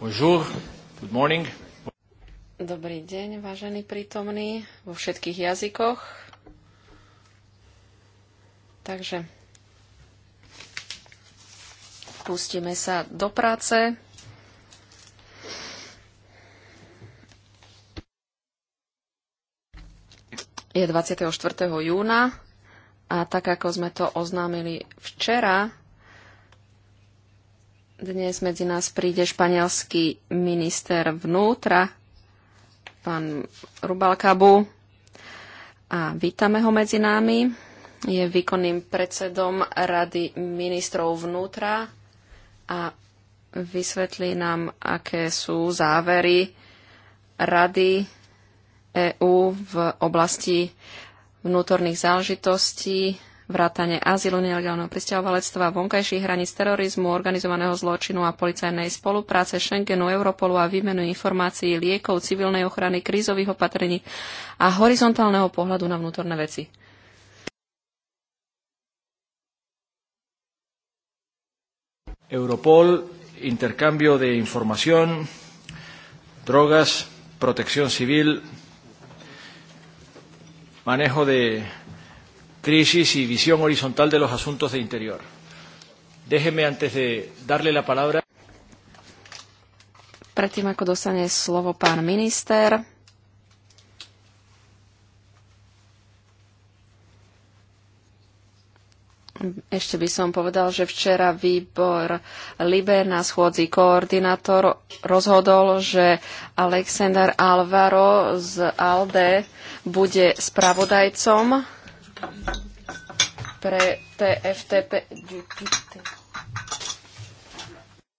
Bonjour, good morning. Dobrý deň, vážení prítomní vo všetkých jazykoch. Takže pustíme sa do práce. Je 24. júna a tak ako sme to oznámili včera, dnes medzi nás príde španielský minister vnútra, pán Rubalkabu. A vítame ho medzi nami. Je výkonným predsedom Rady ministrov vnútra a vysvetlí nám, aké sú závery Rady EÚ v oblasti vnútorných záležitostí vrátane azylu, nelegálneho pristahovalectva, vonkajších hraníc terorizmu, organizovaného zločinu a policajnej spolupráce Schengenu, Europolu a výmenu informácií, liekov, civilnej ochrany, krízových opatrení a horizontálneho pohľadu na vnútorné veci. Europol, intercambio de información, drogas, protección civil, manejo de crisis y visión horizontal de los asuntos de interior. Déjeme antes de darle la palabra. Predtým, ako dostane slovo pán minister, Ešte by som povedal, že včera výbor Libe na schôdzi koordinátor rozhodol, že Alexander Alvaro z ALDE bude spravodajcom pre TFTP,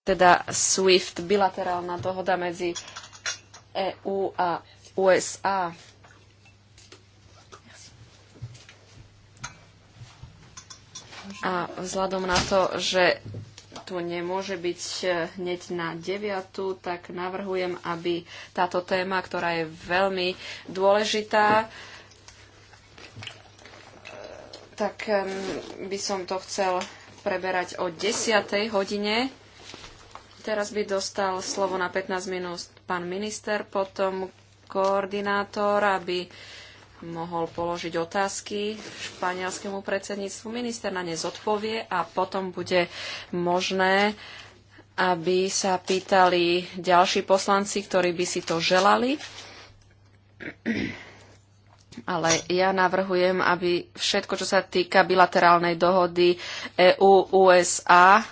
teda SWIFT, bilaterálna dohoda medzi EU a USA. A vzhľadom na to, že tu nemôže byť eh, hneď na deviatu, tak navrhujem, aby táto téma, ktorá je veľmi dôležitá, tak by som to chcel preberať o 10. hodine. Teraz by dostal slovo na 15 minút pán minister, potom koordinátor, aby mohol položiť otázky španielskému predsedníctvu. Minister na ne zodpovie a potom bude možné, aby sa pýtali ďalší poslanci, ktorí by si to želali. Ale ja navrhujem, aby všetko, čo sa týka bilaterálnej dohody EU-USA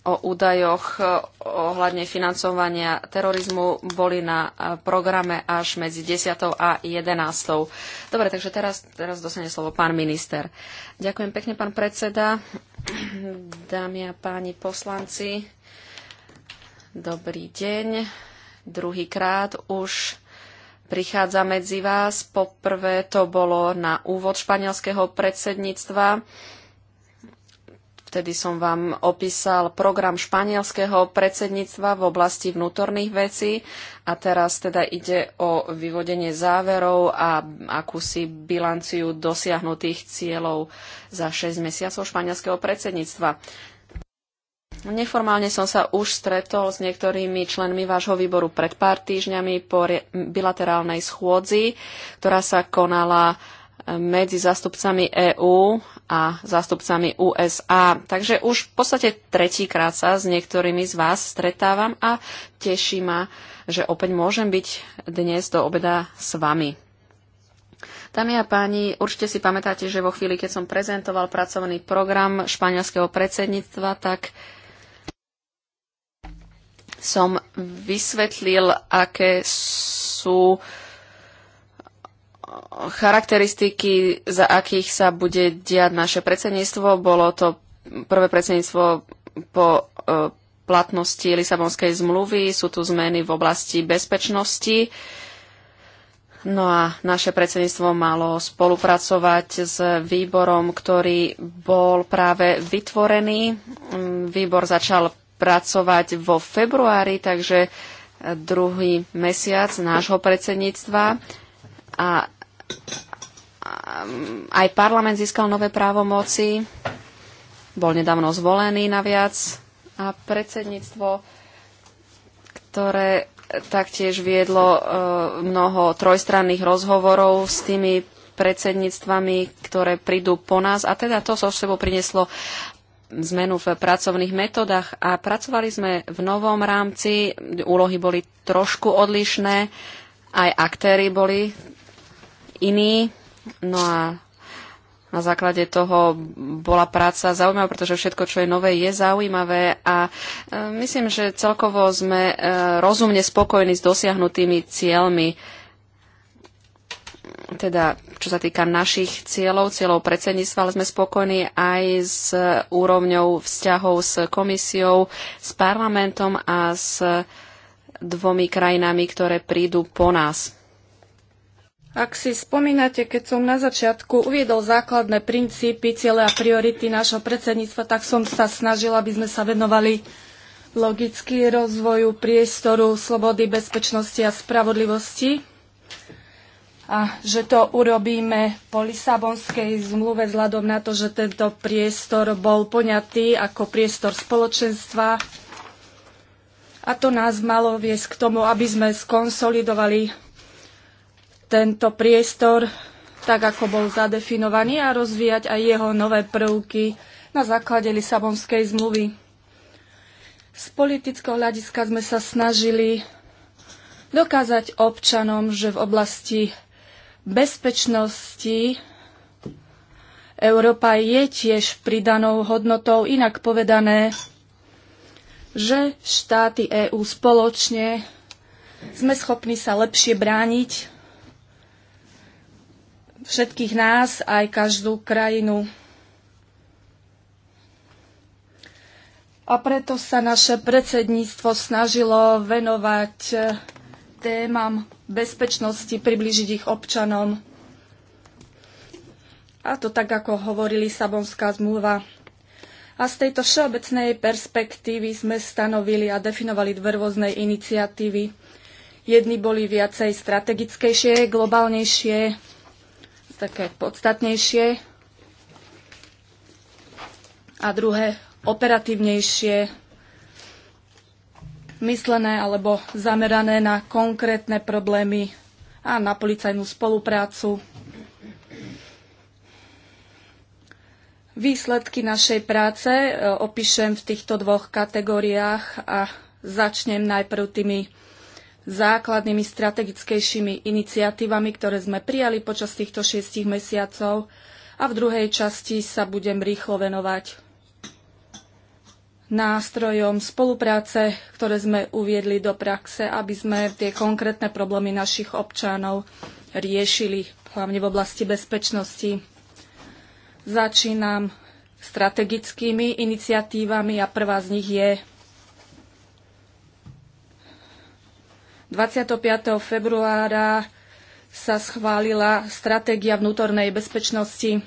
o údajoch ohľadne financovania terorizmu boli na programe až medzi 10. a 11. Dobre, takže teraz, teraz dostane slovo pán minister. Ďakujem pekne, pán predseda. Dámy a páni poslanci, dobrý deň. Druhýkrát už prichádza medzi vás. Poprvé to bolo na úvod španielského predsedníctva. Vtedy som vám opísal program španielského predsedníctva v oblasti vnútorných vecí a teraz teda ide o vyvodenie záverov a akúsi bilanciu dosiahnutých cieľov za 6 mesiacov španielského predsedníctva. Neformálne som sa už stretol s niektorými členmi vášho výboru pred pár týždňami po bilaterálnej schôdzi, ktorá sa konala e, medzi zástupcami EÚ a zástupcami USA. Takže už v podstate tretíkrát sa s niektorými z vás stretávam a teší ma, že opäť môžem byť dnes do obeda s vami. Dámy a páni, určite si pamätáte, že vo chvíli, keď som prezentoval pracovný program španielského predsedníctva, tak som vysvetlil, aké sú eh, charakteristiky, za akých sa bude diať naše predsedníctvo. Bolo to prvé predsedníctvo po eh, platnosti Lisabonskej zmluvy. Sú tu zmeny v oblasti bezpečnosti. No a naše predsedníctvo malo spolupracovať s výborom, ktorý bol práve vytvorený. Mm, výbor začal pracovať vo februári, takže druhý mesiac nášho predsedníctva. A aj parlament získal nové právomoci, bol nedávno zvolený naviac a predsedníctvo, ktoré taktiež viedlo e, mnoho trojstranných rozhovorov s tými predsedníctvami, ktoré prídu po nás. A teda to so sebou prinieslo zmenu v pracovných metodách a pracovali sme v novom rámci. Úlohy boli trošku odlišné, aj aktéry boli iní. No a na základe toho bola práca zaujímavá, pretože všetko, čo je nové, je zaujímavé a e, myslím, že celkovo sme e, rozumne spokojní s dosiahnutými cieľmi teda čo sa týka našich cieľov, cieľov predsedníctva, ale sme spokojní aj s úrovňou vzťahov s komisiou, s parlamentom a s dvomi krajinami, ktoré prídu po nás. Ak si spomínate, keď som na začiatku uviedol základné princípy, ciele a priority nášho predsedníctva, tak som sa snažila, aby sme sa venovali logicky rozvoju priestoru slobody, bezpečnosti a spravodlivosti a že to urobíme po Lisabonskej zmluve vzhľadom na to, že tento priestor bol poňatý ako priestor spoločenstva. A to nás malo viesť k tomu, aby sme skonsolidovali tento priestor tak, ako bol zadefinovaný a rozvíjať aj jeho nové prvky na základe Lisabonskej zmluvy. Z politického hľadiska sme sa snažili dokázať občanom, že v oblasti bezpečnosti Európa je tiež pridanou hodnotou, inak povedané, že štáty EÚ spoločne sme schopní sa lepšie brániť všetkých nás aj každú krajinu. A preto sa naše predsedníctvo snažilo venovať témam bezpečnosti, priblížiť ich občanom. A to tak, ako hovorí Lisabonská zmluva. A z tejto všeobecnej perspektívy sme stanovili a definovali dve rôzne iniciatívy. Jedni boli viacej strategickejšie, globálnejšie, také podstatnejšie a druhé operatívnejšie, myslené alebo zamerané na konkrétne problémy a na policajnú spoluprácu. Výsledky našej práce e, opíšem v týchto dvoch kategóriách a začnem najprv tými základnými strategickejšími iniciatívami, ktoré sme prijali počas týchto šiestich mesiacov a v druhej časti sa budem rýchlo venovať nástrojom spolupráce, ktoré sme uviedli do praxe, aby sme tie konkrétne problémy našich občanov riešili, hlavne v oblasti bezpečnosti. Začínam strategickými iniciatívami a prvá z nich je 25. februára sa schválila stratégia vnútornej bezpečnosti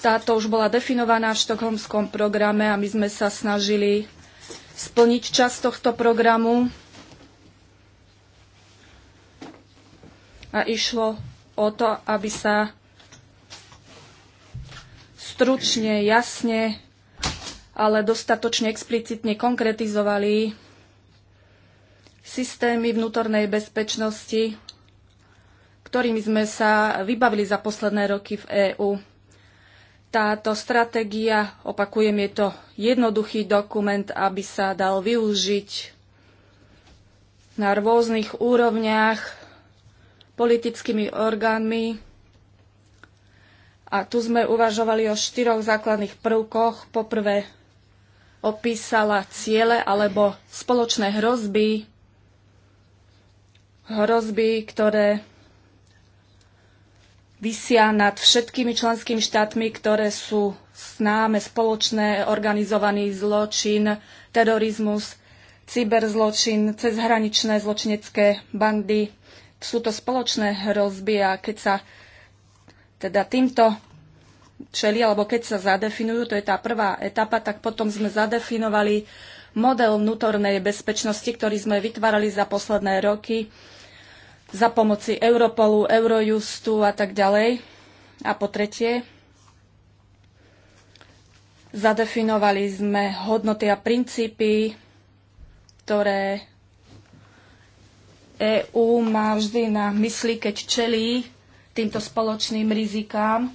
táto už bola definovaná v štokholmskom programe a my sme sa snažili splniť časť tohto programu. A išlo o to, aby sa stručne, jasne, ale dostatočne explicitne konkretizovali systémy vnútornej bezpečnosti, ktorými sme sa vybavili za posledné roky v EÚ. Táto stratégia, opakujem, je to jednoduchý dokument, aby sa dal využiť na rôznych úrovniach politickými orgánmi. A tu sme uvažovali o štyroch základných prvkoch. Poprvé opísala ciele alebo spoločné hrozby, hrozby, ktoré vysia nad všetkými členskými štátmi, ktoré sú s náme spoločné, organizovaný zločin, terorizmus, cyberzločin, cezhraničné zločinecké bandy. Sú to spoločné hrozby a keď sa teda týmto čeli, alebo keď sa zadefinujú, to je tá prvá etapa, tak potom sme zadefinovali model vnútornej bezpečnosti, ktorý sme vytvárali za posledné roky za pomoci Europolu, Eurojustu a tak ďalej. A po tretie, zadefinovali sme hodnoty a princípy, ktoré EÚ má vždy na mysli, keď čelí týmto spoločným rizikám.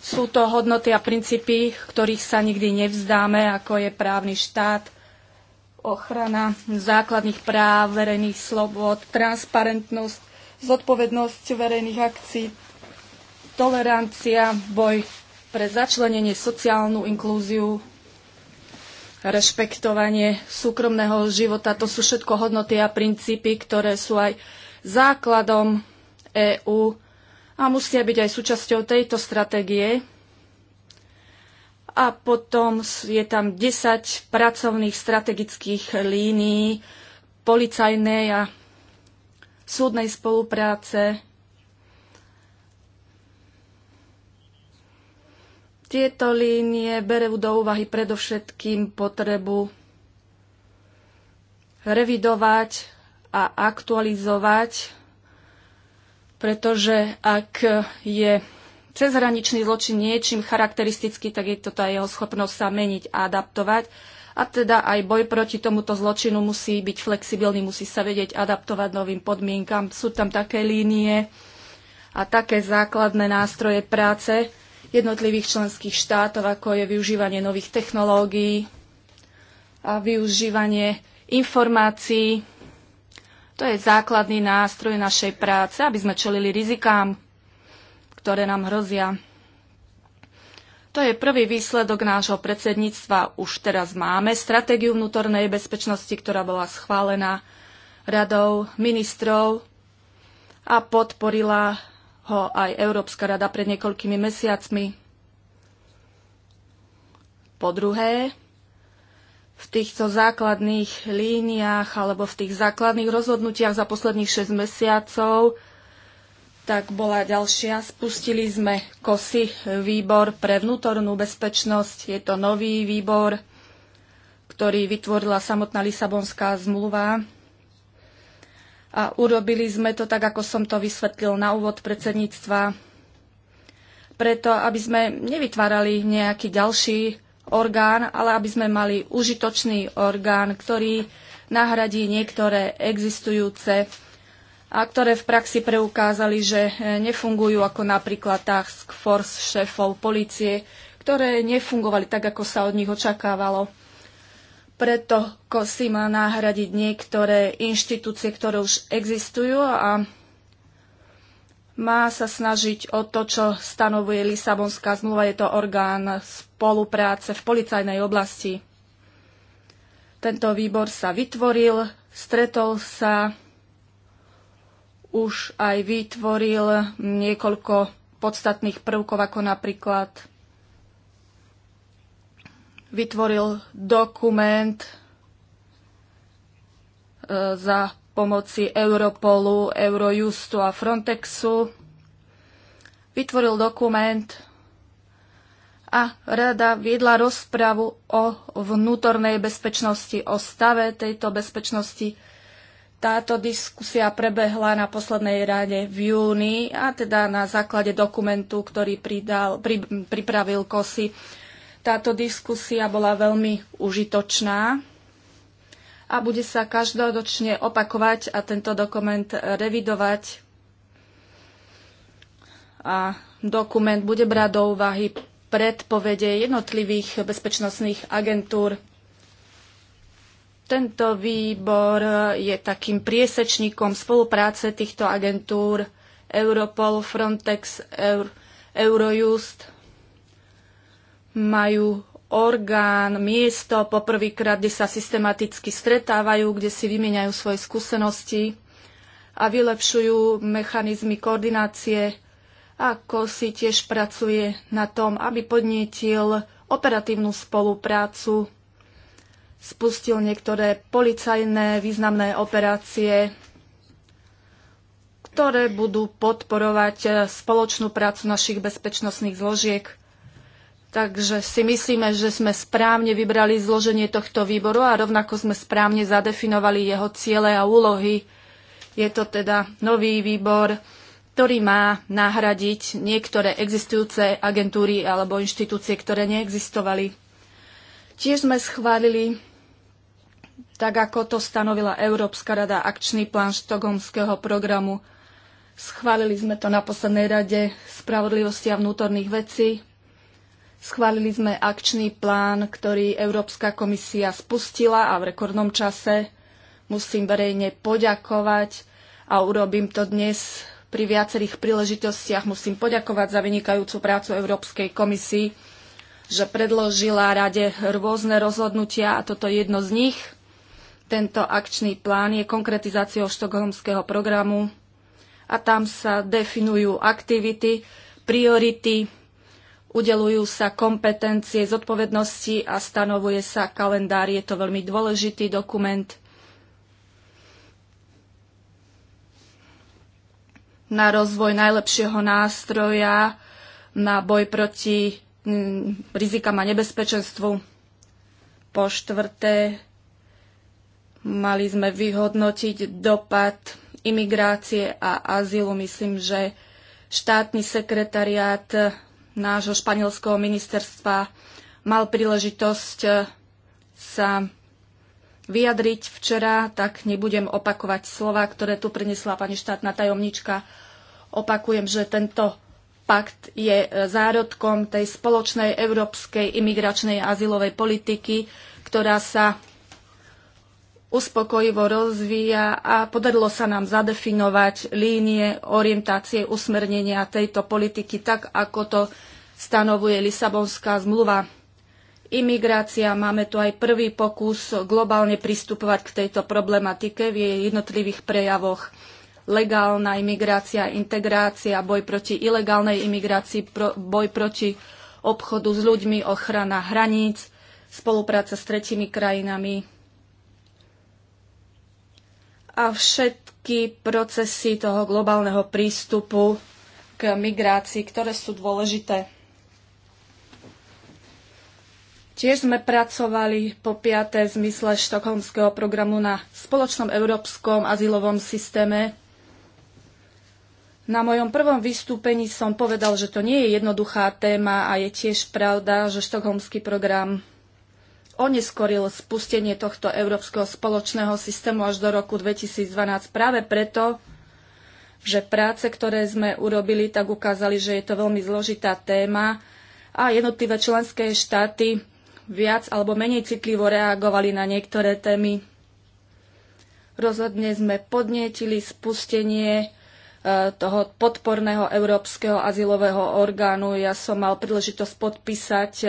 Sú to hodnoty a princípy, ktorých sa nikdy nevzdáme, ako je právny štát, ochrana základných práv, verejných slobod, transparentnosť, zodpovednosť verejných akcií, tolerancia, boj pre začlenenie, sociálnu inklúziu, rešpektovanie súkromného života. To sú všetko hodnoty a princípy, ktoré sú aj základom EÚ a musia byť aj súčasťou tejto stratégie a potom je tam 10 pracovných strategických línií policajnej a súdnej spolupráce. Tieto línie berú do úvahy predovšetkým potrebu revidovať a aktualizovať, pretože ak je cezhraničný zločin niečím charakteristický, tak je to tá jeho schopnosť sa meniť a adaptovať. A teda aj boj proti tomuto zločinu musí byť flexibilný, musí sa vedieť adaptovať novým podmienkam. Sú tam také línie a také základné nástroje práce jednotlivých členských štátov, ako je využívanie nových technológií a využívanie informácií. To je základný nástroj našej práce, aby sme čelili rizikám ktoré nám hrozia. To je prvý výsledok nášho predsedníctva. Už teraz máme stratégiu vnútornej bezpečnosti, ktorá bola schválená radou ministrov a podporila ho aj Európska rada pred niekoľkými mesiacmi. Po druhé, v týchto základných líniách alebo v tých základných rozhodnutiach za posledných 6 mesiacov tak bola ďalšia. Spustili sme KOSY, výbor pre vnútornú bezpečnosť. Je to nový výbor, ktorý vytvorila samotná Lisabonská zmluva. A urobili sme to tak, ako som to vysvetlil na úvod predsedníctva, preto aby sme nevytvárali nejaký ďalší orgán, ale aby sme mali užitočný orgán, ktorý nahradí niektoré existujúce a ktoré v praxi preukázali, že e, nefungujú ako napríklad Task Force šéfov policie, ktoré nefungovali tak, ako sa od nich očakávalo. Preto kosy má nahradiť niektoré inštitúcie, ktoré už existujú a má sa snažiť o to, čo stanovuje Lisabonská zmluva. Je to orgán spolupráce v policajnej oblasti. Tento výbor sa vytvoril, stretol sa už aj vytvoril niekoľko podstatných prvkov, ako napríklad vytvoril dokument e, za pomoci Europolu, Eurojustu a Frontexu. Vytvoril dokument a rada viedla rozpravu o vnútornej bezpečnosti, o stave tejto bezpečnosti táto diskusia prebehla na poslednej rade v júni a teda na základe dokumentu, ktorý pridal, pri, pripravil KOSY. Táto diskusia bola veľmi užitočná a bude sa každoročne opakovať a tento dokument revidovať. A dokument bude brať do úvahy predpovede jednotlivých bezpečnostných agentúr tento výbor je takým priesečníkom spolupráce týchto agentúr Europol, Frontex, Eur, Eurojust. Majú orgán, miesto poprvýkrát, kde sa systematicky stretávajú, kde si vymieňajú svoje skúsenosti a vylepšujú mechanizmy koordinácie, ako si tiež pracuje na tom, aby podnietil operatívnu spoluprácu spustil niektoré policajné významné operácie, ktoré budú podporovať e, spoločnú prácu našich bezpečnostných zložiek. Takže si myslíme, že sme správne vybrali zloženie tohto výboru a rovnako sme správne zadefinovali jeho ciele a úlohy. Je to teda nový výbor, ktorý má nahradiť niektoré existujúce agentúry alebo inštitúcie, ktoré neexistovali. Tiež sme schválili tak ako to stanovila Európska rada akčný plán štokholmského programu. Schválili sme to na poslednej rade spravodlivosti a vnútorných vecí. Schválili sme akčný plán, ktorý Európska komisia spustila a v rekordnom čase musím verejne poďakovať a urobím to dnes pri viacerých príležitostiach. Musím poďakovať za vynikajúcu prácu Európskej komisii, že predložila rade rôzne rozhodnutia a toto je jedno z nich – tento akčný plán je konkretizáciou štokholmského programu a tam sa definujú aktivity, priority, udelujú sa kompetencie, zodpovednosti a stanovuje sa kalendár. Je to veľmi dôležitý dokument. na rozvoj najlepšieho nástroja na boj proti mm, rizikám a nebezpečenstvu. Po štvrté, Mali sme vyhodnotiť dopad imigrácie a azylu. Myslím, že štátny sekretariát nášho španielského ministerstva mal príležitosť sa vyjadriť včera, tak nebudem opakovať slova, ktoré tu prinesla pani štátna tajomnička. Opakujem, že tento pakt je zárodkom tej spoločnej európskej imigračnej azylovej politiky, ktorá sa uspokojivo rozvíja a podarilo sa nám zadefinovať línie orientácie usmernenia tejto politiky tak, ako to stanovuje Lisabonská zmluva. Imigrácia, máme tu aj prvý pokus globálne pristupovať k tejto problematike v jej jednotlivých prejavoch legálna imigrácia, integrácia, boj proti ilegálnej imigrácii, pro, boj proti obchodu s ľuďmi, ochrana hraníc, spolupráca s tretimi krajinami, a všetky procesy toho globálneho prístupu k migrácii, ktoré sú dôležité. Tiež sme pracovali po piaté v zmysle štokholmského programu na spoločnom európskom azylovom systéme. Na mojom prvom vystúpení som povedal, že to nie je jednoduchá téma a je tiež pravda, že štokholmský program oneskoril spustenie tohto európskeho spoločného systému až do roku 2012 práve preto, že práce, ktoré sme urobili, tak ukázali, že je to veľmi zložitá téma a jednotlivé členské štáty viac alebo menej citlivo reagovali na niektoré témy. Rozhodne sme podnietili spustenie e, toho podporného európskeho azylového orgánu. Ja som mal príležitosť podpísať e,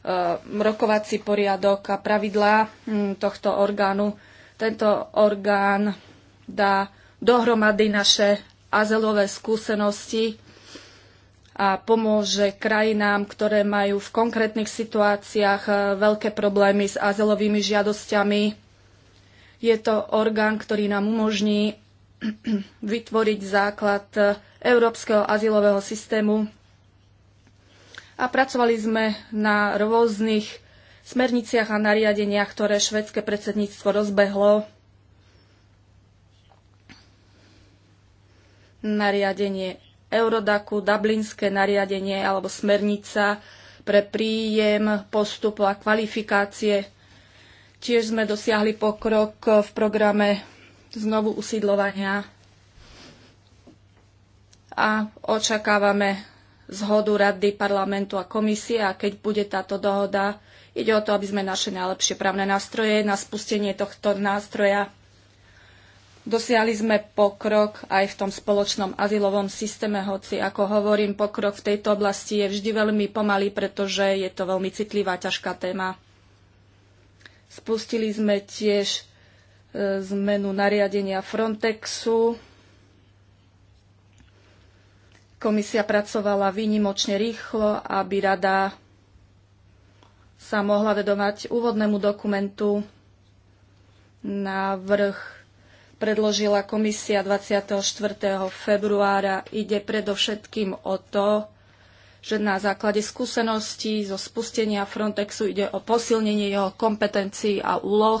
Eh, rokovací poriadok a pravidlá hm, tohto orgánu. Tento orgán dá dohromady naše azylové skúsenosti a pomôže krajinám, ktoré majú v konkrétnych situáciách eh, veľké problémy s azylovými žiadosťami. Je to orgán, ktorý nám umožní vytvoriť základ eh, európskeho azylového systému a pracovali sme na rôznych smerniciach a nariadeniach, ktoré švedské predsedníctvo rozbehlo. Nariadenie Eurodaku, Dublinské nariadenie alebo smernica pre príjem, postup a kvalifikácie. Tiež sme dosiahli pokrok v programe znovu usídlovania a očakávame zhodu Rady, parlamentu a komisie a keď bude táto dohoda, ide o to, aby sme našli najlepšie právne nástroje na spustenie tohto nástroja. Dosiahli sme pokrok aj v tom spoločnom azylovom systéme, hoci ako hovorím, pokrok v tejto oblasti je vždy veľmi pomalý, pretože je to veľmi citlivá, ťažká téma. Spustili sme tiež e, zmenu nariadenia Frontexu Komisia pracovala výnimočne rýchlo, aby rada sa mohla vedovať úvodnému dokumentu. Návrh predložila komisia 24. februára. Ide predovšetkým o to, že na základe skúseností zo spustenia Frontexu ide o posilnenie jeho kompetencií a úloh,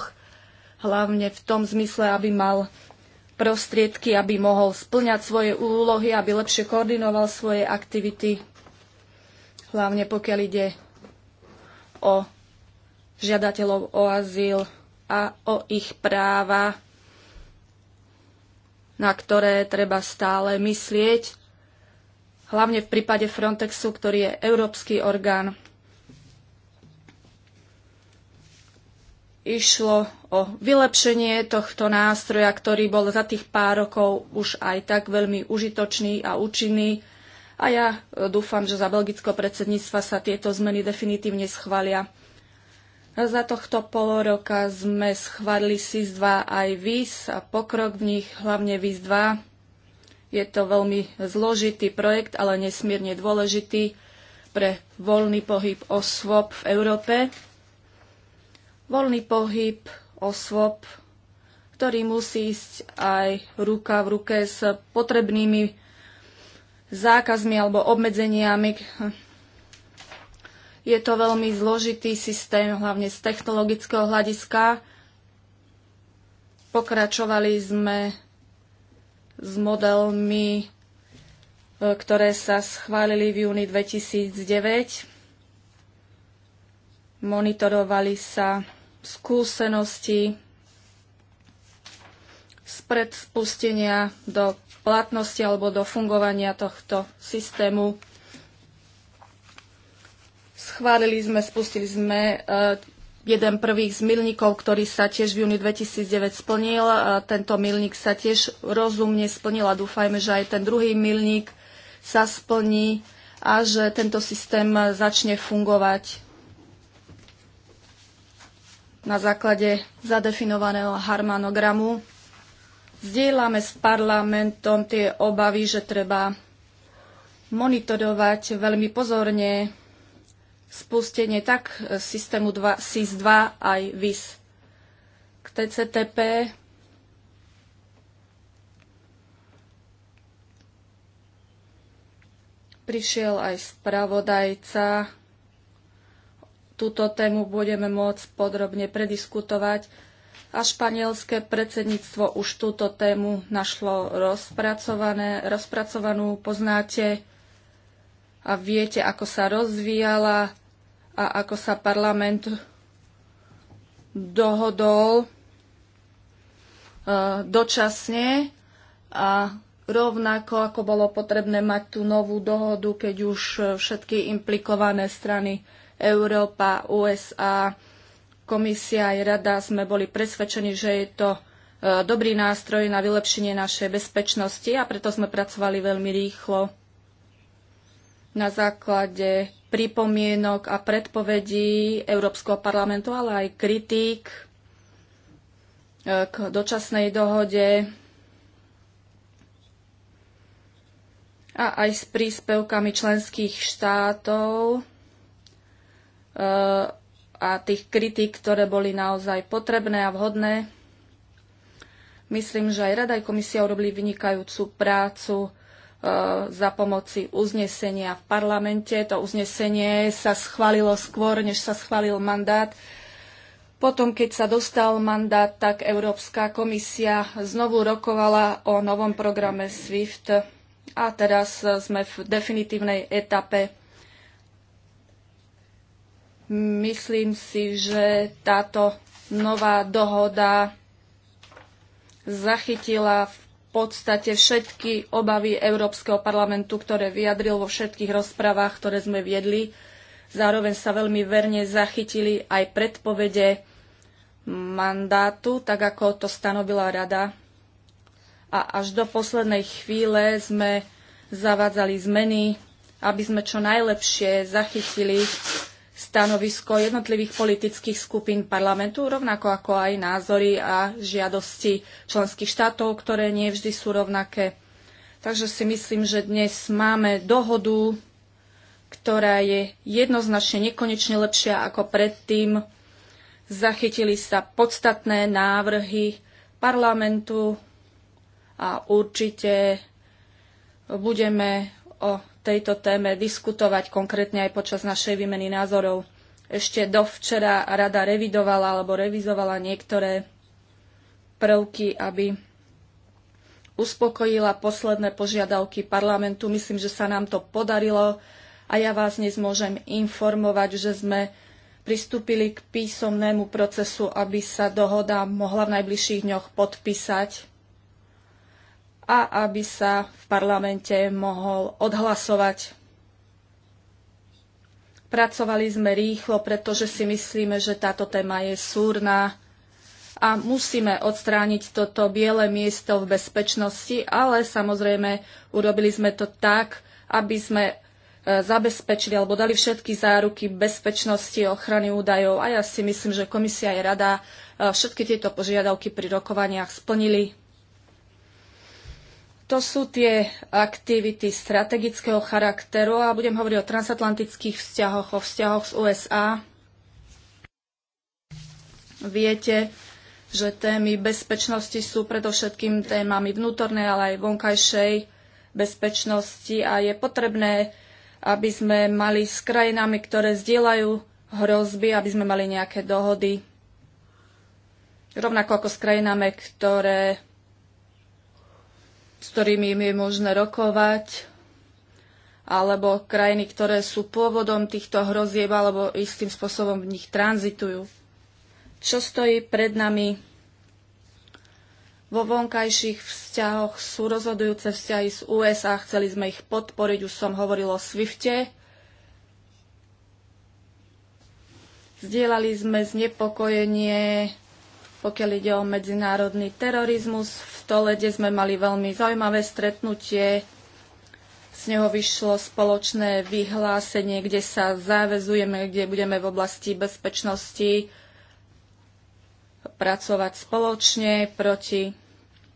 hlavne v tom zmysle, aby mal prostriedky, aby mohol splňať svoje úlohy, aby lepšie koordinoval svoje aktivity, hlavne pokiaľ ide o žiadateľov o azyl a o ich práva, na ktoré treba stále myslieť, hlavne v prípade Frontexu, ktorý je európsky orgán. išlo o vylepšenie tohto nástroja, ktorý bol za tých pár rokov už aj tak veľmi užitočný a účinný. A ja e, dúfam, že za belgického predsedníctva sa tieto zmeny definitívne schvália. Za tohto pol roka sme schválili SIS-2 aj VIS a pokrok v nich, hlavne VIS-2. Je to veľmi zložitý projekt, ale nesmierne dôležitý pre voľný pohyb osôb v Európe Voľný pohyb osôb, ktorý musí ísť aj ruka v ruke s potrebnými zákazmi alebo obmedzeniami. Je to veľmi zložitý systém, hlavne z technologického hľadiska. Pokračovali sme s modelmi, e, ktoré sa schválili v júni 2009. Monitorovali sa skúsenosti spred spustenia do platnosti alebo do fungovania tohto systému. Schválili sme, spustili sme eh, jeden prvých z milníkov, ktorý sa tiež v júni 2009 splnil. Eh, tento milník sa tiež rozumne splnil a dúfajme, že aj ten druhý milník sa splní a že tento systém začne fungovať na základe zadefinovaného harmonogramu. Zdieľame s parlamentom tie obavy, že treba monitorovať veľmi pozorne spustenie tak systému 2, SIS-2 aj VIS. K TCTP prišiel aj spravodajca túto tému budeme môcť podrobne prediskutovať a španielské predsedníctvo už túto tému našlo rozpracovanú. Poznáte a viete, ako sa rozvíjala a ako sa parlament dohodol e, dočasne a rovnako ako bolo potrebné mať tú novú dohodu, keď už všetky implikované strany Európa, USA, komisia aj rada sme boli presvedčení, že je to e, dobrý nástroj na vylepšenie našej bezpečnosti a preto sme pracovali veľmi rýchlo na základe pripomienok a predpovedí Európskeho parlamentu, ale aj kritík e, k dočasnej dohode a aj s príspevkami členských štátov a tých kritík, ktoré boli naozaj potrebné a vhodné. Myslím, že aj Rada aj komisia urobili vynikajúcu prácu e, za pomoci uznesenia v parlamente. To uznesenie sa schválilo skôr, než sa schválil mandát. Potom, keď sa dostal mandát, tak Európska komisia znovu rokovala o novom programe SWIFT a teraz sme v definitívnej etape Myslím si, že táto nová dohoda zachytila v podstate všetky obavy Európskeho parlamentu, ktoré vyjadril vo všetkých rozprávach, ktoré sme viedli. Zároveň sa veľmi verne zachytili aj predpovede mandátu, tak ako to stanovila rada. A až do poslednej chvíle sme zavádzali zmeny, aby sme čo najlepšie zachytili stanovisko jednotlivých politických skupín parlamentu, rovnako ako aj názory a žiadosti členských štátov, ktoré nie vždy sú rovnaké. Takže si myslím, že dnes máme dohodu, ktorá je jednoznačne nekonečne lepšia ako predtým. Zachytili sa podstatné návrhy parlamentu a určite budeme o tejto téme diskutovať konkrétne aj počas našej výmeny názorov. Ešte dovčera rada revidovala alebo revizovala niektoré prvky, aby uspokojila posledné požiadavky parlamentu. Myslím, že sa nám to podarilo a ja vás dnes môžem informovať, že sme pristúpili k písomnému procesu, aby sa dohoda mohla v najbližších dňoch podpísať a aby sa v parlamente mohol odhlasovať. Pracovali sme rýchlo, pretože si myslíme, že táto téma je súrna a musíme odstrániť toto biele miesto v bezpečnosti, ale samozrejme urobili sme to tak, aby sme e, zabezpečili alebo dali všetky záruky bezpečnosti ochrany údajov a ja si myslím, že komisia je rada e, všetky tieto požiadavky pri rokovaniach splnili. To sú tie aktivity strategického charakteru a budem hovoriť o transatlantických vzťahoch, o vzťahoch z USA. Viete, že témy bezpečnosti sú predovšetkým témami vnútornej, ale aj vonkajšej bezpečnosti a je potrebné, aby sme mali s krajinami, ktoré zdieľajú hrozby, aby sme mali nejaké dohody. Rovnako ako s krajinami, ktoré s ktorými im je možné rokovať, alebo krajiny, ktoré sú pôvodom týchto hrozieb alebo istým spôsobom v nich tranzitujú. Čo stojí pred nami vo vonkajších vzťahoch sú rozhodujúce vzťahy z USA, chceli sme ich podporiť, už som hovoril o Swifte. Zdieľali sme znepokojenie pokiaľ ide o medzinárodný terorizmus, v Tolede sme mali veľmi zaujímavé stretnutie. Z neho vyšlo spoločné vyhlásenie, kde sa záväzujeme, kde budeme v oblasti bezpečnosti pracovať spoločne proti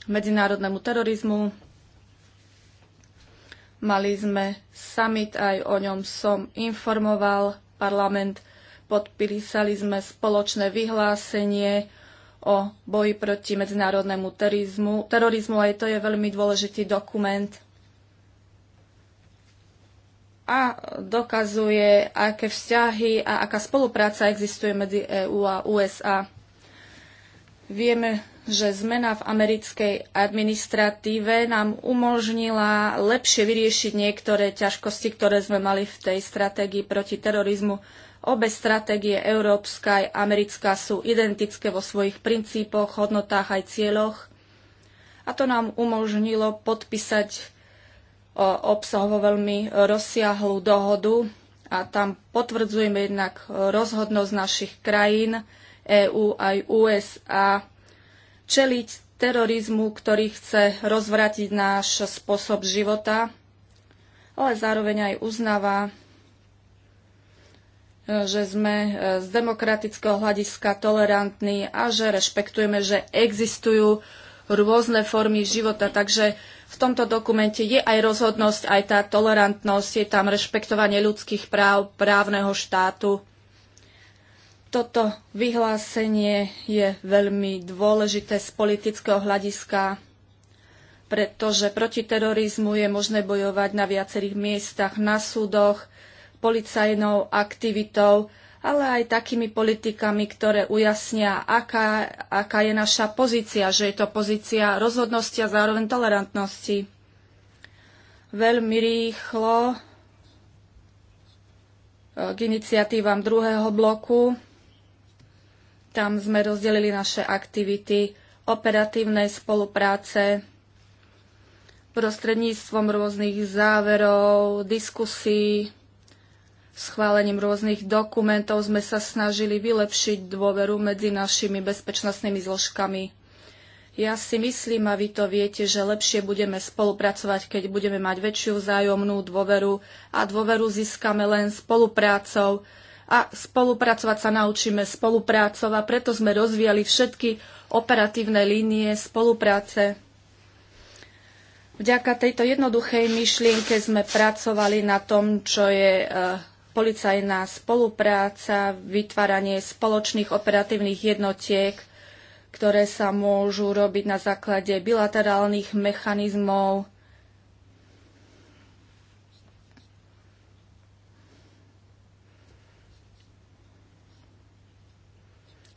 medzinárodnému terorizmu. Mali sme summit, aj o ňom som informoval parlament. Podpísali sme spoločné vyhlásenie o boji proti medzinárodnému terorizmu, terorizmu aj to je veľmi dôležitý dokument a dokazuje, aké vzťahy a aká spolupráca existuje medzi EÚ a USA. Vieme, že zmena v americkej administratíve nám umožnila lepšie vyriešiť niektoré ťažkosti, ktoré sme mali v tej stratégii proti terorizmu. Obe stratégie, európska aj americká, sú identické vo svojich princípoch, hodnotách aj cieľoch. A to nám umožnilo podpísať obsahovo veľmi rozsiahlú dohodu a tam potvrdzujeme jednak rozhodnosť našich krajín, EÚ aj USA, čeliť terorizmu, ktorý chce rozvratiť náš spôsob života, ale zároveň aj uznáva že sme e, z demokratického hľadiska tolerantní a že rešpektujeme, že existujú rôzne formy života. Takže v tomto dokumente je aj rozhodnosť, aj tá tolerantnosť, je tam rešpektovanie ľudských práv, právneho štátu. Toto vyhlásenie je veľmi dôležité z politického hľadiska, pretože proti terorizmu je možné bojovať na viacerých miestach, na súdoch, policajnou aktivitou, ale aj takými politikami, ktoré ujasnia, aká, aká je naša pozícia, že je to pozícia rozhodnosti a zároveň tolerantnosti. Veľmi rýchlo eh, k iniciatívam druhého bloku. Tam sme rozdelili naše aktivity operatívnej spolupráce prostredníctvom rôznych záverov, diskusí, schválením rôznych dokumentov sme sa snažili vylepšiť dôveru medzi našimi bezpečnostnými zložkami. Ja si myslím, a vy to viete, že lepšie budeme spolupracovať, keď budeme mať väčšiu vzájomnú dôveru a dôveru získame len spoluprácou, a spolupracovať sa naučíme spoluprácov a preto sme rozvíjali všetky operatívne línie spolupráce. Vďaka tejto jednoduchej myšlienke sme pracovali na tom, čo je eh, policajná spolupráca, vytváranie spoločných operatívnych jednotiek, ktoré sa môžu robiť na základe bilaterálnych mechanizmov.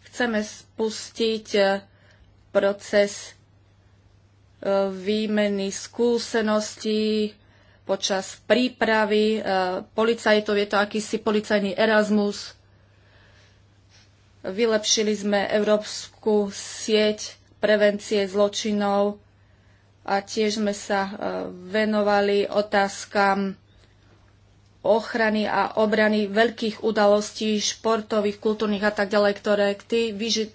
Chceme spustiť eh, proces eh, výmeny skúseností, počas prípravy e, policajtov. Je to akýsi policajný Erasmus. Vylepšili sme európsku sieť prevencie zločinov a tiež sme sa e, venovali otázkam ochrany a obrany veľkých udalostí športových, kultúrnych a tak ďalej, ktoré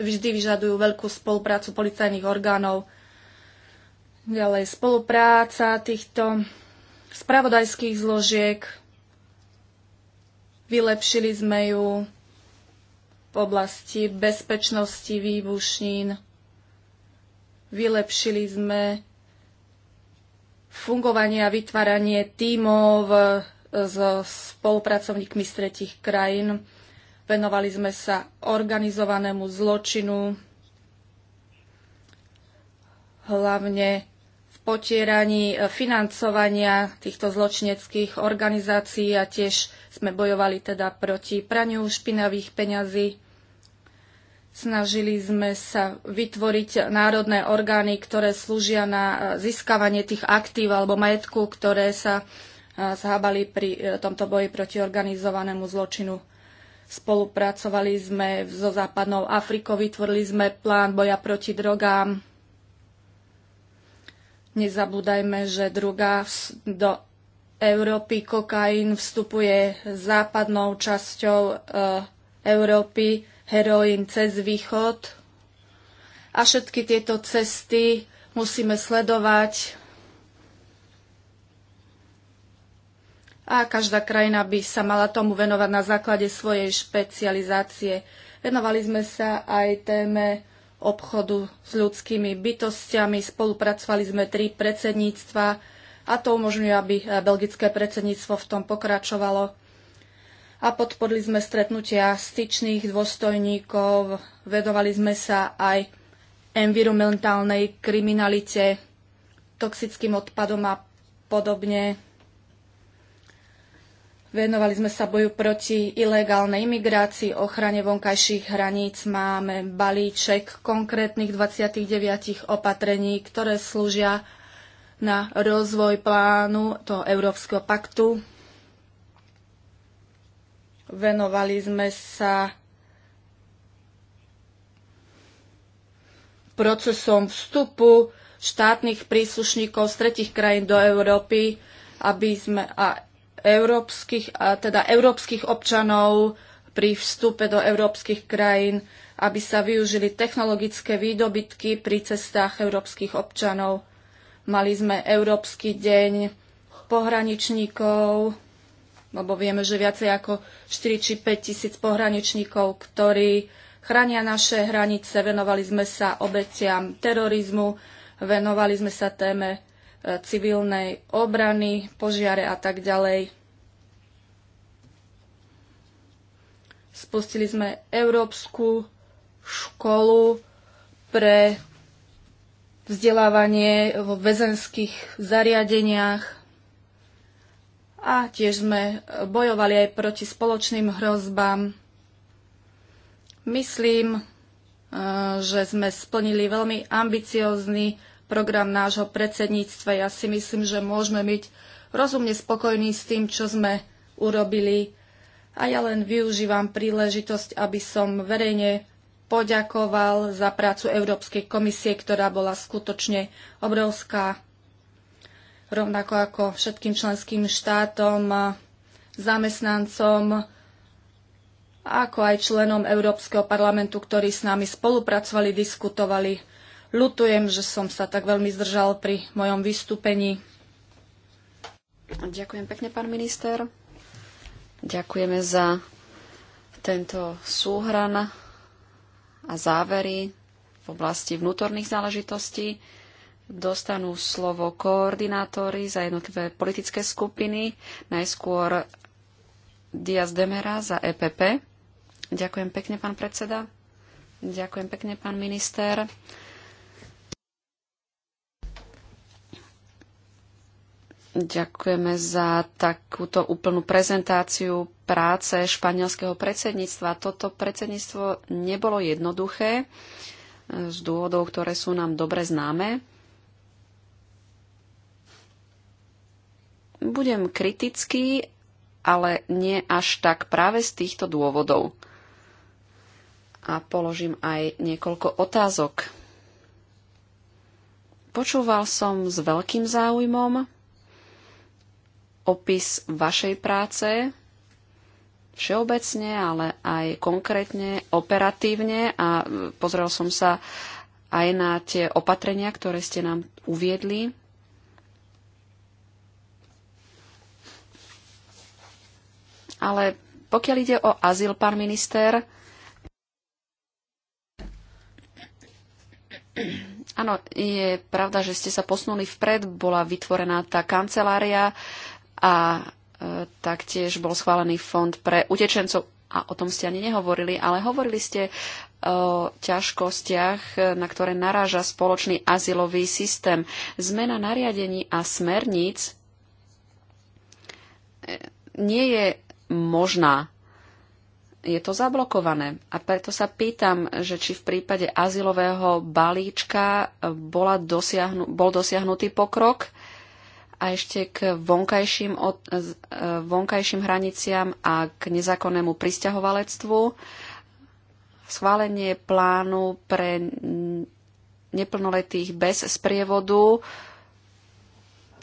vždy vyžadujú veľkú spoluprácu policajných orgánov. Ďalej spolupráca týchto spravodajských zložiek. Vylepšili sme ju v oblasti bezpečnosti výbušnín. Vylepšili sme fungovanie a vytváranie tímov e, so spolupracovníkmi z tretich krajín. Venovali sme sa organizovanému zločinu, hlavne potieraní e, financovania týchto zločineckých organizácií a tiež sme bojovali teda proti praniu špinavých peňazí. Snažili sme sa vytvoriť národné orgány, ktoré slúžia na e, získavanie tých aktív alebo majetku, ktoré sa e, zhábali pri tomto boji proti organizovanému zločinu. Spolupracovali sme so západnou Afrikou, vytvorili sme plán boja proti drogám, Nezabúdajme, že druga do Európy kokain vstupuje západnou časťou e, Európy, heroín cez východ. A všetky tieto cesty musíme sledovať. A každá krajina by sa mala tomu venovať na základe svojej špecializácie. Venovali sme sa aj téme obchodu s ľudskými bytostiami. Spolupracovali sme tri predsedníctva a to umožňuje, aby belgické predsedníctvo v tom pokračovalo. A podporili sme stretnutia styčných dôstojníkov, vedovali sme sa aj environmentálnej kriminalite, toxickým odpadom a podobne Venovali sme sa boju proti ilegálnej imigrácii, ochrane vonkajších hraníc. Máme balíček konkrétnych 29 opatrení, ktoré slúžia na rozvoj plánu toho Európskeho paktu. Venovali sme sa procesom vstupu štátnych príslušníkov z tretich krajín do Európy, aby sme, a európskych, a teda európskych občanov pri vstupe do európskych krajín, aby sa využili technologické výdobytky pri cestách európskych občanov. Mali sme Európsky deň pohraničníkov, lebo vieme, že viacej ako 4 či 5 tisíc pohraničníkov, ktorí chránia naše hranice. Venovali sme sa obetiam terorizmu, venovali sme sa téme civilnej obrany, požiare a tak ďalej. Spustili sme Európsku školu pre vzdelávanie vo väzenských zariadeniach a tiež sme bojovali aj proti spoločným hrozbám. Myslím, eh, že sme splnili veľmi ambiciózny program nášho predsedníctva. Ja si myslím, že môžeme byť rozumne spokojní s tým, čo sme urobili. A ja len využívam príležitosť, aby som verejne poďakoval za prácu Európskej komisie, ktorá bola skutočne obrovská, rovnako ako všetkým členským štátom, zamestnancom, ako aj členom Európskeho parlamentu, ktorí s nami spolupracovali, diskutovali Lutujem, že som sa tak veľmi zdržal pri mojom vystúpení. Ďakujem pekne, pán minister. Ďakujeme za tento súhran a závery v oblasti vnútorných záležitostí. Dostanú slovo koordinátori za jednotlivé politické skupiny, najskôr Diaz Demera za EPP. Ďakujem pekne, pán predseda. Ďakujem pekne, pán minister. Ďakujeme za takúto úplnú prezentáciu práce španielského predsedníctva. Toto predsedníctvo nebolo jednoduché e, z dôvodov, ktoré sú nám dobre známe. Budem kritický, ale nie až tak práve z týchto dôvodov. A položím aj niekoľko otázok. Počúval som s veľkým záujmom opis vašej práce všeobecne, ale aj konkrétne, operatívne a e, pozrel som sa aj na tie opatrenia, ktoré ste nám uviedli. Ale pokiaľ ide o azyl, pán minister, Áno, je pravda, že ste sa posunuli vpred, bola vytvorená tá kancelária a e, taktiež bol schválený fond pre utečencov. A o tom ste ani nehovorili, ale hovorili ste o ťažkostiach, e, na ktoré naráža spoločný azylový systém. Zmena nariadení a smerníc e, nie je možná. Je to zablokované. A preto sa pýtam, že či v prípade azylového balíčka bola dosiahnu, bol dosiahnutý pokrok a ešte k vonkajším, e, vonkajším hraniciam a k nezákonnému pristahovalectvu. Schválenie plánu pre neplnoletých bez sprievodu.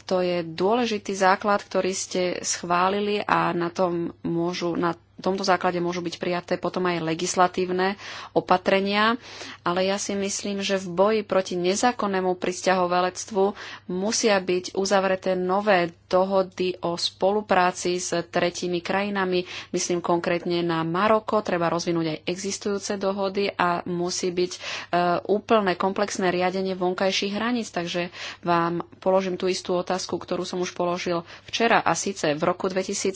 To je dôležitý základ, ktorý ste schválili a na tom môžu, na tomto základe môžu byť prijaté potom aj legislatívne opatrenia, ale ja si myslím, že v boji proti nezákonnému pristahovalectvu musia byť uzavreté nové dohody o spolupráci s tretími krajinami. Myslím konkrétne na Maroko, treba rozvinúť aj existujúce dohody a musí byť e, úplné komplexné riadenie vonkajších hraníc. Takže vám položím tú istú otázku, ktorú som už položil včera a síce v roku 2013.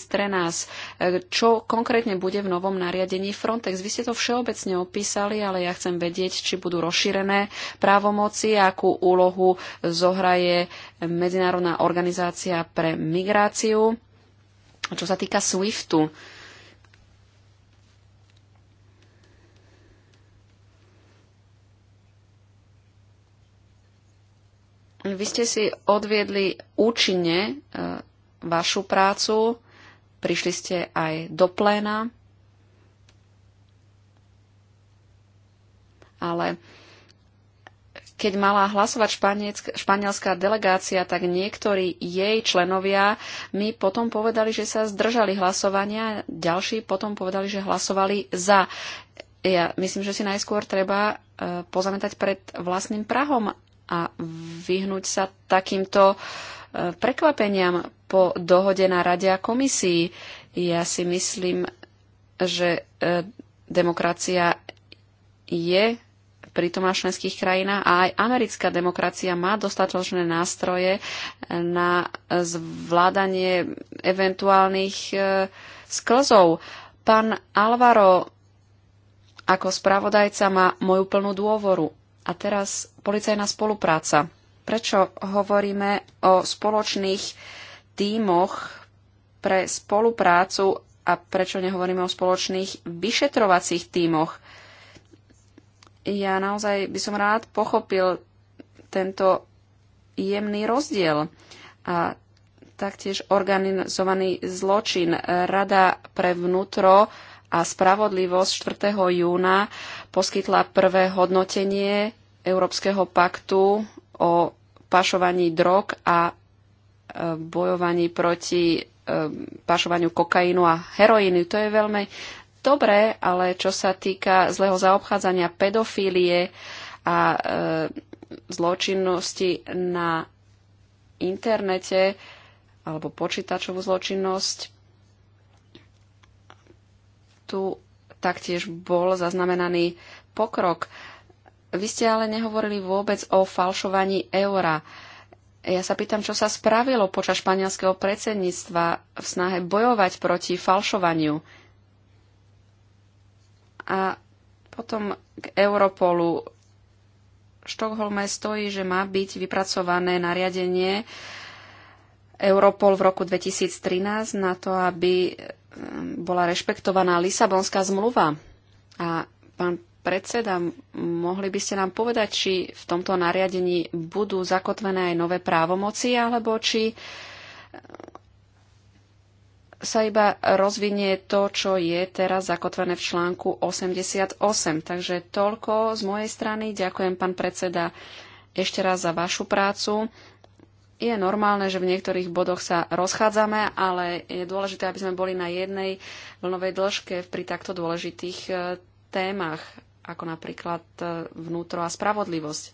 E, čo konkrétne konkrétne bude v novom nariadení Frontex? Vy ste to všeobecne opísali, ale ja chcem vedieť, či budú rozšírené právomoci, akú úlohu zohraje Medzinárodná organizácia pre migráciu. Čo sa týka SWIFTu, Vy ste si odviedli účinne eh, vašu prácu. Prišli ste aj do pléna, ale keď mala hlasovať španielská delegácia, tak niektorí jej členovia mi potom povedali, že sa zdržali hlasovania, ďalší potom povedali, že hlasovali za. Ja myslím, že si najskôr treba e, pozametať pred vlastným prahom a vyhnúť sa takýmto prekvapeniam po dohode na Rade a komisii. Ja si myslím, že e, demokracia je pri v členských krajinách a aj americká demokracia má dostatočné nástroje na zvládanie eventuálnych e, sklzov. Pán Alvaro ako spravodajca má moju plnú dôvoru. A teraz policajná spolupráca. Prečo hovoríme o spoločných tímoch pre spoluprácu a prečo nehovoríme o spoločných vyšetrovacích tímoch? Ja naozaj by som rád pochopil tento jemný rozdiel. A taktiež organizovaný zločin. Rada pre vnútro a spravodlivosť 4. júna poskytla prvé hodnotenie Európskeho paktu o pašovaní drog a e, bojovaní proti e, pašovaniu kokainu a heroínu. To je veľmi dobré, ale čo sa týka zlého zaobchádzania pedofílie a e, zločinnosti na internete alebo počítačovú zločinnosť, tu taktiež bol zaznamenaný pokrok. Vy ste ale nehovorili vôbec o falšovaní eura. Ja sa pýtam, čo sa spravilo počas španielského predsedníctva v snahe bojovať proti falšovaniu. A potom k Europolu. V Štokholme stojí, že má byť vypracované nariadenie Europol v roku 2013 na to, aby ehm, bola rešpektovaná Lisabonská zmluva. A pán predseda, mohli by ste nám povedať, či v tomto nariadení budú zakotvené aj nové právomoci, alebo či sa iba rozvinie to, čo je teraz zakotvené v článku 88. Takže toľko z mojej strany. Ďakujem, pán predseda, ešte raz za vašu prácu. Je normálne, že v niektorých bodoch sa rozchádzame, ale je dôležité, aby sme boli na jednej vlnovej dĺžke pri takto dôležitých eh, témach ako napríklad e, vnútro a spravodlivosť.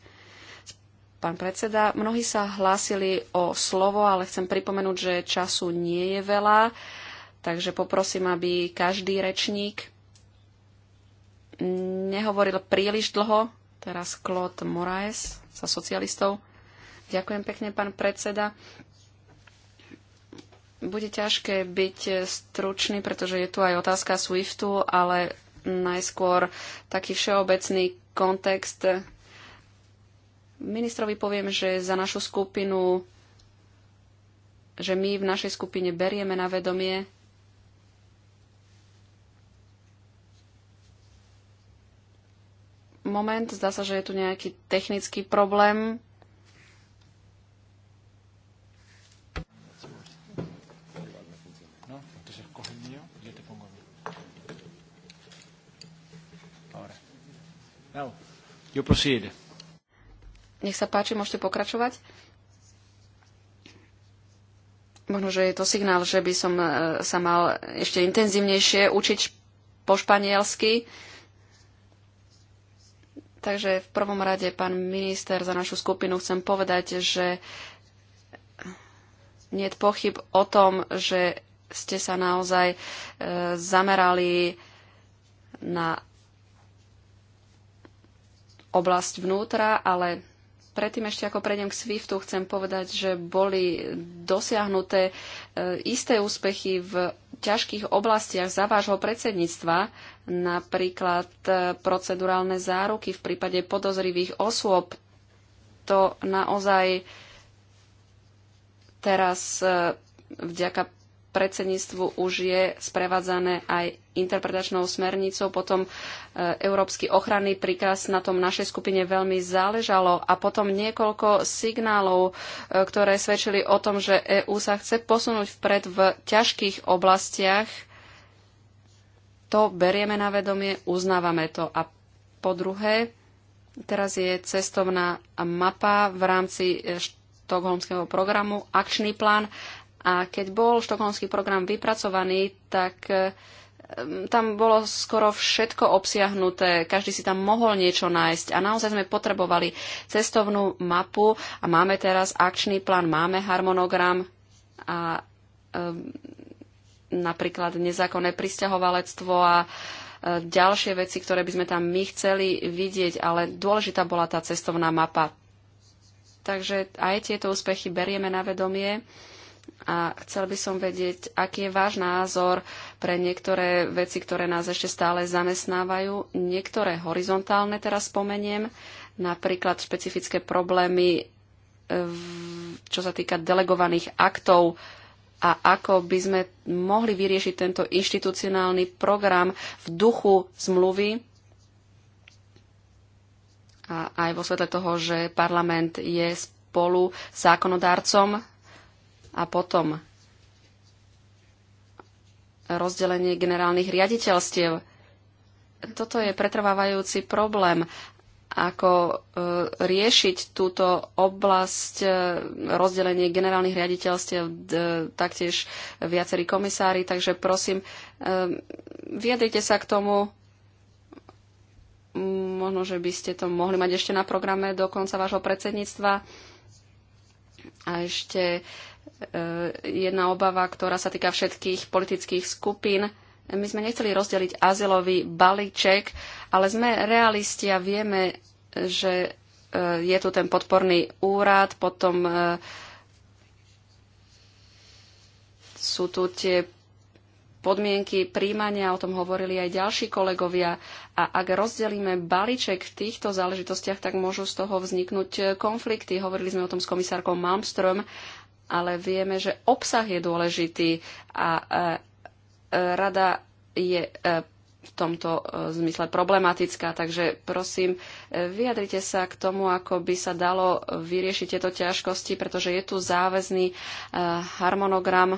Pán predseda, mnohí sa hlásili o slovo, ale chcem pripomenúť, že času nie je veľa, takže poprosím, aby každý rečník nehovoril príliš dlho. Teraz Claude Moraes sa socialistov. Ďakujem pekne, pán predseda. Bude ťažké byť stručný, pretože je tu aj otázka SWIFTu, ale Najskôr taký všeobecný kontext. Ministrovi poviem, že za našu skupinu, že my v našej skupine berieme na vedomie moment, zdá sa, že je tu nejaký technický problém You proceed. Nech sa páči, môžete pokračovať. Možno, že je to signál, že by som e, sa mal ešte intenzívnejšie učiť po španielsky. Takže v prvom rade, pán minister, za našu skupinu chcem povedať, že nie je pochyb o tom, že ste sa naozaj e, zamerali na oblasť vnútra, ale predtým ešte ako prejdem k SWIFTu, chcem povedať, že boli dosiahnuté e, isté úspechy v ťažkých oblastiach za vášho predsedníctva, napríklad e, procedurálne záruky v prípade podozrivých osôb. To naozaj teraz e, vďaka predsedníctvu už je sprevádzané aj interpretačnou smernicou. Potom e, Európsky ochranný príkaz na tom našej skupine veľmi záležalo a potom niekoľko signálov, e, ktoré svedčili o tom, že EÚ sa chce posunúť vpred v ťažkých oblastiach. To berieme na vedomie, uznávame to. A po druhé, teraz je cestovná mapa v rámci e, štokholmského programu, akčný plán a keď bol štokholmský program vypracovaný, tak e, tam bolo skoro všetko obsiahnuté, každý si tam mohol niečo nájsť a naozaj sme potrebovali cestovnú mapu a máme teraz akčný plán, máme harmonogram a e, napríklad nezákonné pristahovalectvo a e, ďalšie veci, ktoré by sme tam my chceli vidieť, ale dôležitá bola tá cestovná mapa. Takže aj tieto úspechy berieme na vedomie a chcel by som vedieť, aký je váš názor pre niektoré veci, ktoré nás ešte stále zamestnávajú. Niektoré horizontálne teraz spomeniem, napríklad špecifické problémy, e, čo sa týka delegovaných aktov a ako by sme mohli vyriešiť tento inštitucionálny program v duchu zmluvy a aj vo svetle toho, že parlament je spolu zákonodárcom a potom rozdelenie generálnych riaditeľstiev. Toto je pretrvávajúci problém, ako e, riešiť túto oblasť e, rozdelenie generálnych riaditeľstiev, e, taktiež viacerí komisári. Takže prosím, viedrite sa k tomu. Možno, že by ste to mohli mať ešte na programe do konca vášho predsedníctva. A ešte Eh, jedna obava, ktorá sa týka všetkých politických skupín. My sme nechceli rozdeliť azylový balíček, ale sme realisti a vieme, že eh, je tu ten podporný úrad, potom eh, sú tu tie podmienky príjmania, o tom hovorili aj ďalší kolegovia. A ak rozdelíme balíček v týchto záležitostiach, tak môžu z toho vzniknúť konflikty. Hovorili sme o tom s komisárkou Malmström ale vieme, že obsah je dôležitý a e, e, rada je e, v tomto zmysle problematická. Takže prosím, vyjadrite sa k tomu, ako by sa dalo vyriešiť tieto ťažkosti, pretože je tu záväzný harmonogram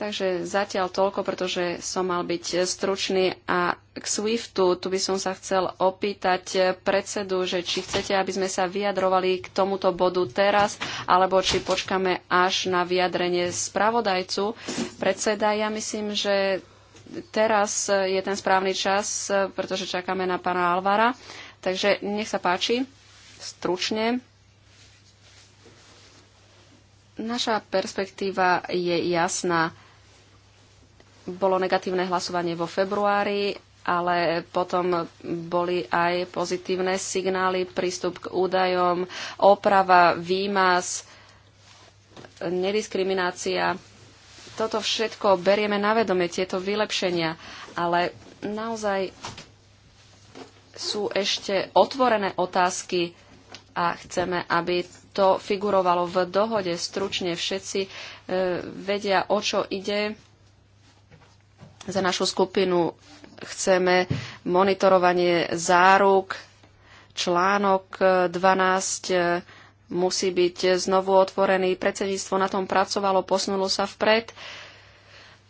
Takže zatiaľ toľko, pretože som mal byť stručný a k SWIFTu tu by som sa chcel opýtať predsedu, že či chcete, aby sme sa vyjadrovali k tomuto bodu teraz, alebo či počkame až na vyjadrenie spravodajcu. Predseda, ja myslím, že teraz je ten správny čas, pretože čakáme na pána Alvara. Takže nech sa páči, stručne. Naša perspektíva je jasná bolo negatívne hlasovanie vo februári, ale potom boli aj pozitívne signály, prístup k údajom, oprava, výmaz, nediskriminácia. Toto všetko berieme na vedomie, tieto vylepšenia, ale naozaj sú ešte otvorené otázky a chceme, aby to figurovalo v dohode stručne. Všetci e, vedia, o čo ide za našu skupinu chceme monitorovanie záruk. Článok 12 e, e, musí byť znovu otvorený. Predsedníctvo na tom pracovalo, posunulo sa vpred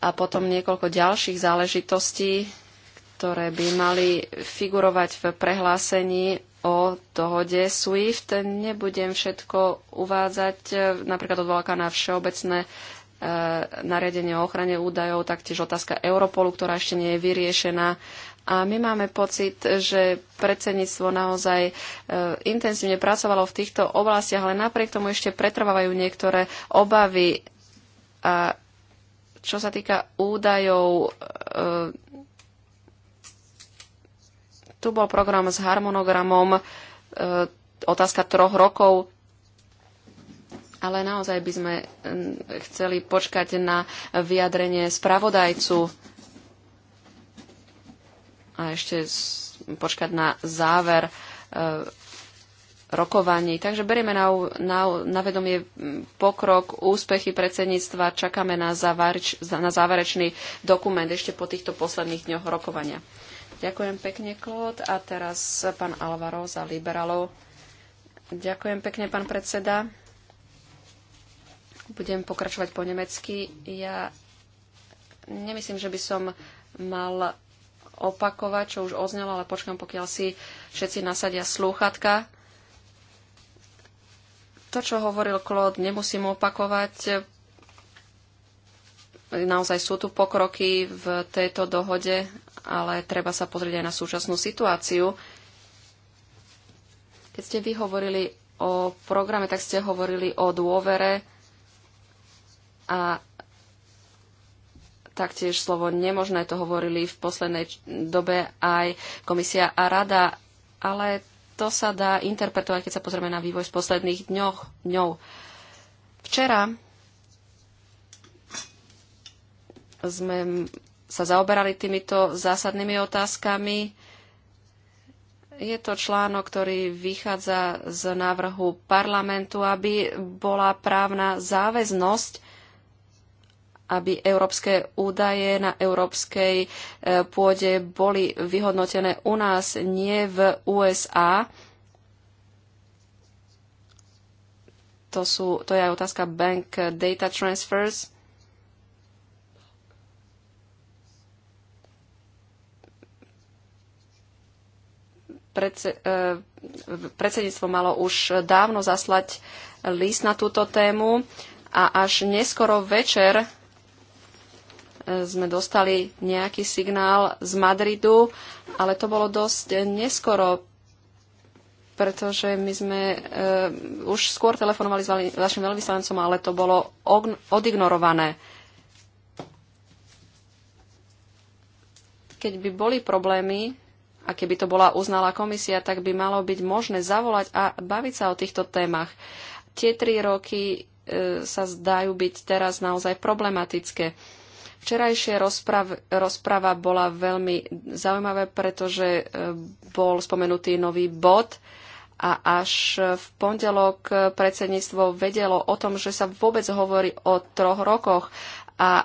a potom niekoľko ďalších záležitostí, ktoré by mali figurovať v prehlásení o dohode SWIFT. Nebudem všetko uvádzať, e, napríklad odvolaka na všeobecné Eh, nariadenie o ochrane údajov, taktiež otázka Europolu, ktorá ešte nie je vyriešená. A my máme pocit, že predsedníctvo naozaj eh, intenzívne pracovalo v týchto oblastiach, ale napriek tomu ešte pretrvávajú niektoré obavy. A čo sa týka údajov, eh, tu bol program s harmonogramom, otázka troch rokov ale naozaj by sme chceli počkať na vyjadrenie spravodajcu a ešte počkať na záver e, rokovaní. Takže berieme na, na, na vedomie pokrok, úspechy predsedníctva, čakáme na, zavarč, na záverečný dokument ešte po týchto posledných dňoch rokovania. Ďakujem pekne, Klód. A teraz pán Alvaro za liberálov. Ďakujem pekne, pán predseda. Budem pokračovať po nemecky. Ja nemyslím, že by som mal opakovať, čo už oznelo, ale počkám, pokiaľ si všetci nasadia slúchatka. To, čo hovoril Claude, nemusím opakovať. Naozaj sú tu pokroky v tejto dohode, ale treba sa pozrieť aj na súčasnú situáciu. Keď ste vy hovorili o programe, tak ste hovorili o dôvere a taktiež slovo nemožné to hovorili v poslednej dobe aj komisia a rada, ale to sa dá interpretovať, keď sa pozrieme na vývoj z posledných dňoch, dňov. Včera sme sa zaoberali týmito zásadnými otázkami. Je to článok, ktorý vychádza z návrhu parlamentu, aby bola právna záväznosť aby európske údaje na európskej e, pôde boli vyhodnotené u nás, nie v USA. To, sú, to je aj otázka bank data transfers. Predse, e, predsedníctvo malo už dávno zaslať list na túto tému a až neskoro večer sme dostali nejaký signál z Madridu, ale to bolo dosť neskoro, pretože my sme uh, už skôr telefonovali s vašim veľvyslancom, ale to bolo odignorované. Keď by boli problémy a keby to bola uznala komisia, tak by malo byť možné zavolať a baviť sa o týchto témach. Tie tri roky e, sa zdajú byť teraz naozaj problematické. Včerajšia rozprav, rozprava bola veľmi zaujímavá, pretože e, bol spomenutý nový bod a až v pondelok predsedníctvo vedelo o tom, že sa vôbec hovorí o troch rokoch. A e,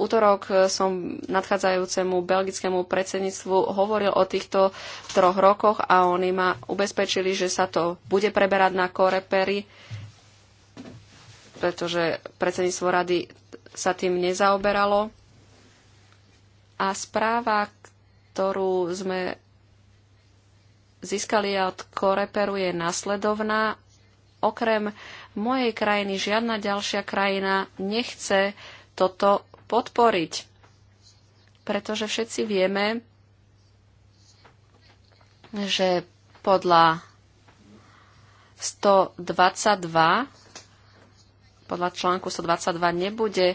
útorok som nadchádzajúcemu belgickému predsedníctvu hovoril o týchto troch rokoch a oni ma ubezpečili, že sa to bude preberať na korepery, pretože predsedníctvo rady sa tým nezaoberalo. A správa, ktorú sme získali od Koreperu, je nasledovná. Okrem mojej krajiny žiadna ďalšia krajina nechce toto podporiť. Pretože všetci vieme, že podľa 122 podľa článku 122 nebude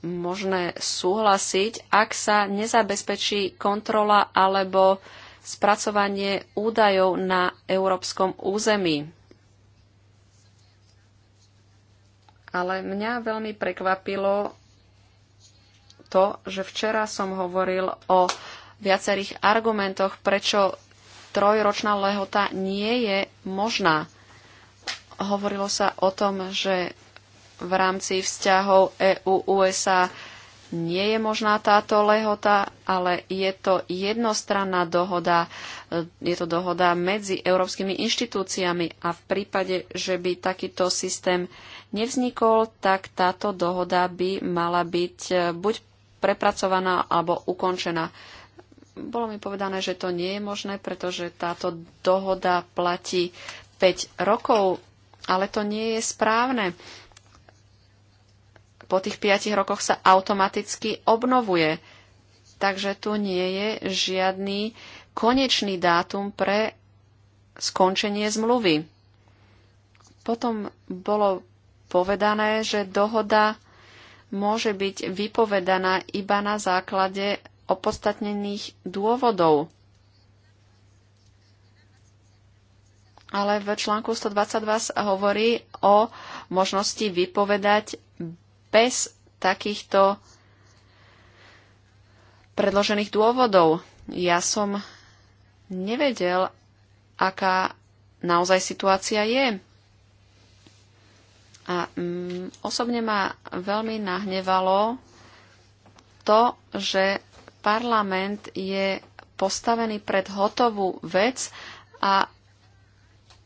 možné súhlasiť, ak sa nezabezpečí kontrola alebo spracovanie údajov na európskom území. Ale mňa veľmi prekvapilo to, že včera som hovoril o viacerých argumentoch, prečo trojročná lehota nie je možná. Hovorilo sa o tom, že v rámci vzťahov EU-USA nie je možná táto lehota, ale je to jednostranná dohoda. Je to dohoda medzi európskymi inštitúciami a v prípade, že by takýto systém nevznikol, tak táto dohoda by mala byť e, buď prepracovaná alebo ukončená. Bolo mi povedané, že to nie je možné, pretože táto dohoda platí 5 rokov ale to nie je správne. Po tých 5 rokoch sa automaticky obnovuje. Takže tu nie je žiadny konečný dátum pre skončenie zmluvy. Potom bolo povedané, že dohoda môže byť vypovedaná iba na základe opodstatnených dôvodov. ale v článku 122 sa hovorí o možnosti vypovedať bez takýchto predložených dôvodov. Ja som nevedel, aká naozaj situácia je. A mm, osobne ma veľmi nahnevalo to, že parlament je postavený pred hotovú vec a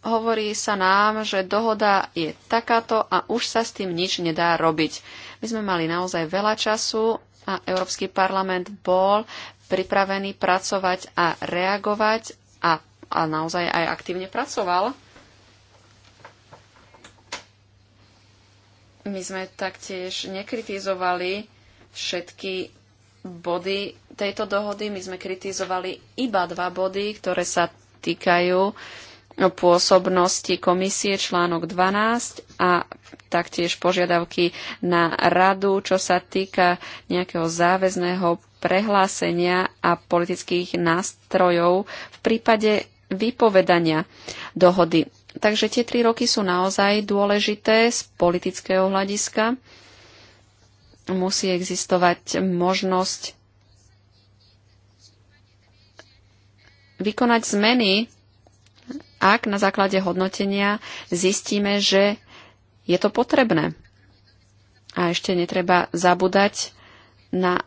hovorí sa nám, že dohoda je takáto a už sa s tým nič nedá robiť. My sme mali naozaj veľa času a Európsky parlament bol pripravený pracovať a reagovať a, a naozaj aj aktívne pracoval. My sme taktiež nekritizovali všetky body tejto dohody. My sme kritizovali iba dva body, ktoré sa týkajú uh, pôsobnosti komisie článok 12 a taktiež požiadavky na radu, čo sa týka nejakého záväzného prehlásenia a politických nástrojov v prípade vypovedania dohody. Takže tie tri roky sú naozaj dôležité z politického hľadiska. Musí existovať možnosť vykonať zmeny ak na základe hodnotenia zistíme, že je to potrebné. A ešte netreba zabúdať na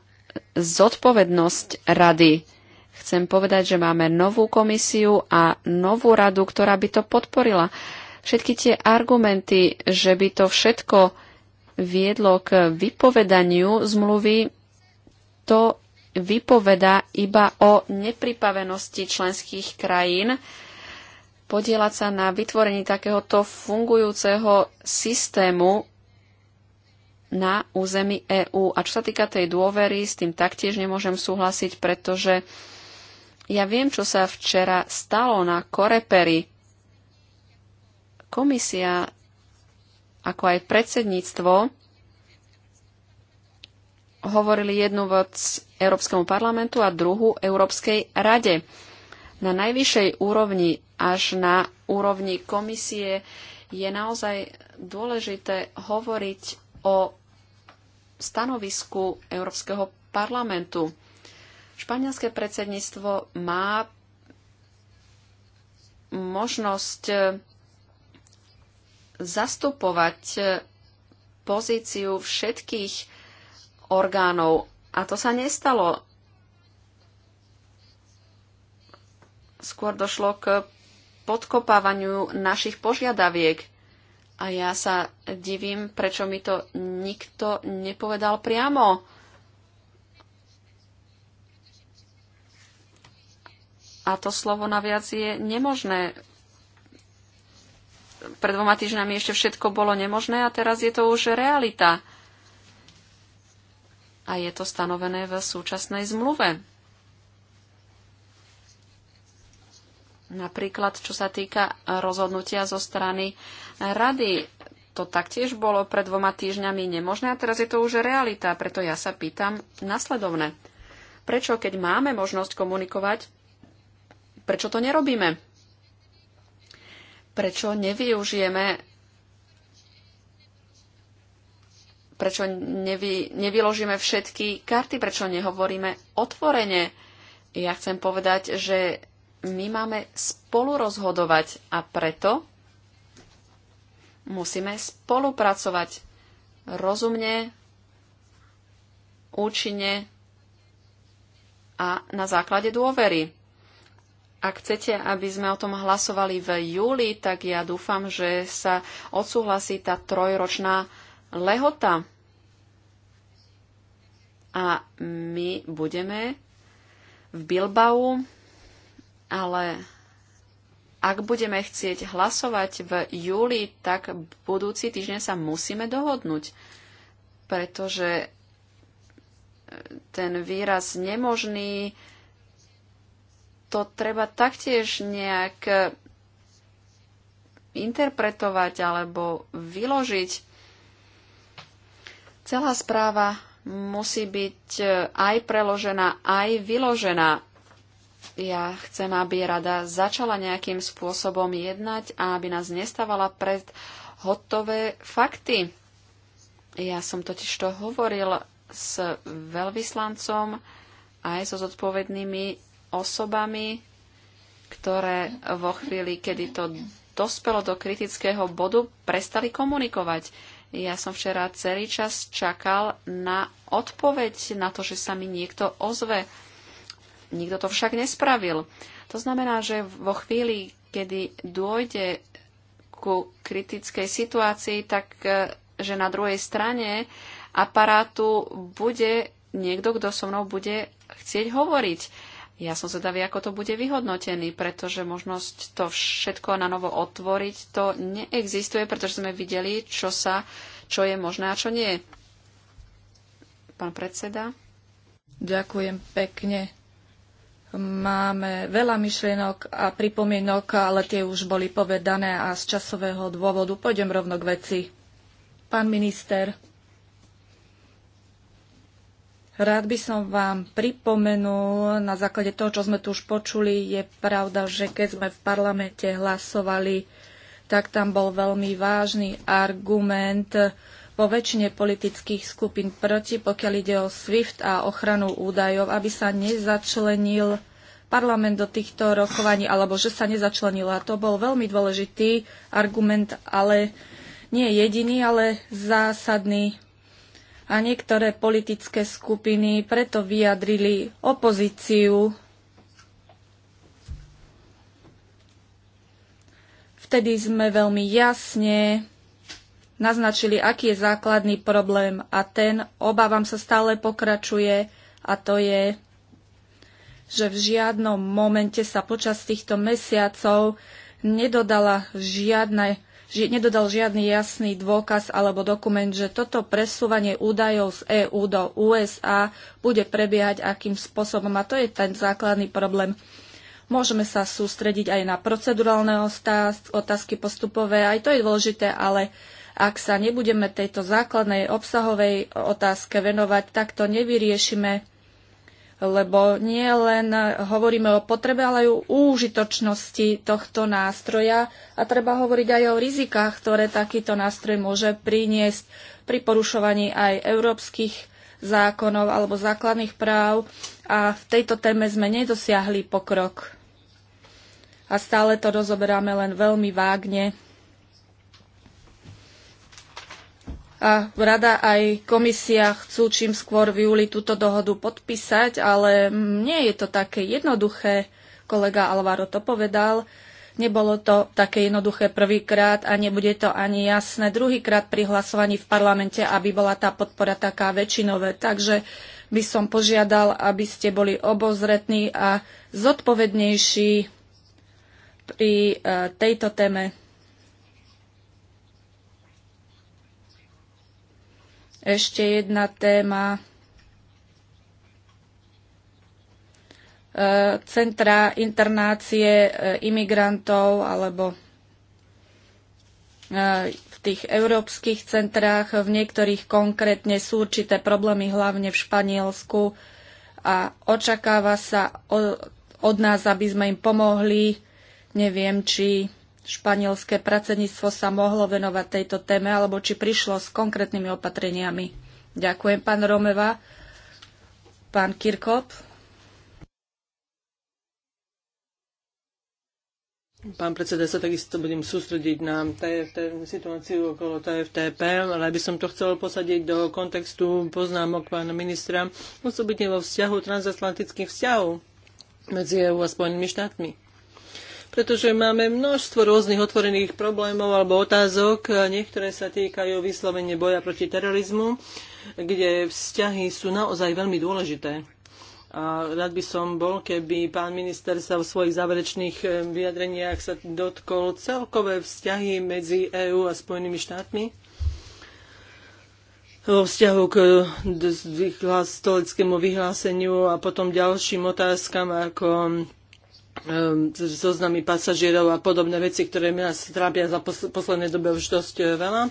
zodpovednosť rady. Chcem povedať, že máme novú komisiu a novú radu, ktorá by to podporila. Všetky tie argumenty, že by to všetko viedlo k vypovedaniu zmluvy, to vypoveda iba o nepripavenosti členských krajín podielať sa na vytvorení takéhoto fungujúceho systému na území EÚ. A čo sa týka tej dôvery, s tým taktiež nemôžem súhlasiť, pretože ja viem, čo sa včera stalo na Korepery. Komisia, ako aj predsedníctvo, hovorili jednu vec Európskemu parlamentu a druhú Európskej rade na najvyššej úrovni až na úrovni komisie je naozaj dôležité hovoriť o stanovisku Európskeho parlamentu. Španielské predsedníctvo má možnosť eh, zastupovať eh, pozíciu všetkých orgánov. A to sa nestalo skôr došlo k podkopávaniu našich požiadaviek. A ja sa divím, prečo mi to nikto nepovedal priamo. A to slovo naviac je nemožné. Pred dvoma týždňami ešte všetko bolo nemožné a teraz je to už realita. A je to stanovené v súčasnej zmluve. Napríklad, čo sa týka rozhodnutia zo strany rady, to taktiež bolo pred dvoma týždňami nemožné a teraz je to už realita, preto ja sa pýtam nasledovne. Prečo, keď máme možnosť komunikovať, prečo to nerobíme? Prečo nevyužijeme prečo nevy, nevyložíme všetky karty, prečo nehovoríme otvorene. Ja chcem povedať, že my máme spolu rozhodovať a preto musíme spolupracovať rozumne, účinne a na základe dôvery. Ak chcete, aby sme o tom hlasovali v júli, tak ja dúfam, že sa odsúhlasí tá trojročná lehota. A my budeme v Bilbao ale ak budeme chcieť hlasovať v júli, tak budúci týždeň sa musíme dohodnúť, pretože e, ten výraz nemožný, to treba taktiež nejak interpretovať alebo vyložiť. Celá správa musí byť e, aj preložená, aj vyložená. Ja chcem, aby rada začala nejakým spôsobom jednať a aby nás nestávala pred hotové fakty. Ja som totiž to hovoril s veľvyslancom aj so zodpovednými osobami, ktoré vo chvíli, kedy to dospelo do kritického bodu, prestali komunikovať. Ja som včera celý čas čakal na odpoveď na to, že sa mi niekto ozve. Nikto to však nespravil. To znamená, že vo chvíli, kedy dôjde ku kritickej situácii, tak e, že na druhej strane aparátu bude niekto, kto so mnou bude chcieť hovoriť. Ja som zvedavý, ako to bude vyhodnotený, pretože možnosť to všetko na novo otvoriť, to neexistuje, pretože sme videli, čo, sa, čo je možné a čo nie. Pán predseda. Ďakujem pekne. Máme veľa myšlienok a pripomienok, ale tie už boli povedané a z časového dôvodu pôjdem rovno k veci. Pán minister, rád by som vám pripomenul, na základe toho, čo sme tu už počuli, je pravda, že keď sme v parlamente hlasovali, tak tam bol veľmi vážny argument, vo väčšine politických skupín proti, pokiaľ ide o SWIFT a ochranu údajov, aby sa nezačlenil parlament do týchto rokovaní, alebo že sa nezačlenila. To bol veľmi dôležitý argument, ale nie jediný, ale zásadný. A niektoré politické skupiny preto vyjadrili opozíciu vtedy sme veľmi jasne naznačili, aký je základný problém a ten, obávam sa, stále pokračuje a to je, že v žiadnom momente sa počas týchto mesiacov nedodala žiadne, ži, nedodal žiadny jasný dôkaz alebo dokument, že toto presúvanie údajov z EÚ do USA bude prebiehať akým spôsobom. A to je ten základný problém. Môžeme sa sústrediť aj na procedurálne otázky postupové, aj to je dôležité, ale ak sa nebudeme tejto základnej obsahovej otázke venovať, tak to nevyriešime, lebo nie len hovoríme o potrebe, ale aj o úžitočnosti tohto nástroja a treba hovoriť aj o rizikách, ktoré takýto nástroj môže priniesť pri porušovaní aj európskych zákonov alebo základných práv a v tejto téme sme nedosiahli pokrok. A stále to rozoberáme len veľmi vágne. A rada aj komisia chcú čím skôr v júli túto dohodu podpísať, ale nie je to také jednoduché. Kolega Alvaro to povedal. Nebolo to také jednoduché prvýkrát a nebude to ani jasné druhýkrát pri hlasovaní v parlamente, aby bola tá podpora taká väčšinové. Takže by som požiadal, aby ste boli obozretní a zodpovednejší pri e, tejto téme. Ešte jedna téma. E, centra internácie e, imigrantov alebo e, v tých európskych centrách, v niektorých konkrétne sú určité problémy, hlavne v Španielsku a očakáva sa od nás, aby sme im pomohli. Neviem, či španielské pracovníctvo sa mohlo venovať tejto téme alebo či prišlo s konkrétnymi opatreniami. Ďakujem, pán Romeva. Pán Kirkop. Pán predseda, sa takisto budem sústrediť na TFT, situáciu okolo TFTP, ale by som to chcel posadiť do kontextu poznámok pána ministra, osobitne vo vzťahu transatlantických vzťahov medzi EU a Spojenými štátmi pretože máme množstvo rôznych otvorených problémov alebo otázok. Niektoré sa týkajú vyslovene boja proti terorizmu, kde vzťahy sú naozaj veľmi dôležité. A rád by som bol, keby pán minister sa v svojich záverečných eh, vyjadreniach sa dotkol celkové vzťahy medzi EÚ a Spojenými štátmi vo vzťahu k stoleckému vyhláseniu a potom ďalším otázkam ako Ehm, zoznamy pasažierov a podobné veci, ktoré nás trápia za poslednej dobe už dosť e, veľa.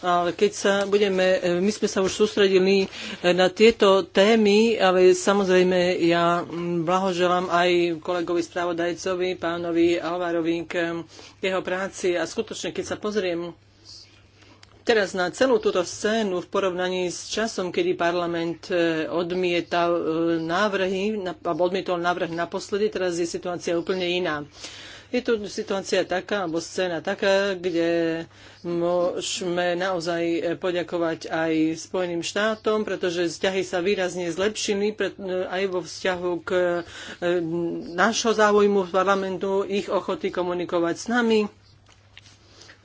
Ale keď sa budeme, e, my sme sa už sústredili e, na tieto témy, ale samozrejme ja blahoželám aj kolegovi spravodajcovi, pánovi Alvarovi k jeho práci a skutočne, keď sa pozriem teraz na celú túto scénu v porovnaní s časom, kedy parlament e, odmietal e, návrhy, odmietol návrh naposledy, teraz je situácia úplne iná. Je tu situácia taká, alebo scéna taká, kde môžeme naozaj e, poďakovať aj Spojeným štátom, pretože vzťahy sa výrazne zlepšili aj vo vzťahu k nášho záujmu v parlamentu, ich ochoty komunikovať s nami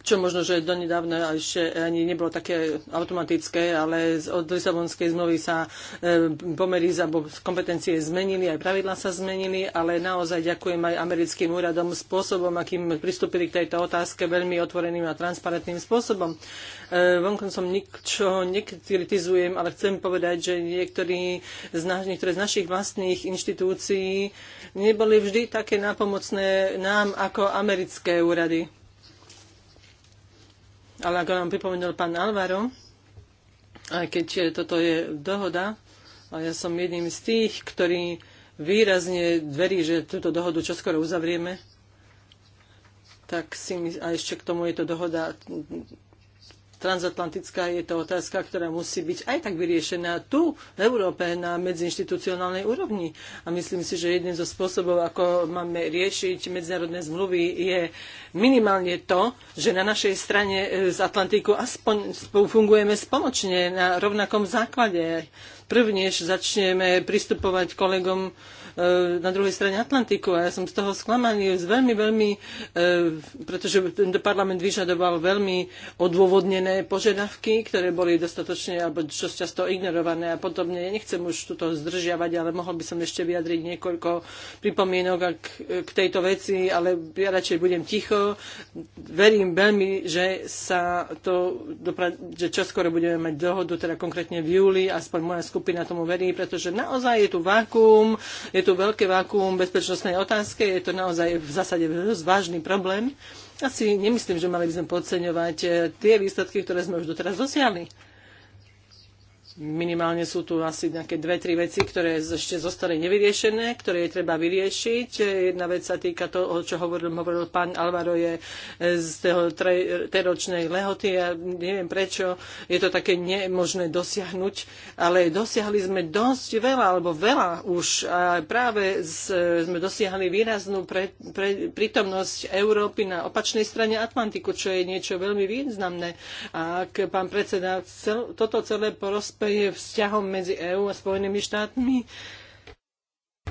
čo možno, že donedávno ešte ani nebolo také automatické, ale od Lisabonskej zmluvy sa e, pomery za kompetencie zmenili, aj pravidlá sa zmenili, ale naozaj ďakujem aj americkým úradom spôsobom, akým pristúpili k tejto otázke veľmi otvoreným a transparentným spôsobom. E, som ničoho nekritizujem, ale chcem povedať, že niektorí z naš, niektoré z našich vlastných inštitúcií neboli vždy také nápomocné nám ako americké úrady ale ako nám pripomenul pán Alvaro, aj keď toto je dohoda, a ja som jedným z tých, ktorí výrazne verí, že túto dohodu čoskoro uzavrieme, tak si my, a ešte k tomu je to dohoda transatlantická, je to otázka, ktorá musí byť aj tak vyriešená tu v Európe na medziinstitucionálnej úrovni. A myslím si, že jedným zo spôsobov, ako máme riešiť medzinárodné zmluvy, je minimálne to, že na našej strane e, z Atlantiku aspoň fungujeme spoločne na rovnakom základe. Prvnež začneme pristupovať kolegom E, na druhej strane Atlantiku a ja som z toho sklamaný z veľmi, veľmi, e, pretože tento parlament vyžadoval veľmi odôvodnené požiadavky, ktoré boli dostatočne alebo čo často ignorované a podobne. Ja nechcem už tuto zdržiavať, ale mohol by som ešte vyjadriť niekoľko pripomienok k tejto veci, ale ja radšej budem ticho. Verím veľmi, že sa to, že čoskoro budeme mať dohodu, teda konkrétne v júli, aspoň moja skupina tomu verí, pretože naozaj je tu vákuum, je je tu veľké vákuum bezpečnostnej otázke, je to naozaj v zásade dosť vážny problém. Asi nemyslím, že mali by sme podceňovať eh, tie výsledky, ktoré sme už doteraz dosiahli minimálne sú tu asi nejaké dve, tri veci, ktoré ešte zostali nevyriešené, ktoré je treba vyriešiť. Jedna vec sa týka toho, o čo hovoril, hovoril pán Alvaro, je e, z toho teročnej lehoty. Ja neviem, prečo je to také nemožné dosiahnuť, ale dosiahli sme dosť veľa, alebo veľa už. A práve z, e, sme dosiahli výraznú pre, pre, prítomnosť Európy na opačnej strane Atlantiku, čo je niečo veľmi významné. A ak pán predseda cel, toto celé porozpe je vzťahom medzi EÚ a Spojenými štátmi.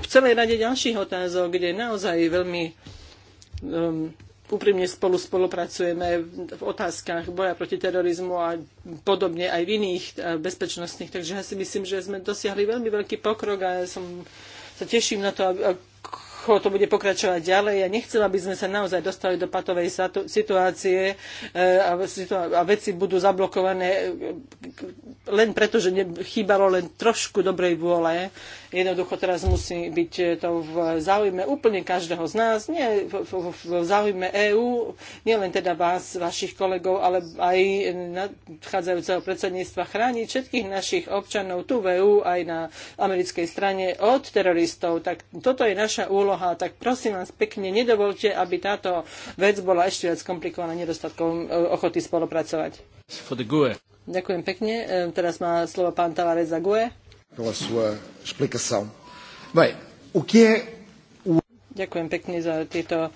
V celej rade ďalších otázok, kde naozaj veľmi um, úprimne spolu spolupracujeme v otázkach boja proti terorizmu a podobne aj v iných e, bezpečnostných. Takže ja si myslím, že sme dosiahli veľmi veľký pokrok a ja som sa teším na to, ako to bude pokračovať ďalej. Ja nechcem, aby sme sa naozaj dostali do patovej situácie e, a veci budú zablokované e, len preto, že chýbalo len trošku dobrej vôle. Jednoducho teraz musí byť eh, to v záujme úplne každého z nás, nie v, v, v záujme EÚ, nielen teda vás, vašich kolegov, ale aj nadchádzajúceho predsedníctva chrániť všetkých našich občanov tu v EÚ aj na americkej strane od teroristov. Tak toto je naša úloha, tak prosím vás pekne, nedovolte, aby táto vec bola ešte viac komplikovaná nedostatkom eh, ochoty spolupracovať. E. Ďakujem pekne. Eh, teraz má slovo pán Tavarez za GUE pela sua explicação. Bem, o que é o... Ďakujem pekne za tieto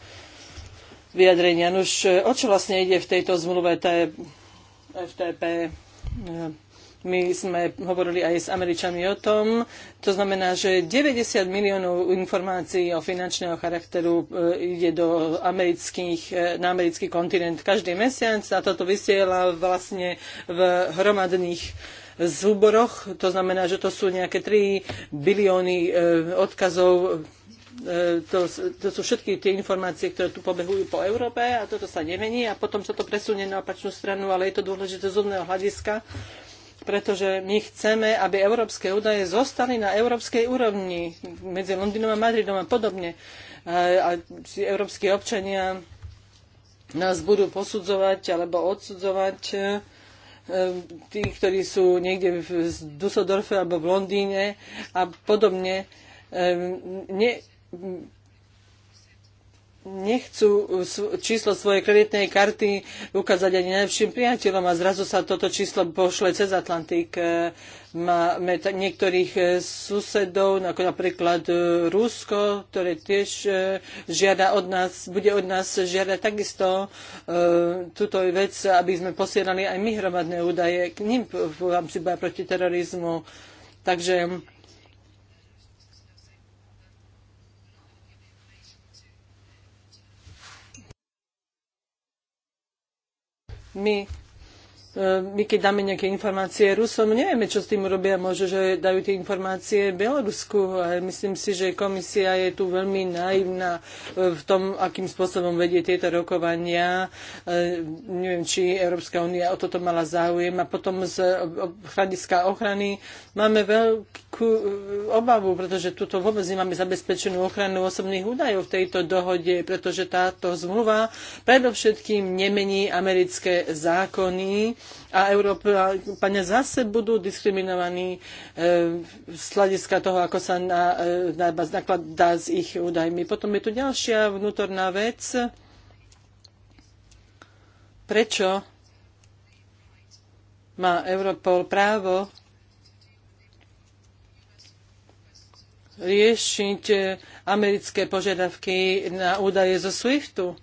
vyjadrenia. Nož, e, o čo vlastne ide v tejto zmluve FTP? E, my sme hovorili aj s Američami o tom. To znamená, že 90 miliónov informácií o finančného charakteru e, ide do amerických, na americký kontinent každý mesiac a toto vysiela vlastne v hromadných zúboroch. To znamená, že to sú nejaké 3 bilióny e, odkazov e, to, to sú všetky tie informácie, ktoré tu pobehujú po Európe a toto sa nemení a potom sa to presunie na opačnú stranu, ale je to dôležité z umného hľadiska, pretože my chceme, aby európske údaje zostali na európskej úrovni medzi Londýnom a Madridom a podobne. E, a, a európske občania nás budú posudzovať alebo odsudzovať Ehm, tí, ktorí sú niekde v Dusseldorfe alebo v Londýne a podobne. Ehm, ne, nechcú číslo svojej kreditnej karty ukázať ani najlepším priateľom a zrazu sa toto číslo pošle cez Atlantik. Máme niektorých susedov, ako napríklad Rusko, ktoré tiež žiada od nás, bude od nás žiadať takisto túto vec, aby sme posielali aj my hromadné údaje k ním v rámci boja proti terorizmu. Takže my E, my keď dáme nejaké informácie Rusom, nevieme, čo s tým robia, môže, že dajú tie informácie Bielorusku. A myslím si, že komisia je tu veľmi naivná e, v tom, akým spôsobom vedie tieto rokovania. E, neviem, či Európska únia o toto mala záujem. A potom z hľadiska ochrany máme veľkú obavu, pretože tuto vôbec nemáme zabezpečenú ochranu osobných údajov v tejto dohode, pretože táto zmluva predovšetkým nemení americké zákony a Európane zase budú diskriminovaní e, z hľadiska toho, ako sa e, na, nakladá s ich údajmi. Potom je tu ďalšia vnútorná vec. Prečo má Europol právo riešiť e, americké požiadavky na údaje zo SWIFTu?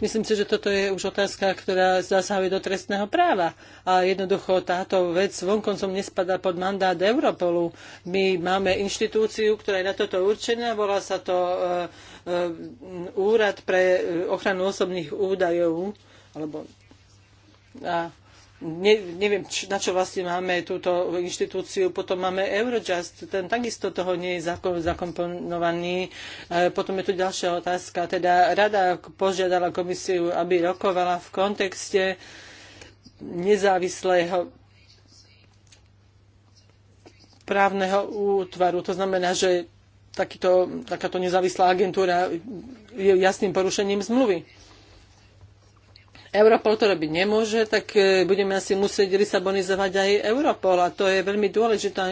Myslím si, že toto je už otázka, ktorá zasahuje do trestného práva. A jednoducho táto vec vonkoncom nespadá pod mandát Europolu. My máme inštitúciu, ktorá je na toto určená, volá sa to e, e, Úrad pre ochranu osobných údajov, alebo a ne, neviem, na čo vlastne máme túto inštitúciu. Potom máme Eurojust, ten takisto toho nie je zakomponovaný. E, potom je tu ďalšia otázka. Teda rada požiadala komisiu, aby rokovala v kontexte nezávislého právneho útvaru. To znamená, že takýto, takáto nezávislá agentúra je jasným porušením zmluvy. Europol to robiť nemôže, tak e, budeme asi musieť lisabonizovať aj Europol. A to je veľmi dôležitá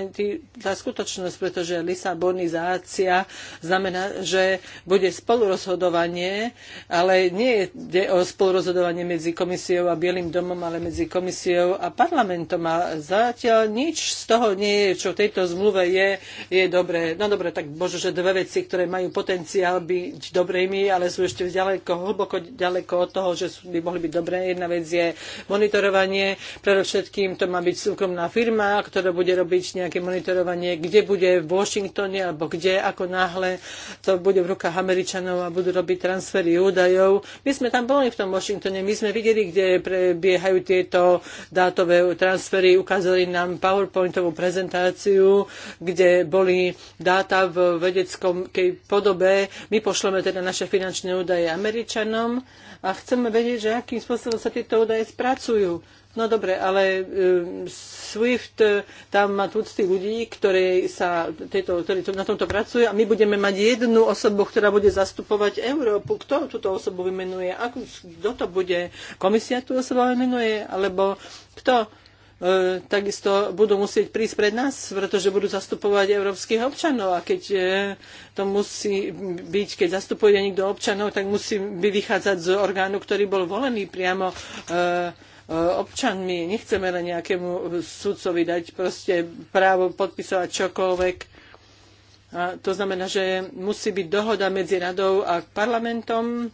tá skutočnosť, pretože lisabonizácia znamená, že bude spolurozhodovanie, ale nie je o spolurozhodovanie medzi komisiou a Bielým domom, ale medzi komisiou a parlamentom. A zatiaľ nič z toho nie je, čo v tejto zmluve je, je dobré. No dobre, tak bože, že dve veci, ktoré majú potenciál byť dobrými, ale sú ešte ďaleko, hlboko ďaleko od toho, že sú, by mohli byť byť dobre. Jedna vec je monitorovanie, predovšetkým to má byť súkromná firma, ktorá bude robiť nejaké monitorovanie, kde bude v Washingtone alebo kde, ako náhle to bude v rukách Američanov a budú robiť transfery údajov. My sme tam boli v tom Washingtone, my sme videli, kde prebiehajú tieto dátové transfery, ukázali nám PowerPointovú prezentáciu, kde boli dáta v vedeckom podobe. My pošleme teda naše finančné údaje Američanom a chceme vedieť, že akým spôsobom sa tieto údaje spracujú. No dobre, ale e, SWIFT e, tam má tucty ľudí, ktorí, sa, tieto, ktorí na tomto pracujú a my budeme mať jednu osobu, ktorá bude zastupovať Európu. Kto túto osobu vymenuje? kto to bude? Komisia tú osobu vymenuje? Alebo kto? E, takisto budú musieť prísť pred nás, pretože budú zastupovať európskych občanov. A keď e, to musí byť, keď zastupuje niekto občanov, tak musí by vychádzať z orgánu, ktorý bol volený priamo e, občanmi. Nechceme len nejakému sudcovi dať proste právo podpisovať čokoľvek. A to znamená, že musí byť dohoda medzi radou a parlamentom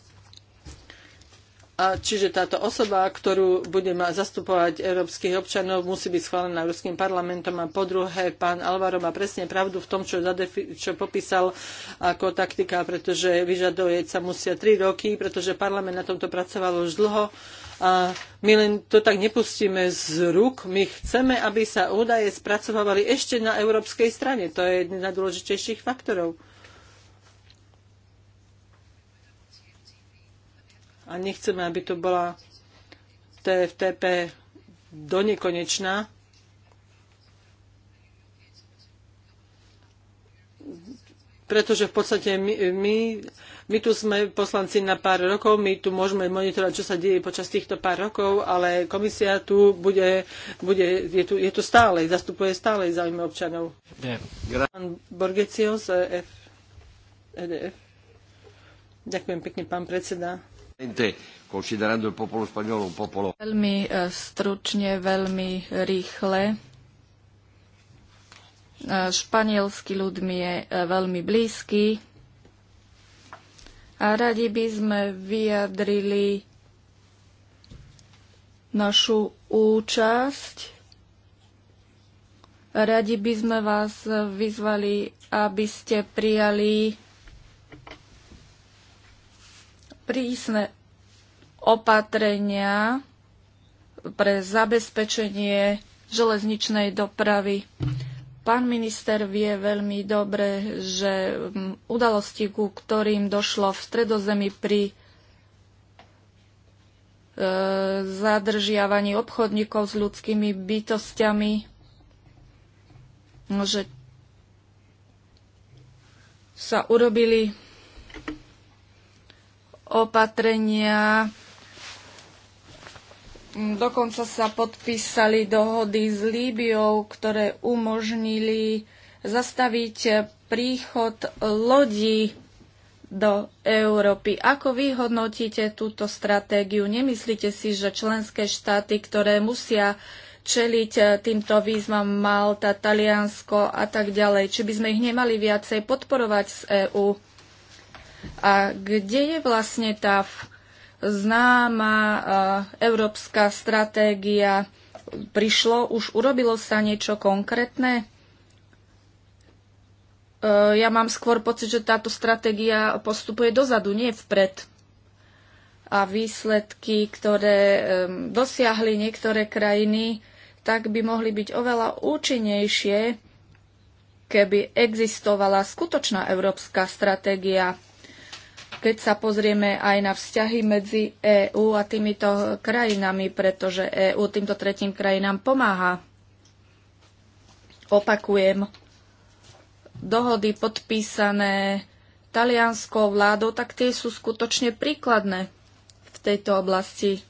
a čiže táto osoba, ktorú bude zastupovať európskych občanov, musí byť schválená Európskym parlamentom. A po druhé, pán Alvaro má presne pravdu v tom, čo, čo popísal ako taktika, pretože vyžadovať sa musia tri roky, pretože parlament na tomto pracoval už dlho. A my len to tak nepustíme z rúk. My chceme, aby sa údaje spracovávali ešte na európskej strane. To je jeden z najdôležitejších faktorov. a nechceme, aby to bola TFTP do nekonečná. Pretože v podstate my, my, my tu sme poslanci na pár rokov, my tu môžeme monitorovať, čo sa deje počas týchto pár rokov, ale komisia tu bude, bude je, tu, je tu stále, zastupuje stále záujmy občanov. Pán Borgecio z EDF. E Ďakujem pekne, pán predseda. Veľmi e, stručne, veľmi rýchle. E, španielský ľud mi je e, veľmi blízky a radi by sme vyjadrili našu účasť. Radi by sme vás vyzvali, aby ste prijali prísne opatrenia pre zabezpečenie železničnej dopravy. Pán minister vie veľmi dobre, že mm, udalosti, ku ktorým došlo v stredozemi pri e, zadržiavaní obchodníkov s ľudskými bytostiami, že sa urobili opatrenia. Dokonca sa podpísali dohody s Líbiou, ktoré umožnili zastaviť príchod lodí do Európy. Ako vy hodnotíte túto stratégiu? Nemyslíte si, že členské štáty, ktoré musia čeliť týmto výzvam Malta, Taliansko a tak ďalej, či by sme ich nemali viacej podporovať z EÚ? A kde je vlastne tá známa európska stratégia? Prišlo, už urobilo sa niečo konkrétne? E, ja mám skôr pocit, že táto stratégia postupuje dozadu, nie vpred. A výsledky, ktoré dosiahli niektoré krajiny, tak by mohli byť oveľa účinnejšie, keby existovala skutočná európska stratégia keď sa pozrieme aj na vzťahy medzi EÚ a týmito krajinami, pretože EÚ týmto tretím krajinám pomáha. Opakujem, dohody podpísané talianskou vládou, tak tie sú skutočne príkladné v tejto oblasti.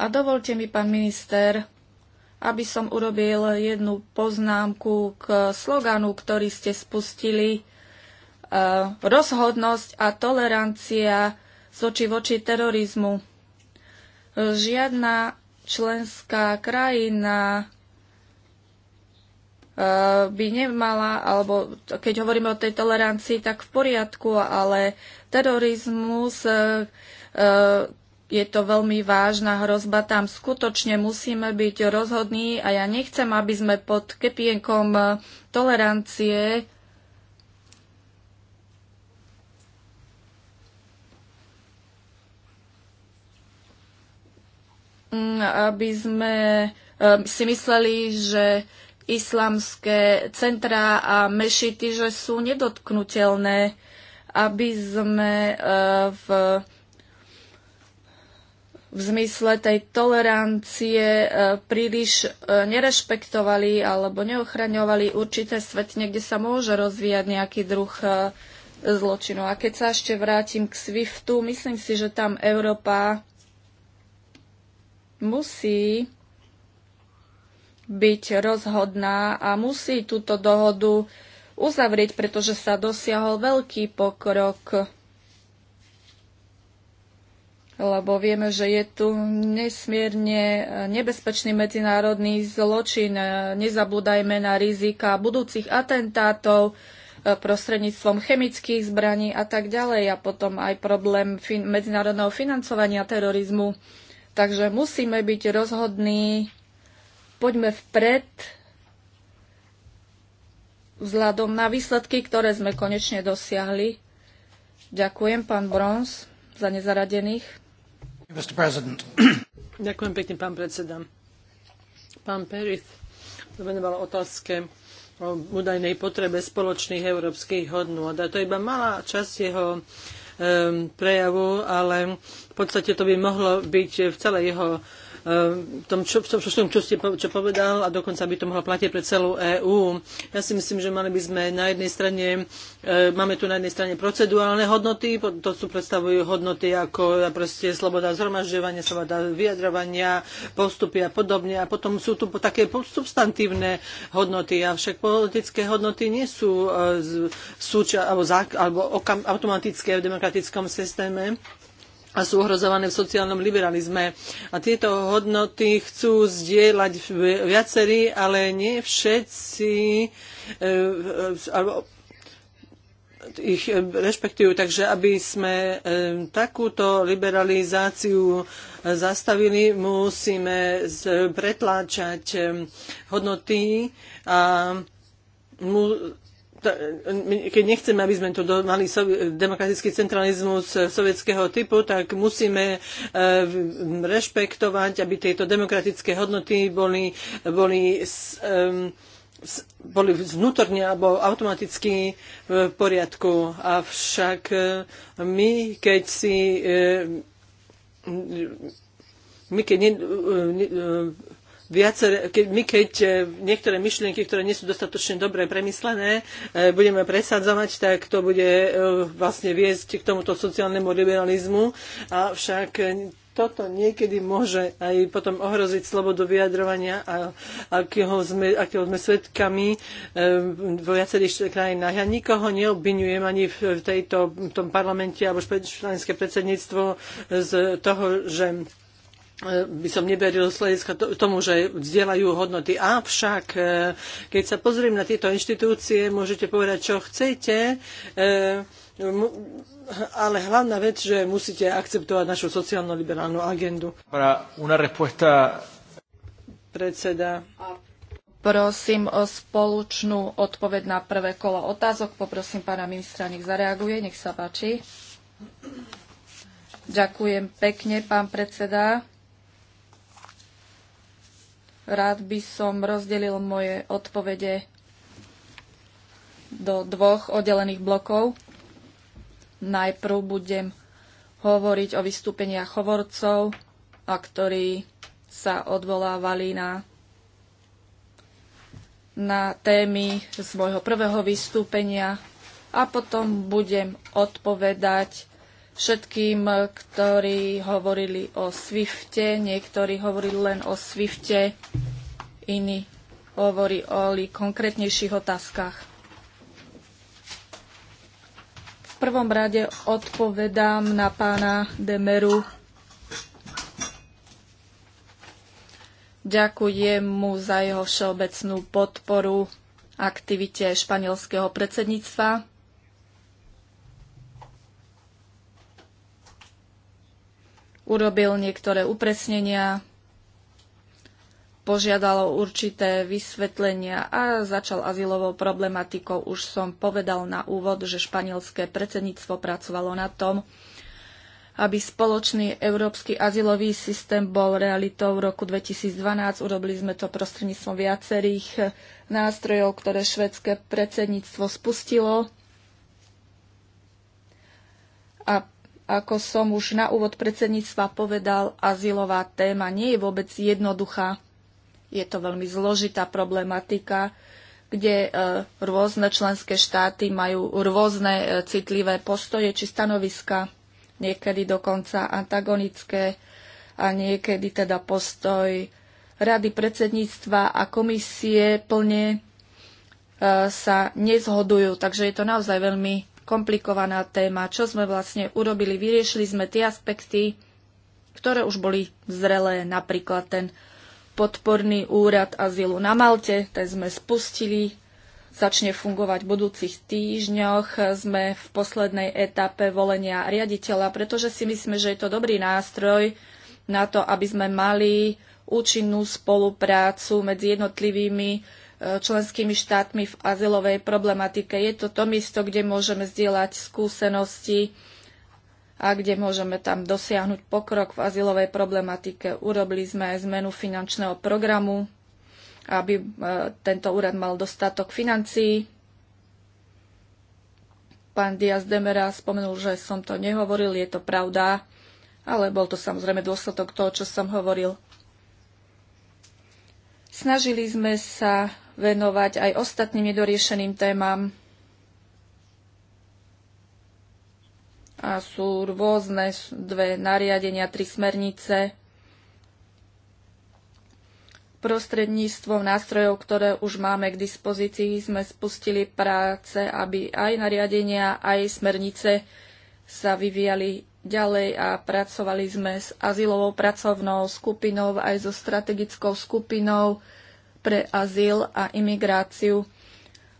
A dovolte mi, pán minister, aby som urobil jednu poznámku k slogánu, ktorý ste spustili E, rozhodnosť a tolerancia voči voči terorizmu. Žiadna členská krajina e, by nemala, alebo keď hovoríme o tej tolerancii, tak v poriadku, ale terorizmus e, je to veľmi vážna hrozba. Tam skutočne musíme byť rozhodní a ja nechcem, aby sme pod kepienkom tolerancie Mm, aby sme si mysleli, že islamské centrá a mešity, že sú nedotknutelné, aby sme e, v, v zmysle tej tolerancie e, príliš e, nerešpektovali alebo neochraňovali určité svetne, kde sa môže rozvíjať nejaký druh zločinu. A keď sa ešte vrátim k SWIFTu, myslím si, že tam Európa musí byť rozhodná a musí túto dohodu uzavrieť, pretože sa dosiahol veľký pokrok. Lebo vieme, že je tu nesmierne nebezpečný medzinárodný zločin. Nezabúdajme na rizika budúcich atentátov prostredníctvom chemických zbraní a tak ďalej. A potom aj problém fin- medzinárodného financovania terorizmu. Takže musíme byť rozhodní, poďme vpred vzhľadom na výsledky, ktoré sme konečne dosiahli. Ďakujem, pán Brons, za nezaradených. Ďakujem pekne, pán predseda. Pán Perith venoval otázke o údajnej potrebe spoločných európskych hodnôt. A to je iba malá časť jeho Ehm, prejavu, ale v podstate to by mohlo byť v celej jeho v tom, čo, čo, ste, čo povedal a dokonca by to mohlo platiť pre celú EÚ. Ja si myslím, že mali by sme na jednej strane, e, máme tu na jednej strane procedurálne hodnoty, to sú predstavujú hodnoty ako proste sloboda zhromažďovania, sloboda vyjadrovania, postupy a podobne. A potom sú tu také substantívne hodnoty, avšak politické hodnoty nie sú e, súča, alebo, alebo automatické v demokratickom systéme a sú ohrozované v sociálnom liberalizme. A tieto hodnoty chcú zdieľať viacerí, ale nie všetci eh, ich eh, rešpektujú. Takže aby sme eh, takúto liberalizáciu zastavili, musíme pretláčať hodnoty a keď nechceme, aby sme tu mali demokratický centralizmus e, sovietského typu, tak musíme e, rešpektovať, aby tieto demokratické hodnoty boli, boli boli vnútorne alebo automaticky v poriadku. Avšak e, my, keď si my keď ne, ne, viacer, keď, my keď e, niektoré myšlienky, ktoré nie sú dostatočne dobre premyslené, e, budeme presadzovať, tak to bude e, vlastne viesť k tomuto sociálnemu liberalizmu. Avšak toto niekedy môže aj potom ohroziť slobodu vyjadrovania a akého sme, akého sme svetkami vo viacerých krajinách. Ja nikoho neobvinujem ani v, tejto, v tom parlamente alebo členské predsedníctvo z toho, že E, by som neveril z hľadiska tomu, že vzdielajú hodnoty. Avšak, e, keď sa pozriem na tieto inštitúcie, môžete povedať, čo chcete, e, ale hlavná vec, že musíte akceptovať našu sociálno-liberálnu agendu. Para una respuesta... Predseda. Prosím o spoločnú odpoveď na prvé kolo otázok. Poprosím pána ministra, nech zareaguje. Nech sa páči. Ďakujem pekne, pán predseda. Rád by som rozdelil moje odpovede do dvoch oddelených blokov. Najprv budem hovoriť o vystúpeniach hovorcov, a ktorí sa odvolávali na, na témy z môjho prvého vystúpenia a potom budem odpovedať všetkým, ktorí hovorili o Swifte, niektorí hovorili len o Swifte, iní hovorí o konkrétnejších otázkach. V prvom rade odpovedám na pána Demeru. Ďakujem mu za jeho všeobecnú podporu aktivite španielského predsedníctva. urobil niektoré upresnenia, požiadalo určité vysvetlenia a začal azylovou problematikou. Už som povedal na úvod, že španielské predsedníctvo pracovalo na tom, aby spoločný európsky azylový systém bol realitou v roku 2012. Urobili sme to prostredníctvom viacerých nástrojov, ktoré švedské predsedníctvo spustilo. A ako som už na úvod predsedníctva povedal, azylová téma nie je vôbec jednoduchá. Je to veľmi zložitá problematika, kde e, rôzne členské štáty majú rôzne e, citlivé postoje či stanoviska, niekedy dokonca antagonické a niekedy teda postoj rady predsedníctva a komisie plne e, sa nezhodujú. Takže je to naozaj veľmi komplikovaná téma. Čo sme vlastne urobili? Vyriešili sme tie aspekty, ktoré už boli zrelé, napríklad ten podporný úrad azylu na Malte, ten sme spustili, začne fungovať v budúcich týždňoch. Sme v poslednej etape volenia riaditeľa, pretože si myslíme, že je to dobrý nástroj na to, aby sme mali účinnú spoluprácu medzi jednotlivými členskými štátmi v azylovej problematike. Je to to miesto, kde môžeme zdieľať skúsenosti a kde môžeme tam dosiahnuť pokrok v azylovej problematike. Urobili sme aj zmenu finančného programu, aby e, tento úrad mal dostatok financií. Pán Diaz Demera spomenul, že som to nehovoril, je to pravda, ale bol to samozrejme dôsledok toho, čo som hovoril. Snažili sme sa venovať aj ostatným nedoriešeným témam. A sú rôzne dve nariadenia, tri smernice prostredníctvom nástrojov, ktoré už máme k dispozícii, sme spustili práce, aby aj nariadenia, aj smernice sa vyvíjali ďalej a pracovali sme s azylovou pracovnou skupinou, aj so strategickou skupinou pre azyl a imigráciu.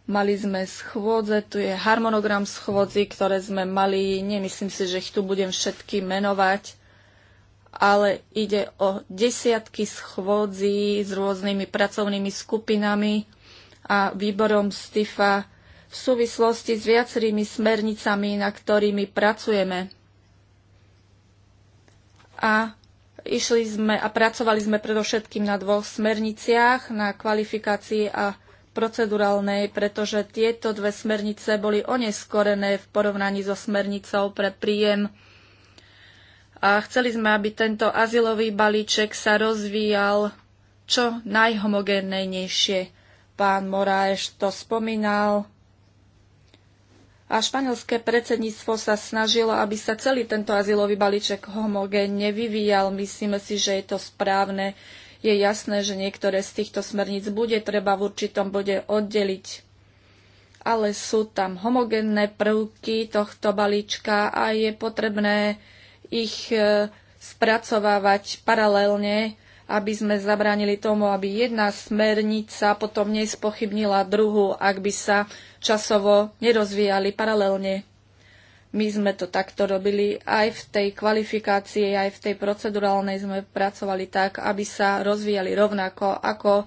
Mali sme schôdze, tu je harmonogram schôdzi, ktoré sme mali, nemyslím si, že ich tu budem všetky menovať, ale ide o desiatky schôdzí s rôznymi pracovnými skupinami a výborom STIFA v súvislosti s viacerými smernicami, na ktorými pracujeme. A Išli sme a pracovali sme predovšetkým na dvoch smerniciach, na kvalifikácii a procedurálnej, pretože tieto dve smernice boli oneskorené v porovnaní so smernicou pre príjem. A chceli sme, aby tento azylový balíček sa rozvíjal čo najhomogénnejšie. Pán Moraeš to spomínal a španielské predsedníctvo sa snažilo, aby sa celý tento azylový balíček homogénne vyvíjal. Myslíme si, že je to správne. Je jasné, že niektoré z týchto smerníc bude treba v určitom bode oddeliť. Ale sú tam homogénne prvky tohto balíčka a je potrebné ich e, spracovávať paralelne aby sme zabránili tomu, aby jedna smernica potom nespochybnila druhu, ak by sa časovo nerozvíjali paralelne. My sme to takto robili aj v tej kvalifikácii, aj v tej procedurálnej sme pracovali tak, aby sa rozvíjali rovnako ako e,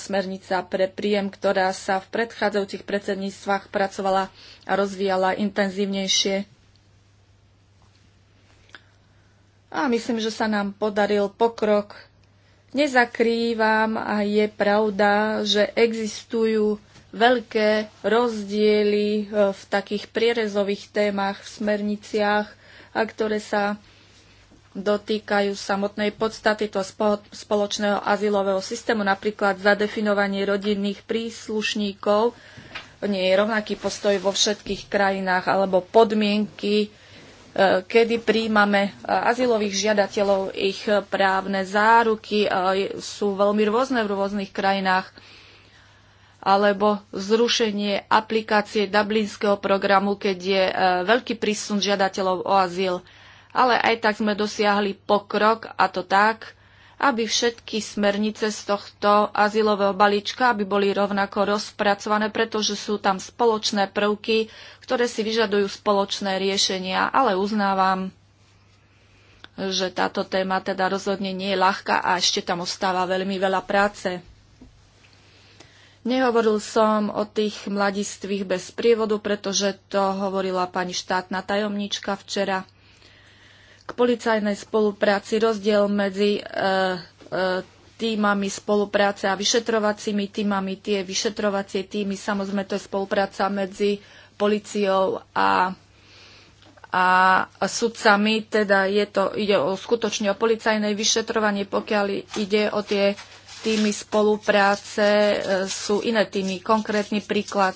smernica pre príjem, ktorá sa v predchádzajúcich predsedníctvách pracovala a rozvíjala intenzívnejšie. a myslím, že sa nám podaril pokrok. Nezakrývam a je pravda, že existujú veľké rozdiely e, v takých prierezových témach v smerniciach, a ktoré sa dotýkajú samotnej podstaty toho spoločného azylového systému, napríklad zadefinovanie rodinných príslušníkov, nie je rovnaký postoj vo všetkých krajinách, alebo podmienky E, kedy príjmame e, azylových žiadateľov, ich právne záruky e, sú veľmi rôzne v rôznych krajinách, alebo zrušenie aplikácie Dublinského programu, keď je veľký prísun žiadateľov o azyl. Ale aj tak sme dosiahli pokrok, a to tak, aby všetky smernice z tohto azylového balíčka aby boli rovnako rozpracované, pretože sú tam spoločné prvky, ktoré si vyžadujú spoločné riešenia, ale uznávam, že táto téma teda rozhodne nie je ľahká a ešte tam ostáva veľmi veľa práce. Nehovoril som o tých mladistvých bez prievodu, pretože to hovorila pani štátna tajomnička včera k policajnej spolupráci, rozdiel medzi e, e, týmami spolupráce a vyšetrovacími týmami. Tie vyšetrovacie týmy, samozrejme, to je spolupráca medzi policiou a, a sudcami. Teda je to, ide o, skutočne o policajné vyšetrovanie, pokiaľ ide o tie týmy spolupráce, e, sú iné týmy. Konkrétny príklad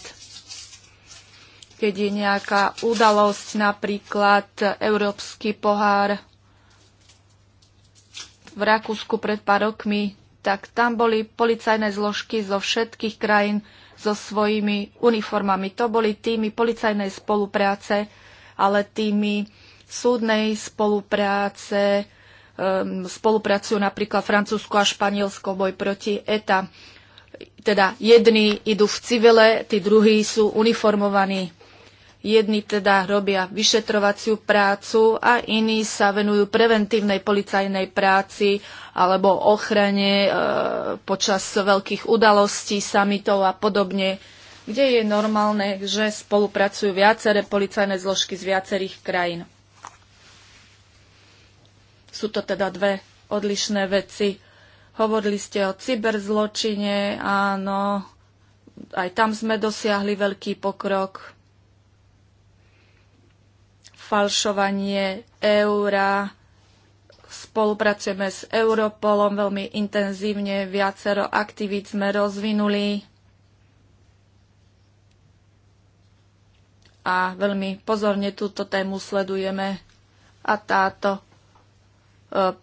keď je nejaká udalosť, napríklad Európsky pohár v Rakúsku pred pár rokmi, tak tam boli policajné zložky zo všetkých krajín so svojimi uniformami. To boli týmy policajnej spolupráce, ale týmy súdnej spolupráce, ehm, spolupracujú napríklad Francúzsko a Španielsko boj proti ETA. Teda jedni idú v civile, tí druhí sú uniformovaní. Jedni teda robia vyšetrovaciu prácu a iní sa venujú preventívnej policajnej práci alebo ochrane e, počas veľkých udalostí, samitov a podobne, kde je normálne, že spolupracujú viaceré policajné zložky z viacerých krajín. Sú to teda dve odlišné veci. Hovorili ste o cyberzločine, áno, aj tam sme dosiahli veľký pokrok falšovanie eura. Spolupracujeme s Europolom veľmi intenzívne, viacero aktivít sme rozvinuli a veľmi pozorne túto tému sledujeme a táto e,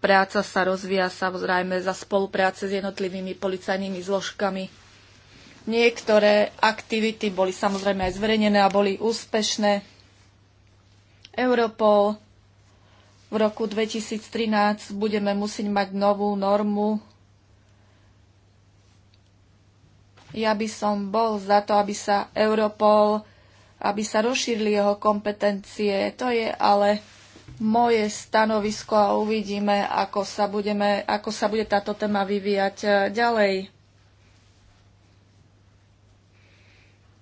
práca sa rozvíja samozrejme za spolupráce s jednotlivými policajnými zložkami. Niektoré aktivity boli samozrejme aj zverejnené a boli úspešné. Europol. V roku 2013 budeme musieť mať novú normu. Ja by som bol za to, aby sa Europol, aby sa rozšírili jeho kompetencie. To je ale moje stanovisko a uvidíme, ako sa, budeme, ako sa bude táto téma vyvíjať eh, ďalej.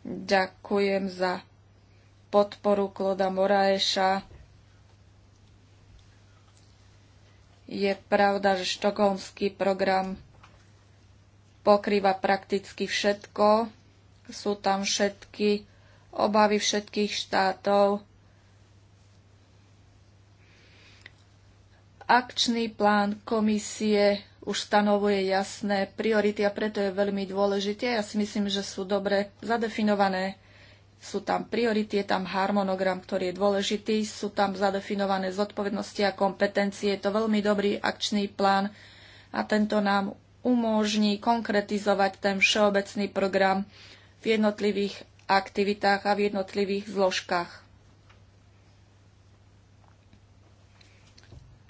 Ďakujem za podporu Kloda Moraeša. Je pravda, že štokholmský program pokrýva prakticky všetko. Sú tam všetky obavy všetkých štátov. Akčný plán komisie už stanovuje jasné priority a preto je veľmi dôležité. Ja si myslím, že sú dobre zadefinované sú tam priority, je tam harmonogram, ktorý je dôležitý, sú tam zadefinované zodpovednosti a kompetencie. Je to veľmi dobrý akčný plán a tento nám umožní konkretizovať ten všeobecný program v jednotlivých aktivitách a v jednotlivých zložkách.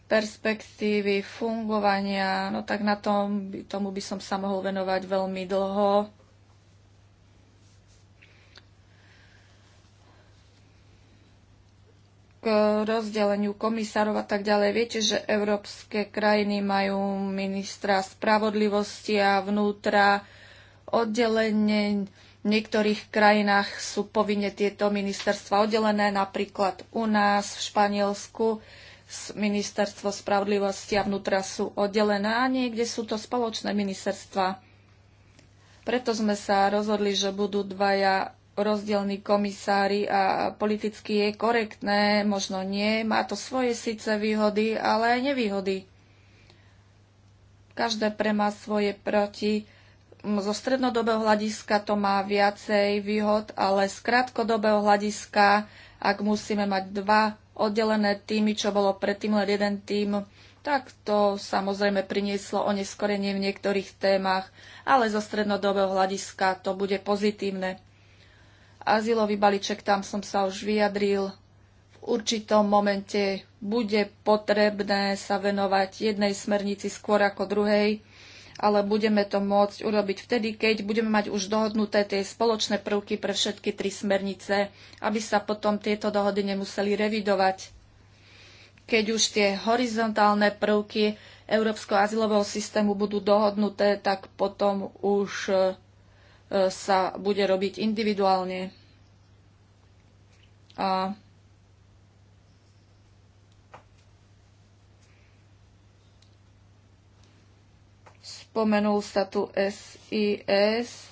perspektívy fungovania, no tak na tom, tomu by som sa mohol venovať veľmi dlho. k rozdeleniu komisárov a tak ďalej. Viete, že európske krajiny majú ministra spravodlivosti a vnútra oddelenie. V niektorých krajinách sú povinne tieto ministerstva oddelené, napríklad u nás v Španielsku ministerstvo spravodlivosti a vnútra sú oddelené a niekde sú to spoločné ministerstva. Preto sme sa rozhodli, že budú dvaja rozdielní komisári a politicky je korektné, možno nie. Má to svoje síce výhody, ale aj nevýhody. Každé pre má svoje proti. Zo strednodobého hľadiska to má viacej výhod, ale z krátkodobého hľadiska, ak musíme mať dva oddelené týmy, čo bolo predtým len jeden tým, tak to samozrejme prinieslo oneskorenie v niektorých témach, ale zo strednodobého hľadiska to bude pozitívne azylový balíček, tam som sa už vyjadril. V určitom momente bude potrebné sa venovať jednej smernici skôr ako druhej, ale budeme to môcť urobiť vtedy, keď budeme mať už dohodnuté tie spoločné prvky pre všetky tri smernice, aby sa potom tieto dohody nemuseli revidovať. Keď už tie horizontálne prvky európskeho azylového systému budú dohodnuté, tak potom už e, sa bude robiť individuálne. A spomenul sa tu SIS. E,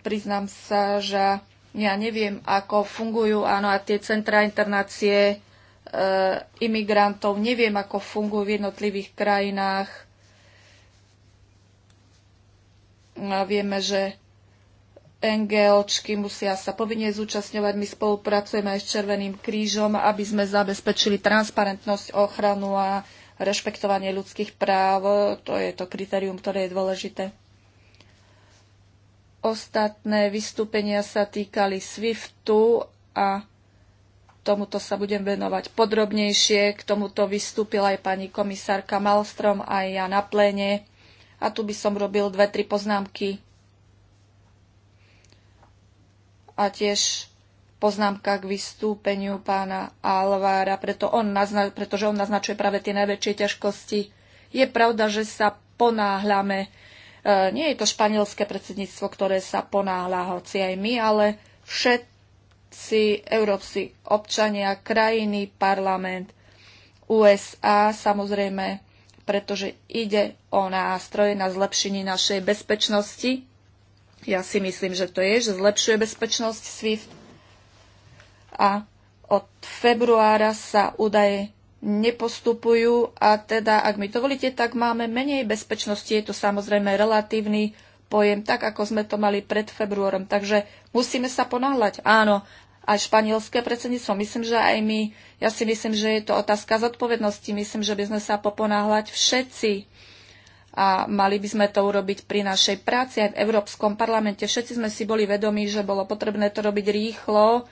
priznám sa, že ja neviem, ako fungujú áno, a tie centra internácie e, imigrantov, neviem, ako fungujú v jednotlivých krajinách. A vieme, že NGOčky musia sa povinne zúčastňovať. My spolupracujeme aj s Červeným krížom, aby sme zabezpečili transparentnosť, ochranu a rešpektovanie ľudských práv. To je to kritérium, ktoré je dôležité. Ostatné vystúpenia sa týkali SWIFTu a tomuto sa budem venovať podrobnejšie. K tomuto vystúpila aj pani komisárka Malstrom aj ja na pléne. A tu by som robil dve, tri poznámky a tiež poznámka k vystúpeniu pána Alvára, preto on nazna- pretože on naznačuje práve tie najväčšie ťažkosti. Je pravda, že sa ponáhľame. E, nie je to španielské predsedníctvo, ktoré sa ponáhľa, hoci aj my, ale všetci európsi občania, krajiny, parlament, USA samozrejme, pretože ide o nástroje na zlepšenie našej bezpečnosti ja si myslím, že to je, že zlepšuje bezpečnosť SWIFT a od februára sa údaje nepostupujú a teda, ak mi to volíte, tak máme menej bezpečnosti. Je to samozrejme relatívny pojem, tak ako sme to mali pred februárom. Takže musíme sa ponáhľať. Áno, Aj španielské predsedníctvo. Myslím, že aj my. Ja si myslím, že je to otázka zodpovednosti. Myslím, že by sme sa poponáhľať všetci a mali by sme to urobiť pri našej práci aj v Európskom parlamente. Všetci sme si boli vedomi, že bolo potrebné to robiť rýchlo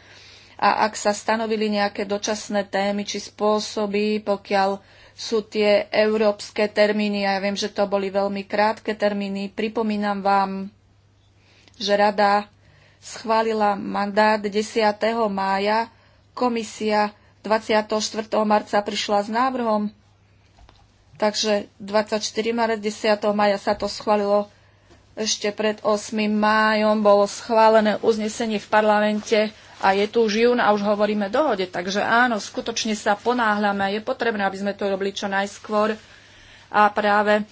a ak sa stanovili nejaké dočasné témy či spôsoby, pokiaľ sú tie európske termíny, a ja viem, že to boli veľmi krátke termíny, pripomínam vám, že rada schválila mandát 10. mája, komisia 24. marca prišla s návrhom Takže 24 marec 10. maja sa to schválilo ešte pred 8. májom bolo schválené uznesenie v parlamente a je tu už jún a už hovoríme dohode. Takže áno, skutočne sa ponáhľame. Je potrebné, aby sme to robili čo najskôr. A práve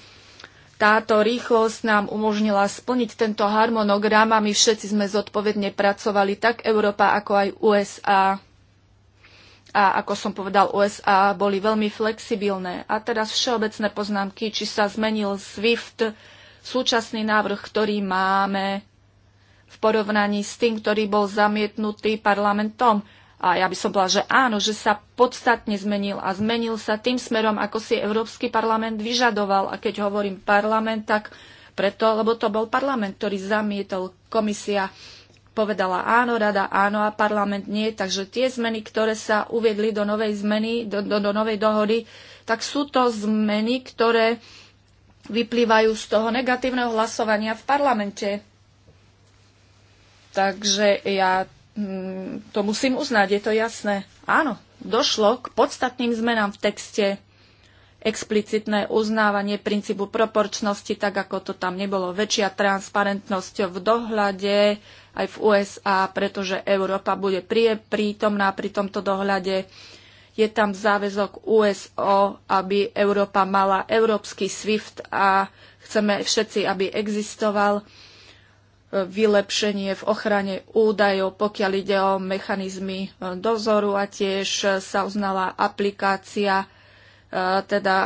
táto rýchlosť nám umožnila splniť tento harmonogram a my všetci sme zodpovedne pracovali, tak Európa ako aj USA a ako som povedal, USA boli veľmi flexibilné. A teraz všeobecné poznámky, či sa zmenil SWIFT, súčasný návrh, ktorý máme v porovnaní s tým, ktorý bol zamietnutý parlamentom. A ja by som bola, že áno, že sa podstatne zmenil a zmenil sa tým smerom, ako si Európsky parlament vyžadoval. A keď hovorím parlament, tak preto, lebo to bol parlament, ktorý zamietol komisia povedala áno, rada áno a parlament nie. Takže tie zmeny, ktoré sa uviedli do novej zmeny, do, do, do novej dohody, tak sú to zmeny, ktoré vyplývajú z toho negatívneho hlasovania v parlamente. Takže ja mm, to musím uznať, je to jasné. Áno, došlo k podstatným zmenám v texte explicitné uznávanie princípu proporčnosti, tak ako to tam nebolo, väčšia transparentnosť v dohľade, aj v USA, pretože Európa bude prítomná pri tomto dohľade. Je tam záväzok USO, aby Európa mala európsky SWIFT a chceme všetci, aby existoval e, vylepšenie v ochrane údajov, pokiaľ ide o mechanizmy e, dozoru a tiež sa uznala aplikácia e, teda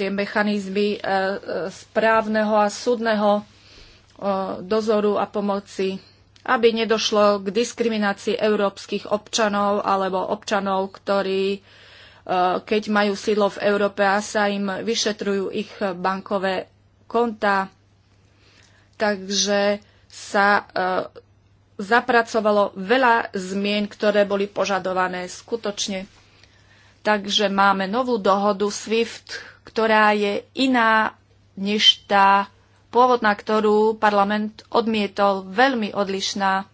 tie mechanizmy správneho a súdneho dozoru a pomoci aby nedošlo k diskriminácii európskych občanov alebo občanov, ktorí e, keď majú sídlo v Európe a sa im vyšetrujú ich bankové konta. Takže sa e, zapracovalo veľa zmien, ktoré boli požadované skutočne. Takže máme novú dohodu SWIFT, ktorá je iná než tá pôvodná, ktorú parlament odmietol, veľmi odlišná.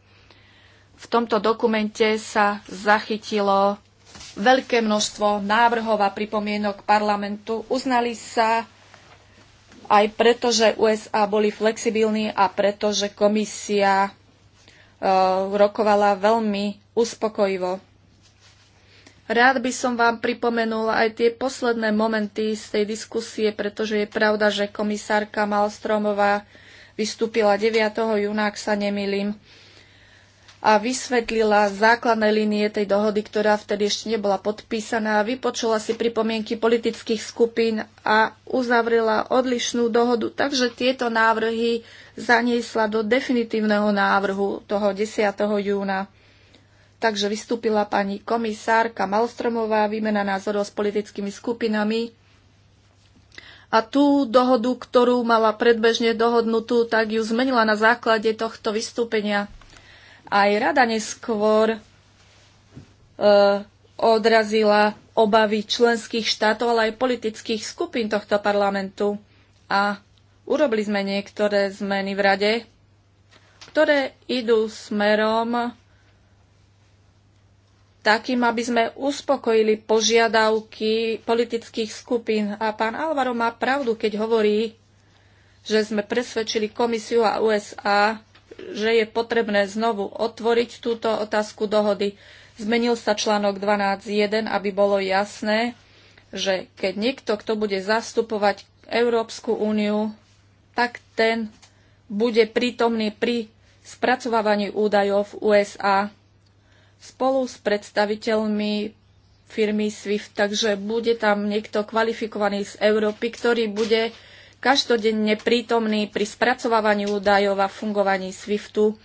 V tomto dokumente sa zachytilo veľké množstvo návrhov a pripomienok parlamentu. Uznali sa aj preto, že USA boli flexibilní a preto, že komisia e, rokovala veľmi uspokojivo. Rád by som vám pripomenul aj tie posledné momenty z tej diskusie, pretože je pravda, že komisárka Malstromová vystúpila 9. júna, ak sa nemýlim, a vysvetlila základné línie tej dohody, ktorá vtedy ešte nebola podpísaná, vypočula si pripomienky politických skupín a uzavrela odlišnú dohodu, takže tieto návrhy zaniesla do definitívneho návrhu toho 10. júna. Takže vystúpila pani komisárka Malstromová, výmena názorov s politickými skupinami. A tú dohodu, ktorú mala predbežne dohodnutú, tak ju zmenila na základe tohto vystúpenia. Aj rada neskôr e, odrazila obavy členských štátov, ale aj politických skupín tohto parlamentu. A urobili sme niektoré zmeny v rade, ktoré idú smerom takým, aby sme uspokojili požiadavky politických skupín. A pán Alvaro má pravdu, keď hovorí, že sme presvedčili komisiu a USA, že je potrebné znovu otvoriť túto otázku dohody. Zmenil sa článok 12.1, aby bolo jasné, že keď niekto, kto bude zastupovať Európsku úniu, tak ten bude prítomný pri spracovávaní údajov v USA spolu s predstaviteľmi firmy SWIFT, takže bude tam niekto kvalifikovaný z Európy, ktorý bude každodenne prítomný pri spracovávaní údajov a fungovaní SWIFTu.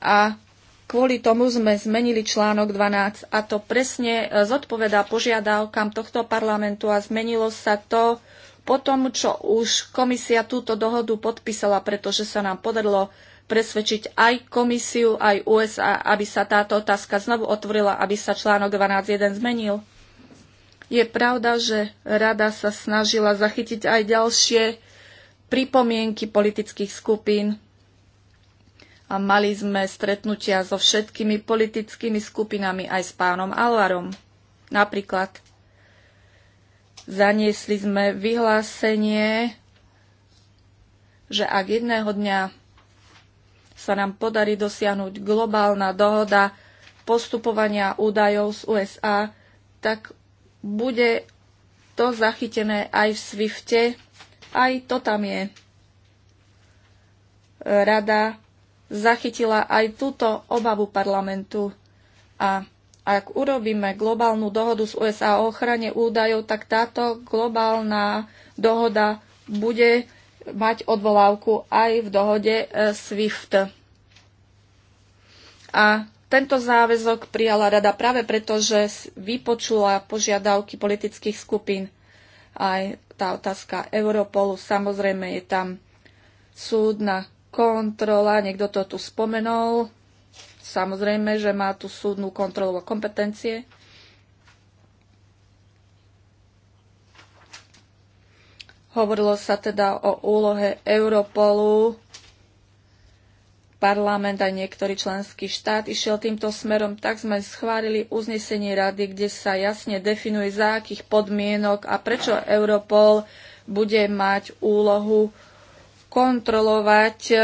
A kvôli tomu sme zmenili článok 12 a to presne e, zodpovedá požiadavkám tohto parlamentu a zmenilo sa to po tom, čo už komisia túto dohodu podpísala, pretože sa nám podarilo presvedčiť aj komisiu, aj USA, aby sa táto otázka znovu otvorila, aby sa článok 12.1 zmenil. Je pravda, že rada sa snažila zachytiť aj ďalšie pripomienky politických skupín a mali sme stretnutia so všetkými politickými skupinami aj s pánom Alvarom. Napríklad zaniesli sme vyhlásenie, že ak jedného dňa sa nám podarí dosiahnuť globálna dohoda postupovania údajov z USA, tak bude to zachytené aj v Swifte. Aj to tam je. Rada zachytila aj túto obavu parlamentu a ak urobíme globálnu dohodu z USA o ochrane údajov, tak táto globálna dohoda bude mať odvolávku aj v dohode e, SWIFT. A tento záväzok prijala rada práve preto, že vypočula požiadavky politických skupín. Aj tá otázka Europolu, samozrejme je tam súdna kontrola, niekto to tu spomenul. Samozrejme, že má tu súdnu kontrolu a kompetencie. Hovorilo sa teda o úlohe Europolu. Parlament a niektorý členský štát išiel týmto smerom, tak sme schválili uznesenie rady, kde sa jasne definuje, za akých podmienok a prečo Europol bude mať úlohu kontrolovať eh,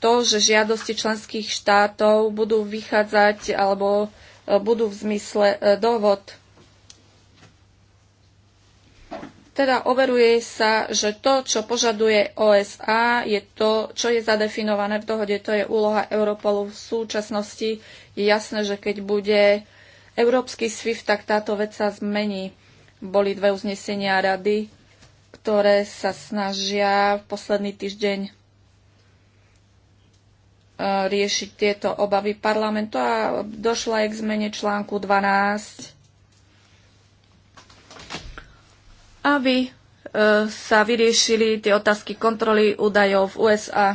to, že žiadosti členských štátov budú vychádzať alebo eh, budú v zmysle eh, dohod Teda overuje sa, že to, čo požaduje OSA, je to, čo je zadefinované v dohode. To je úloha Europolu v súčasnosti. Je jasné, že keď bude európsky SWIFT, tak táto vec sa zmení. Boli dve uznesenia rady, ktoré sa snažia v posledný týždeň e, riešiť tieto obavy parlamentu a došla aj k zmene článku 12 aby e, sa vyriešili tie otázky kontroly údajov v USA.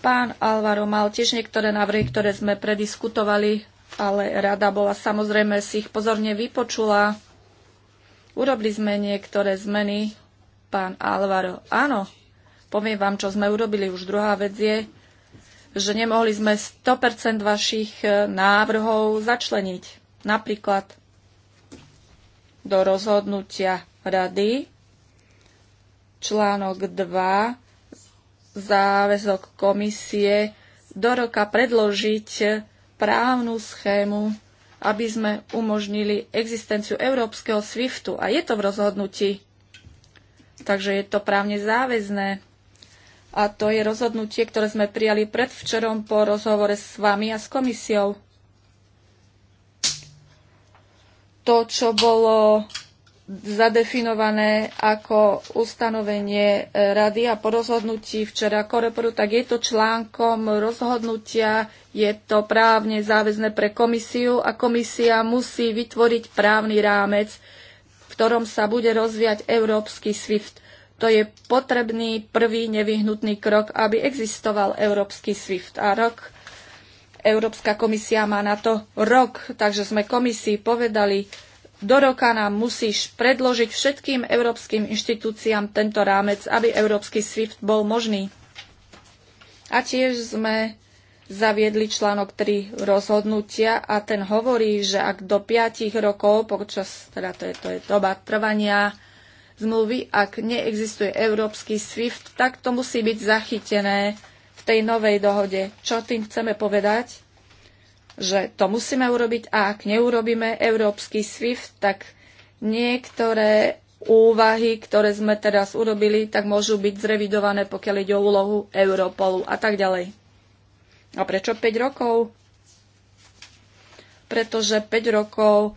Pán Alvaro mal tiež niektoré návrhy, ktoré sme prediskutovali, ale rada bola samozrejme si ich pozorne vypočula. Urobili sme niektoré zmeny. Pán Alvaro, áno, poviem vám, čo sme urobili. Už druhá vec je, že nemohli sme 100% vašich e, návrhov začleniť. Napríklad do rozhodnutia rady. Článok 2. Záväzok komisie do roka predložiť právnu schému, aby sme umožnili existenciu európskeho SWIFTu. A je to v rozhodnutí. Takže je to právne záväzné. A to je rozhodnutie, ktoré sme prijali predvčerom po rozhovore s vami a s komisiou. to, čo bolo zadefinované ako ustanovenie e, rady a po rozhodnutí včera Koreporu, tak je to článkom rozhodnutia, je to právne záväzne pre komisiu a komisia musí vytvoriť právny rámec, v ktorom sa bude rozviať európsky SWIFT. To je potrebný prvý nevyhnutný krok, aby existoval európsky SWIFT. A rok Európska komisia má na to rok, takže sme komisii povedali, do roka nám musíš predložiť všetkým európskym inštitúciám tento rámec, aby európsky SWIFT bol možný. A tiež sme zaviedli článok 3 rozhodnutia a ten hovorí, že ak do 5 rokov, počas, teda to je, to je doba trvania zmluvy, ak neexistuje európsky SWIFT, tak to musí byť zachytené tej novej dohode. Čo tým chceme povedať? Že to musíme urobiť a ak neurobíme európsky SWIFT, tak niektoré úvahy, ktoré sme teraz urobili, tak môžu byť zrevidované, pokiaľ ide o úlohu Europolu a tak ďalej. A prečo 5 rokov? Pretože 5 rokov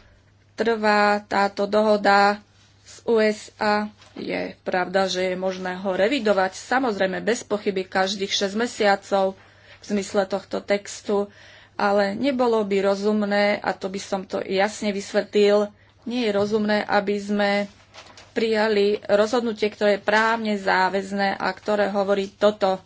trvá táto dohoda z USA je pravda, že je možné ho revidovať, samozrejme bez pochyby každých 6 mesiacov v zmysle tohto textu, ale nebolo by rozumné, a to by som to jasne vysvetlil, nie je rozumné, aby sme prijali rozhodnutie, ktoré je právne záväzné a ktoré hovorí toto.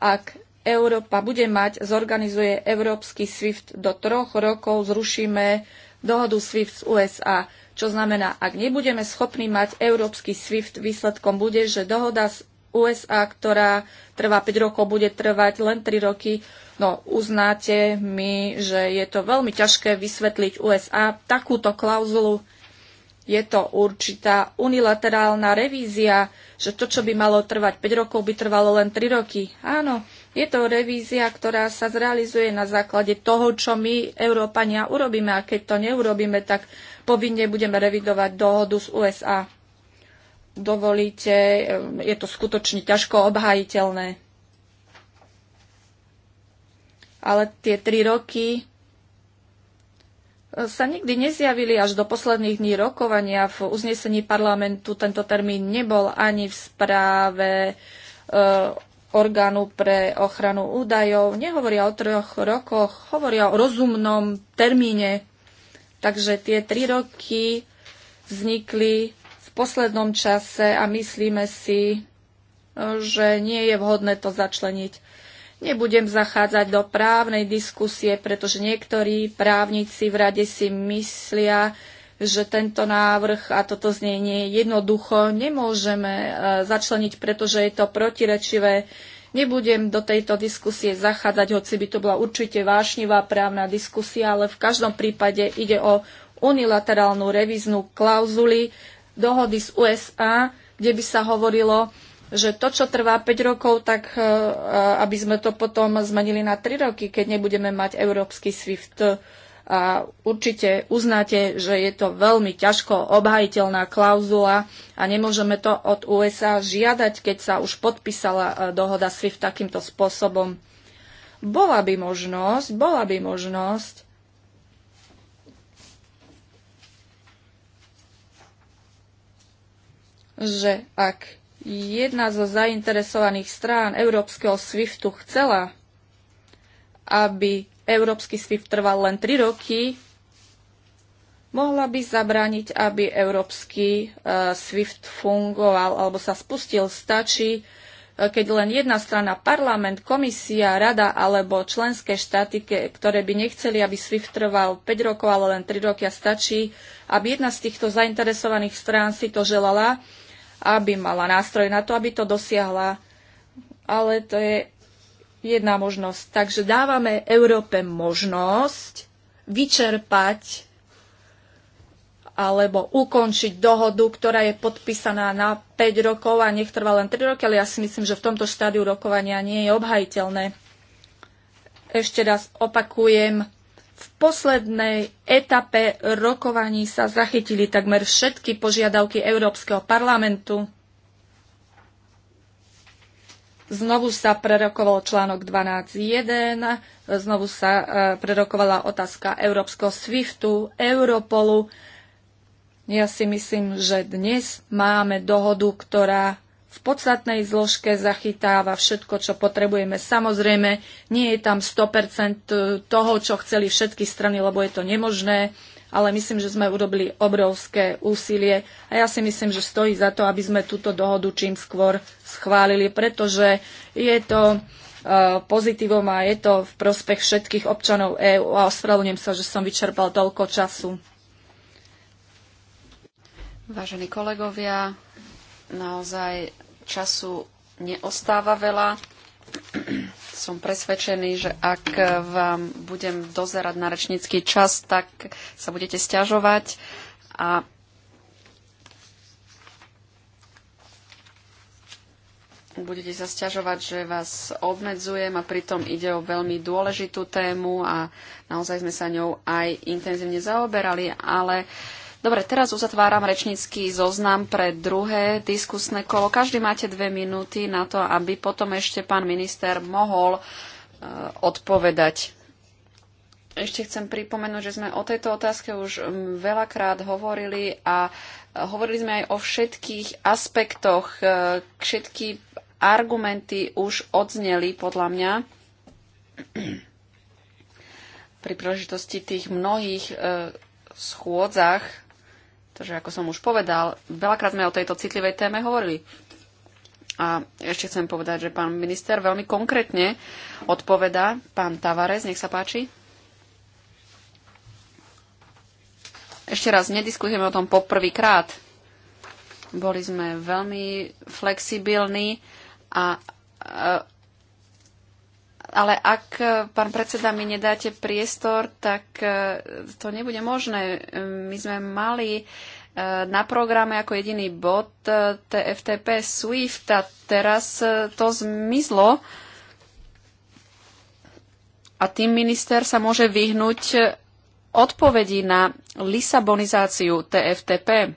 Ak Európa bude mať, zorganizuje Európsky SWIFT do troch rokov, zrušíme dohodu SWIFT z USA. Čo znamená, ak nebudeme schopní mať európsky SWIFT, výsledkom bude, že dohoda z USA, ktorá trvá 5 rokov, bude trvať len 3 roky. No, uznáte mi, že je to veľmi ťažké vysvetliť USA takúto klauzulu. Je to určitá unilaterálna revízia, že to, čo by malo trvať 5 rokov, by trvalo len 3 roky. Áno, je to revízia, ktorá sa zrealizuje na základe toho, čo my, Európania, urobíme. A keď to neurobíme, tak povinne budeme revidovať dohodu z USA. Dovolíte, e, je to skutočne ťažko obhajiteľné. Ale tie tri roky e, sa nikdy nezjavili až do posledných dní rokovania. V uznesení parlamentu tento termín nebol ani v správe e, orgánu pre ochranu údajov. Nehovoria o troch rokoch, hovoria o rozumnom termíne. Takže tie tri roky vznikli v poslednom čase a myslíme si, e, že nie je vhodné to začleniť. Nebudem zachádzať do právnej diskusie, pretože niektorí právnici v rade si myslia, že tento návrh a toto znenie jednoducho nemôžeme e, začleniť, pretože je to protirečivé Nebudem do tejto diskusie zachádzať, hoci by to bola určite vášnivá právna diskusia, ale v každom prípade ide o unilaterálnu revíznu klauzuli dohody z USA, kde by sa hovorilo, že to, čo trvá 5 rokov, tak e, e, aby sme to potom zmenili na 3 roky, keď nebudeme mať európsky SWIFT a určite uznáte, že je to veľmi ťažko obhajiteľná klauzula a nemôžeme to od USA žiadať, keď sa už podpísala e, dohoda SWIFT takýmto spôsobom. Bola by možnosť, bola by možnosť, že ak jedna zo zainteresovaných strán Európskeho SWIFTu chcela, aby európsky SWIFT trval len 3 roky, mohla by zabrániť, aby európsky e, SWIFT fungoval alebo sa spustil. Stačí, e, keď len jedna strana, parlament, komisia, rada alebo členské štáty, ktoré by nechceli, aby SWIFT trval 5 rokov, ale len 3 roky a stačí, aby jedna z týchto zainteresovaných strán si to želala, aby mala nástroj na to, aby to dosiahla. Ale to je jedna možnosť. Takže dávame Európe možnosť vyčerpať alebo ukončiť dohodu, ktorá je podpísaná na 5 rokov a nech trvá len 3 roky, ale ja si myslím, že v tomto štádiu rokovania nie je obhajiteľné. Ešte raz opakujem, v poslednej etape rokovaní sa zachytili takmer všetky požiadavky Európskeho parlamentu Znovu sa prerokoval článok 12.1, znovu sa e, prerokovala otázka Európskeho SWIFTu, Europolu. Ja si myslím, že dnes máme dohodu, ktorá v podstatnej zložke zachytáva všetko, čo potrebujeme. Samozrejme, nie je tam 100% toho, čo chceli všetky strany, lebo je to nemožné ale myslím, že sme urobili obrovské úsilie a ja si myslím, že stojí za to, aby sme túto dohodu čím skôr schválili, pretože je to e, pozitívom a je to v prospech všetkých občanov EÚ a ospravedlňujem sa, že som vyčerpal toľko času. Vážení kolegovia, naozaj času neostáva veľa som presvedčený, že ak vám budem dozerať na rečnícky čas, tak sa budete stiažovať a budete sa stiažovať, že vás obmedzujem a pritom ide o veľmi dôležitú tému a naozaj sme sa ňou aj intenzívne zaoberali, ale uh, Dobre, teraz uzatváram rečnícky zoznam pre druhé diskusné kolo. Každý máte dve minúty na to, aby potom ešte pán minister mohol eh, odpovedať. Ešte chcem pripomenúť, že sme o tejto otázke už mm, veľakrát hovorili a eh, hovorili sme aj o všetkých aspektoch. Eh, všetky argumenty už odzneli podľa mňa pri príležitosti tých mnohých schôdzach pretože, ako som už povedal, veľakrát sme o tejto citlivej téme hovorili. A ešte chcem povedať, že pán minister veľmi konkrétne odpovedá. Pán Tavares, nech sa páči. Ešte raz, nediskutujeme o tom poprvýkrát. Boli sme veľmi flexibilní a ale ak, eh, pán predseda, mi nedáte priestor, tak eh, to nebude možné. Eh, my sme mali na programe ako jediný bod TFTP SWIFT a teraz to zmizlo a tým minister sa môže vyhnúť odpovedí na lisabonizáciu TFTP.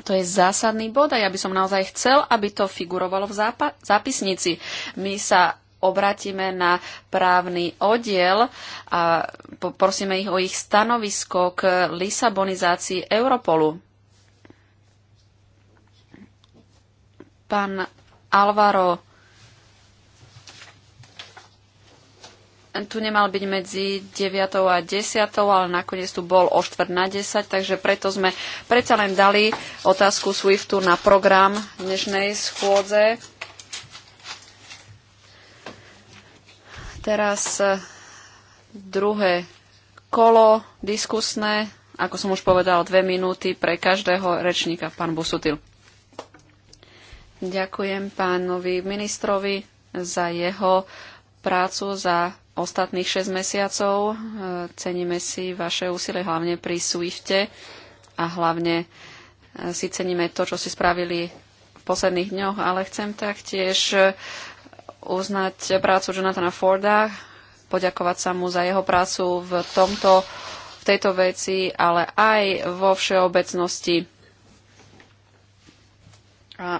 A to je zásadný bod a ja by som naozaj chcel, aby to figurovalo v zápisnici. My sa obratíme na právny oddiel a poprosíme ich o ich stanovisko k lisabonizácii Europolu. Pán Alvaro, tu nemal byť medzi 9. a 10., ale nakoniec tu bol o 4. na 10, takže preto sme predsa len dali otázku Swiftu na program dnešnej schôdze Teraz e, druhé kolo diskusné. Ako som už povedal, dve minúty pre každého rečníka. Pán Busutil. Ďakujem pánovi ministrovi za jeho prácu za ostatných 6 mesiacov. E, ceníme si vaše úsilie hlavne pri Swifte a hlavne e, si ceníme to, čo si spravili v posledných dňoch, ale chcem taktiež uznať prácu Jonathana Forda, poďakovať sa mu za jeho prácu v tomto, v tejto veci, ale aj vo všeobecnosti. A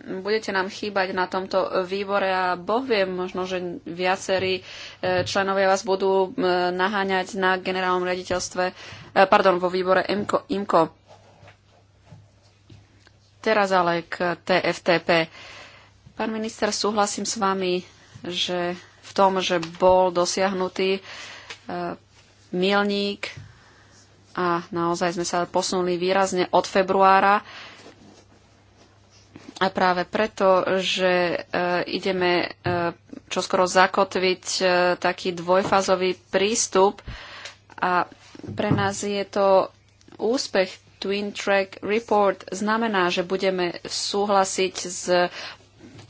budete nám chýbať na tomto výbore a Boh vie, možno, že viacerí e, členovia vás budú e, naháňať na generálnom riaditeľstve, e, pardon, vo výbore IMCO. IMCO. Teraz ale k TFTP. Pán minister, súhlasím s vami, že v tom, že bol dosiahnutý e, milník a naozaj sme sa posunuli výrazne od februára. A práve preto, že e, ideme e, čoskoro zakotviť taký dvojfázový prístup a pre nás je to úspech Twin Track Report znamená, že budeme súhlasiť s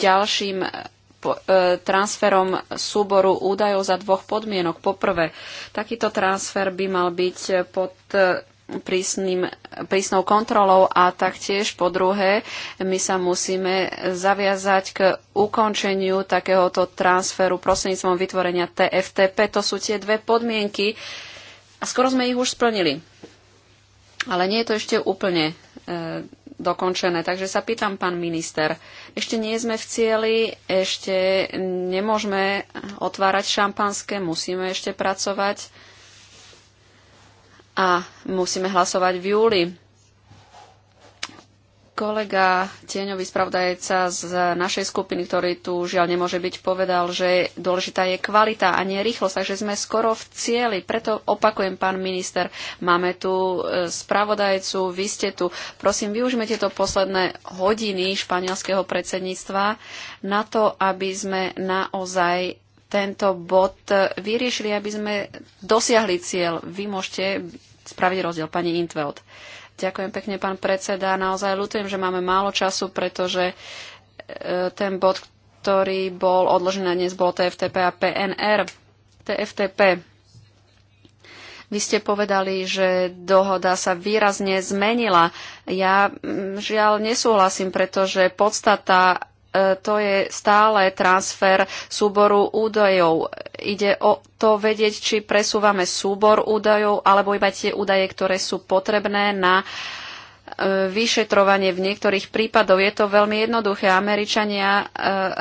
ďalším eh, eh, transferom súboru údajov za dvoch podmienok. Poprvé, takýto transfer by mal byť pod eh, prísnym, prísnou kontrolou a taktiež po druhé, my sa musíme zaviazať k ukončeniu takéhoto transferu prostredníctvom vytvorenia TFTP. To sú tie dve podmienky a skoro sme ich už splnili. Ale nie je to ešte úplne e, dokončené. Takže sa pýtam, pán minister, ešte nie sme v cieli, ešte nemôžeme otvárať šampanské, musíme ešte pracovať a musíme hlasovať v júli. Kolega tieňový spravodajca z našej skupiny, ktorý tu žiaľ nemôže byť, povedal, že dôležitá je kvalita a nie rýchlosť, takže sme skoro v cieli. Preto opakujem, pán minister, máme tu e, spravodajcu, vy ste tu. Prosím, využme tieto posledné hodiny španielského predsedníctva na to, aby sme naozaj tento bod e, vyriešili, aby sme dosiahli cieľ. Vy môžete spraviť rozdiel, pani Intveld. Ďakujem pekne, pán predseda. Naozaj ľutujem, že máme málo času, pretože e, ten bod, ktorý bol odložený na dnes, bol TFTP a PNR. TFTP. Vy ste povedali, že dohoda sa výrazne zmenila. Ja žiaľ nesúhlasím, pretože podstata E, to je stále transfer súboru údajov. Ide o to vedieť, či presúvame súbor údajov alebo iba tie údaje, ktoré sú potrebné na e, vyšetrovanie v niektorých prípadoch. Je to veľmi jednoduché. Američania e,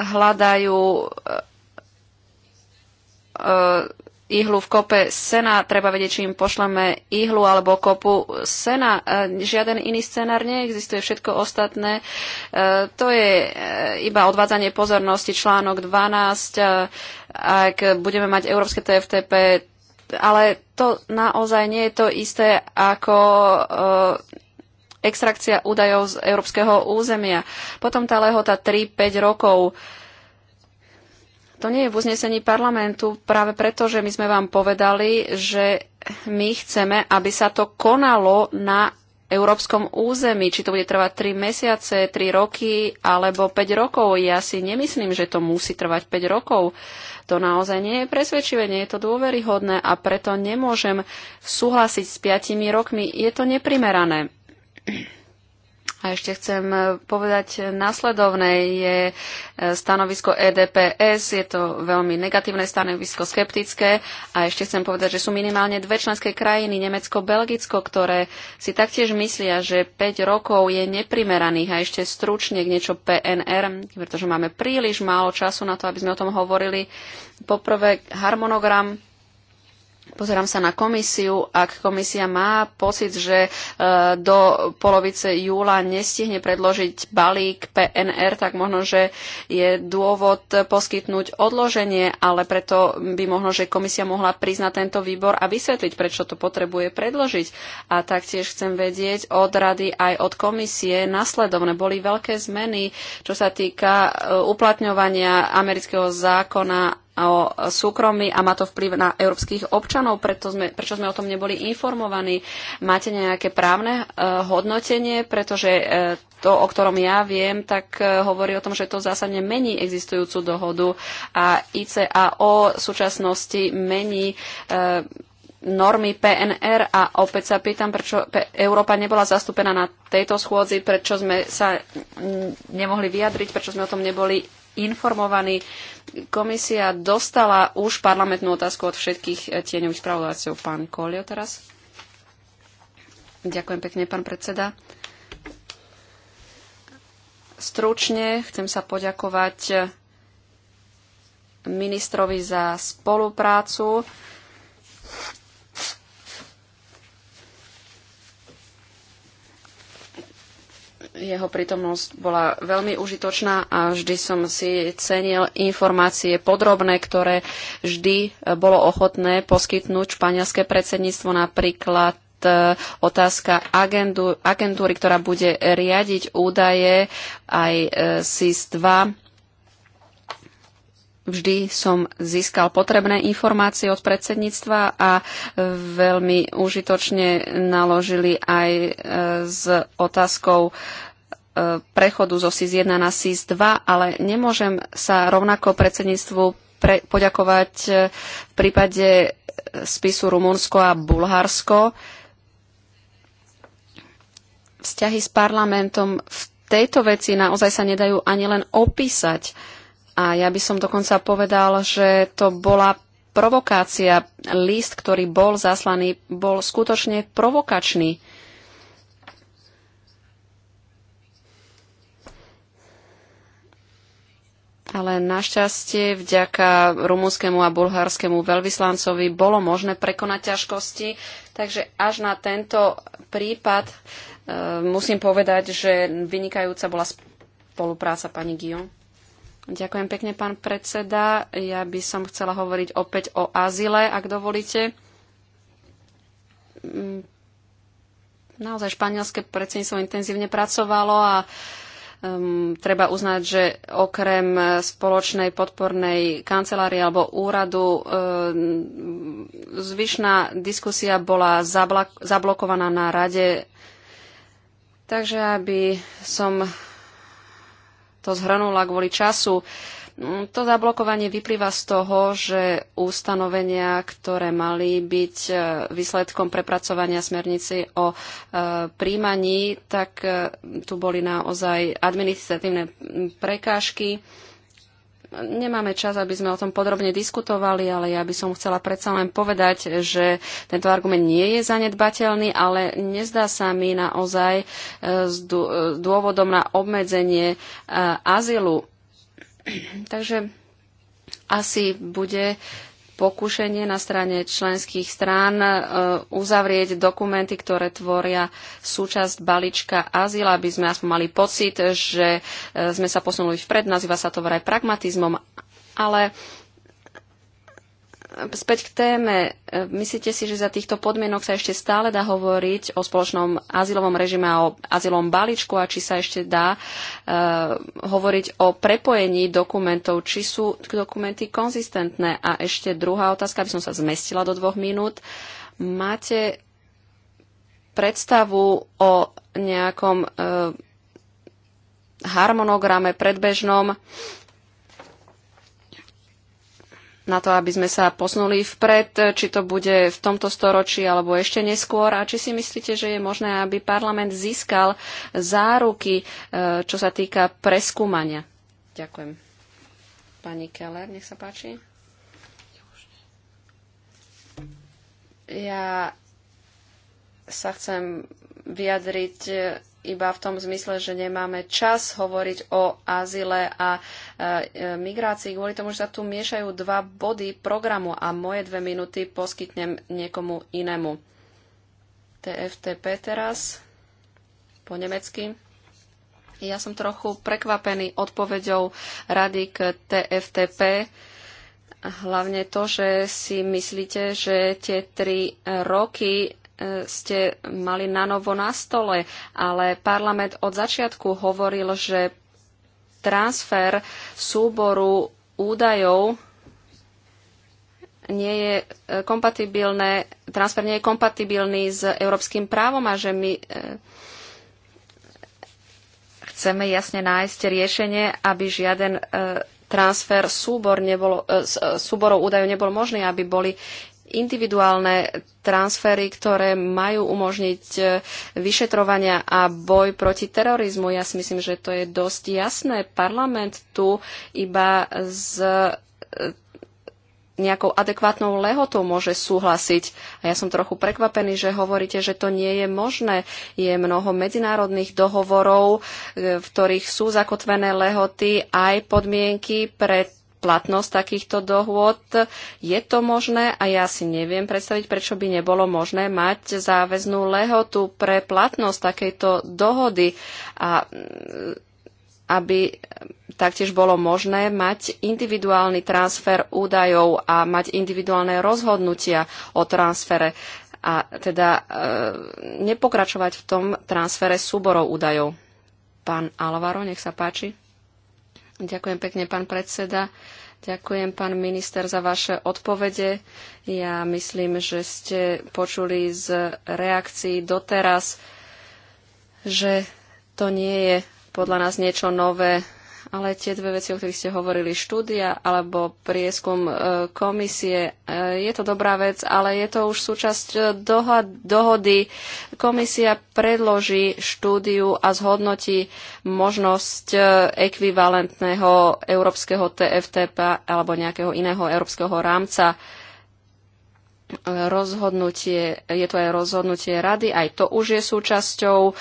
hľadajú ihlu v kope sena, treba vedieť, či im pošleme ihlu alebo kopu sena. E, žiaden iný scenár neexistuje, všetko ostatné. E, to je e, iba odvádzanie pozornosti, článok 12. Ak budeme mať európske TFTP, ale to naozaj nie je to isté ako extrakcia údajov z európskeho územia. Potom tá lehota 3-5 rokov. To nie je v uznesení parlamentu práve preto, že my sme vám povedali, že my chceme, aby sa to konalo na európskom území, či to bude trvať 3 mesiace, 3 roky alebo 5 rokov. Ja si nemyslím, že to musí trvať 5 rokov. To naozaj nie je presvedčivé, nie je to dôveryhodné a preto nemôžem súhlasiť s 5 rokmi. Je to neprimerané. A ešte chcem e, povedať e, následovné je e, stanovisko EDPS, je to veľmi negatívne stanovisko, skeptické. A ešte chcem povedať, že sú minimálne dve členské krajiny, Nemecko, Belgicko, ktoré si taktiež myslia, že 5 rokov je neprimeraných. A ešte stručne k niečo PNR, pretože máme príliš málo času na to, aby sme o tom hovorili. Poprvé, harmonogram Pozerám sa na komisiu. Ak komisia má pocit, že e, do polovice júla nestihne predložiť balík PNR, tak možno, že je dôvod poskytnúť odloženie, ale preto by možno, že komisia mohla prísť na tento výbor a vysvetliť, prečo to potrebuje predložiť. A taktiež chcem vedieť od rady aj od komisie nasledovne. Boli veľké zmeny, čo sa týka e, uplatňovania amerického zákona o súkromí a má to vplyv na európskych občanov, preto sme, prečo sme o tom neboli informovaní. Máte nejaké právne e, hodnotenie, pretože e, to, o ktorom ja viem, tak e, hovorí o tom, že to zásadne mení existujúcu dohodu a ICAO v súčasnosti mení normy PNR a opäť sa pýtam, prečo Európa nebola zastúpená na tejto schôdzi, prečo sme sa nemohli vyjadriť, prečo sme o tom neboli informovaní. Komisia dostala už parlamentnú otázku od všetkých eh, tieňových spravodajcov. Pán Kolio teraz. Ďakujem pekne, pán predseda. Stručne chcem sa poďakovať eh, ministrovi za spoluprácu Jeho prítomnosť bola veľmi užitočná a vždy som si cenil informácie podrobné, ktoré vždy e, bolo ochotné poskytnúť španielské predsedníctvo, napríklad e, otázka agendu, agentúry, ktorá bude riadiť údaje aj e, SIS-2. Vždy som získal potrebné informácie od predsedníctva a veľmi užitočne naložili aj s otázkou E, prechodu zo SIS 1 na SIS 2, ale nemôžem sa rovnako predsedníctvu pre, poďakovať e, v prípade e, spisu Rumunsko a Bulharsko. Vzťahy s parlamentom v tejto veci naozaj sa nedajú ani len opísať. A ja by som dokonca povedal, že to bola provokácia. List, ktorý bol zaslaný, bol skutočne provokačný. Ale našťastie vďaka rumúnskému a bulharskému veľvyslancovi bolo možné prekonať ťažkosti, takže až na tento prípad e, musím povedať, že vynikajúca bola spolupráca pani Gio. Ďakujem pekne, pán predseda. Ja by som chcela hovoriť opäť o azile, ak dovolíte. Mm, naozaj španielské predsedníctvo intenzívne pracovalo a um, treba uznať, že okrem spoločnej podpornej kancelárie alebo úradu um, zvyšná diskusia bola zablokovaná na rade. Takže aby som to zhrnula kvôli času, uh, to zablokovanie vyplýva z toho, že ustanovenia, ktoré mali byť e, výsledkom prepracovania smernici o e, príjmaní, tak e, tu boli naozaj administratívne prekážky. Nemáme čas, aby sme o tom podrobne diskutovali, ale ja by som chcela predsa len povedať, že tento argument nie je zanedbateľný, ale nezdá sa mi naozaj s dôvodom na obmedzenie azylu Takže asi bude pokušenie na strane členských strán e, uzavrieť dokumenty, ktoré tvoria súčasť balíčka azyl, aby sme aspoň mali pocit, že e, sme sa posunuli vpred. Nazýva sa to vraj pragmatizmom, ale späť k téme. E, myslíte si, že za týchto podmienok sa ešte stále dá hovoriť o spoločnom azylovom režime a o azylovom balíčku a či sa ešte dá uh, hovoriť o prepojení dokumentov, či sú dokumenty konzistentné? A ešte druhá otázka, aby som sa zmestila do dvoch minút. Máte predstavu o nejakom uh, harmonograme predbežnom na to, aby sme sa posunuli vpred, či to bude v tomto storočí alebo ešte neskôr a či si myslíte, že je možné, aby parlament získal záruky, e, čo sa týka preskúmania. Ďakujem. Pani Keller, nech sa páči. Ja sa chcem vyjadriť iba v tom zmysle, že nemáme čas hovoriť o azile a e, e, migrácii. Kvôli tomu, že sa tu miešajú dva body programu a moje dve minúty poskytnem niekomu inému. TFTP teraz po nemecky. Ja som trochu prekvapený odpoveďou rady k TFTP hlavne to, že si myslíte, že tie tri roky ste mali na novo na stole, ale parlament od začiatku hovoril, že transfer súboru údajov nie je e, kompatibilné, transfer nie je kompatibilný s európskym právom a že my e, chceme jasne nájsť riešenie, aby žiaden e, transfer súbor súborov údajov nebol možný, aby boli individuálne transfery, ktoré majú umožniť e, vyšetrovania a boj proti terorizmu. Ja si myslím, že to je dosť jasné. Parlament tu iba s e, nejakou adekvátnou lehotou môže súhlasiť. A ja som trochu prekvapený, že hovoríte, že to nie je možné. Je mnoho medzinárodných dohovorov, e, v ktorých sú zakotvené lehoty aj podmienky pre platnosť takýchto dohôd. Je to možné a ja si neviem predstaviť, prečo by nebolo možné mať záväznú lehotu pre platnosť takejto dohody a aby taktiež bolo možné mať individuálny transfer údajov a mať individuálne rozhodnutia o transfere a teda e, nepokračovať v tom transfere súborov údajov. Pán Alvaro, nech sa páči. Ďakujem pekne, pán predseda. Ďakujem, pán minister, za vaše odpovede. Ja myslím, že ste počuli z reakcií doteraz, že to nie je podľa nás niečo nové ale tie dve veci, o ktorých ste hovorili, štúdia alebo prieskum e, komisie, e, je to dobrá vec, ale je to už súčasť e, dohody. Komisia predloží štúdiu a zhodnotí možnosť ekvivalentného európskeho TFTP alebo nejakého iného európskeho rámca rozhodnutie, je to aj rozhodnutie rady, aj to už je súčasťou e,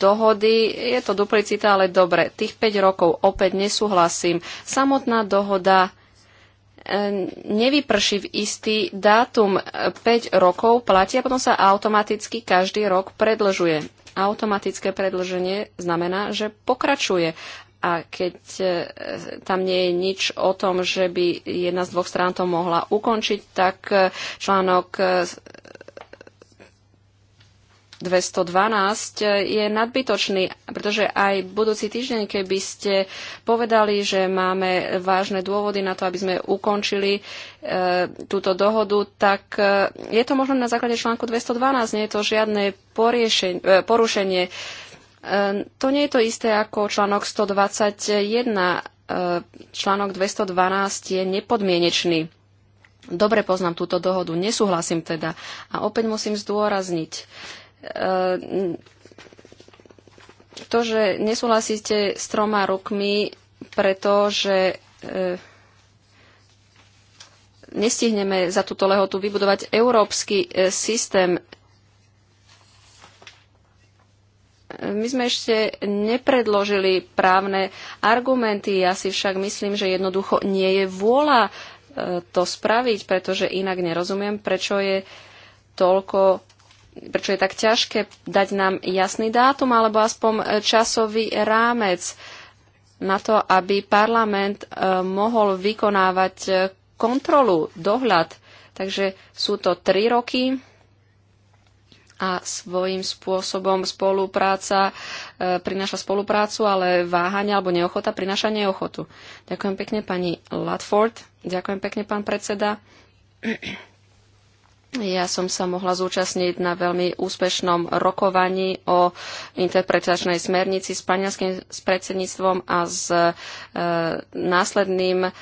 dohody. Je to duplicita, ale dobre, tých 5 rokov opäť nesúhlasím. Samotná dohoda e, nevyprší v istý dátum. 5 rokov platí a potom sa automaticky každý rok predlžuje. Automatické predlženie znamená, že pokračuje a keď e, tam nie je nič o tom, že by jedna z dvoch strán to mohla ukončiť, tak e, článok 212 e, je nadbytočný, pretože aj budúci týždeň, keby ste povedali, že máme vážne dôvody na to, aby sme ukončili e, túto dohodu, tak e, je to možno na základe článku 212, nie je to žiadne poriešen- e, porušenie Ehm, to nie je to isté ako článok 121. Ehm, článok 212 je nepodmienečný. Dobre poznám túto dohodu, nesúhlasím teda. A opäť musím zdôrazniť, ehm, to, že nesúhlasíte s troma rokmi, pretože nestihneme za túto lehotu vybudovať európsky systém My sme ešte nepredložili právne argumenty. Ja si však myslím, že jednoducho nie je vôľa e, to spraviť, pretože inak nerozumiem, prečo je toľko prečo je tak ťažké dať nám jasný dátum alebo aspoň e, časový rámec na to, aby parlament e, mohol vykonávať kontrolu, dohľad. Takže sú to tri roky, a svojím spôsobom spolupráca e, prináša spoluprácu, ale váhanie alebo neochota prináša neochotu. Ďakujem pekne pani Latford, ďakujem pekne pán predseda. Ja som sa mohla zúčastniť na veľmi úspešnom rokovaní o interpretačnej smernici s paňanským s predsedníctvom a s e, následným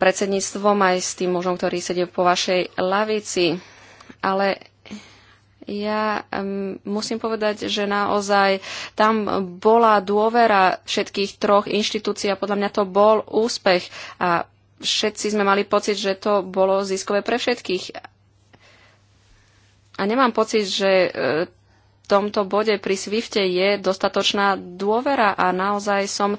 predsedníctvom aj s tým mužom, ktorý sedie po vašej lavici. Ale ja um, musím povedať, že naozaj tam bola dôvera všetkých troch inštitúcií a podľa mňa to bol úspech. A všetci sme mali pocit, že to bolo ziskové pre všetkých. A nemám pocit, že e, v tomto bode pri Swifte je dostatočná dôvera a naozaj som e,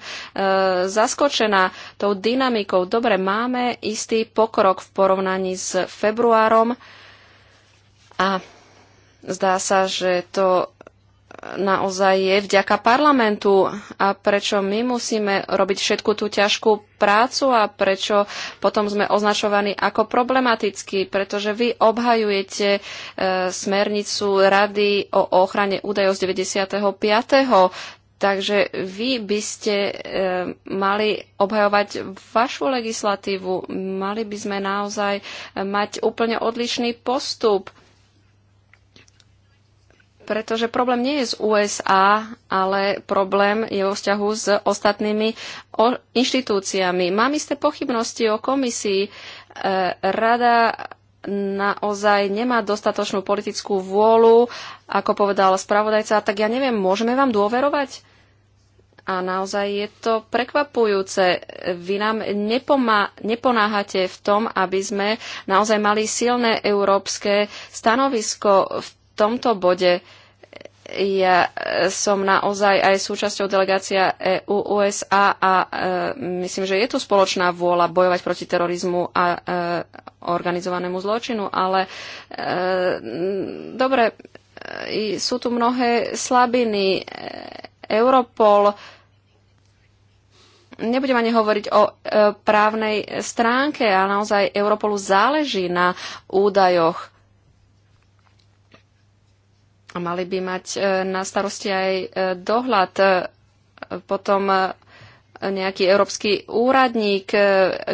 zaskočená tou dynamikou. Dobre, máme istý pokrok v porovnaní s februárom a Zdá sa, že to naozaj je vďaka parlamentu a prečo my musíme robiť všetku tú ťažkú prácu a prečo potom sme označovaní ako problematickí, pretože vy obhajujete e, smernicu Rady o ochrane údajov z 95. Takže vy by ste e, mali obhajovať vašu legislatívu, mali by sme naozaj e, mať úplne odlišný postup pretože problém nie je z USA, ale problém je vo vzťahu s ostatnými inštitúciami. Mám isté pochybnosti o komisii. E, rada naozaj nemá dostatočnú politickú vôľu, ako povedal spravodajca, tak ja neviem, môžeme vám dôverovať? A naozaj je to prekvapujúce. Vy nám nepomá- neponáhate v tom, aby sme naozaj mali silné európske stanovisko v tomto bode ja e, som naozaj aj súčasťou delegácia EU, USA a e, myslím, že je tu spoločná vôľa bojovať proti terorizmu a e, organizovanému zločinu, ale e, dobre, e, sú tu mnohé slabiny. E, Europol, nebudem ani hovoriť o e, právnej stránke ale naozaj Europolu záleží na údajoch a mali by mať e, na starosti aj e, dohľad. E, potom nejaký európsky úradník,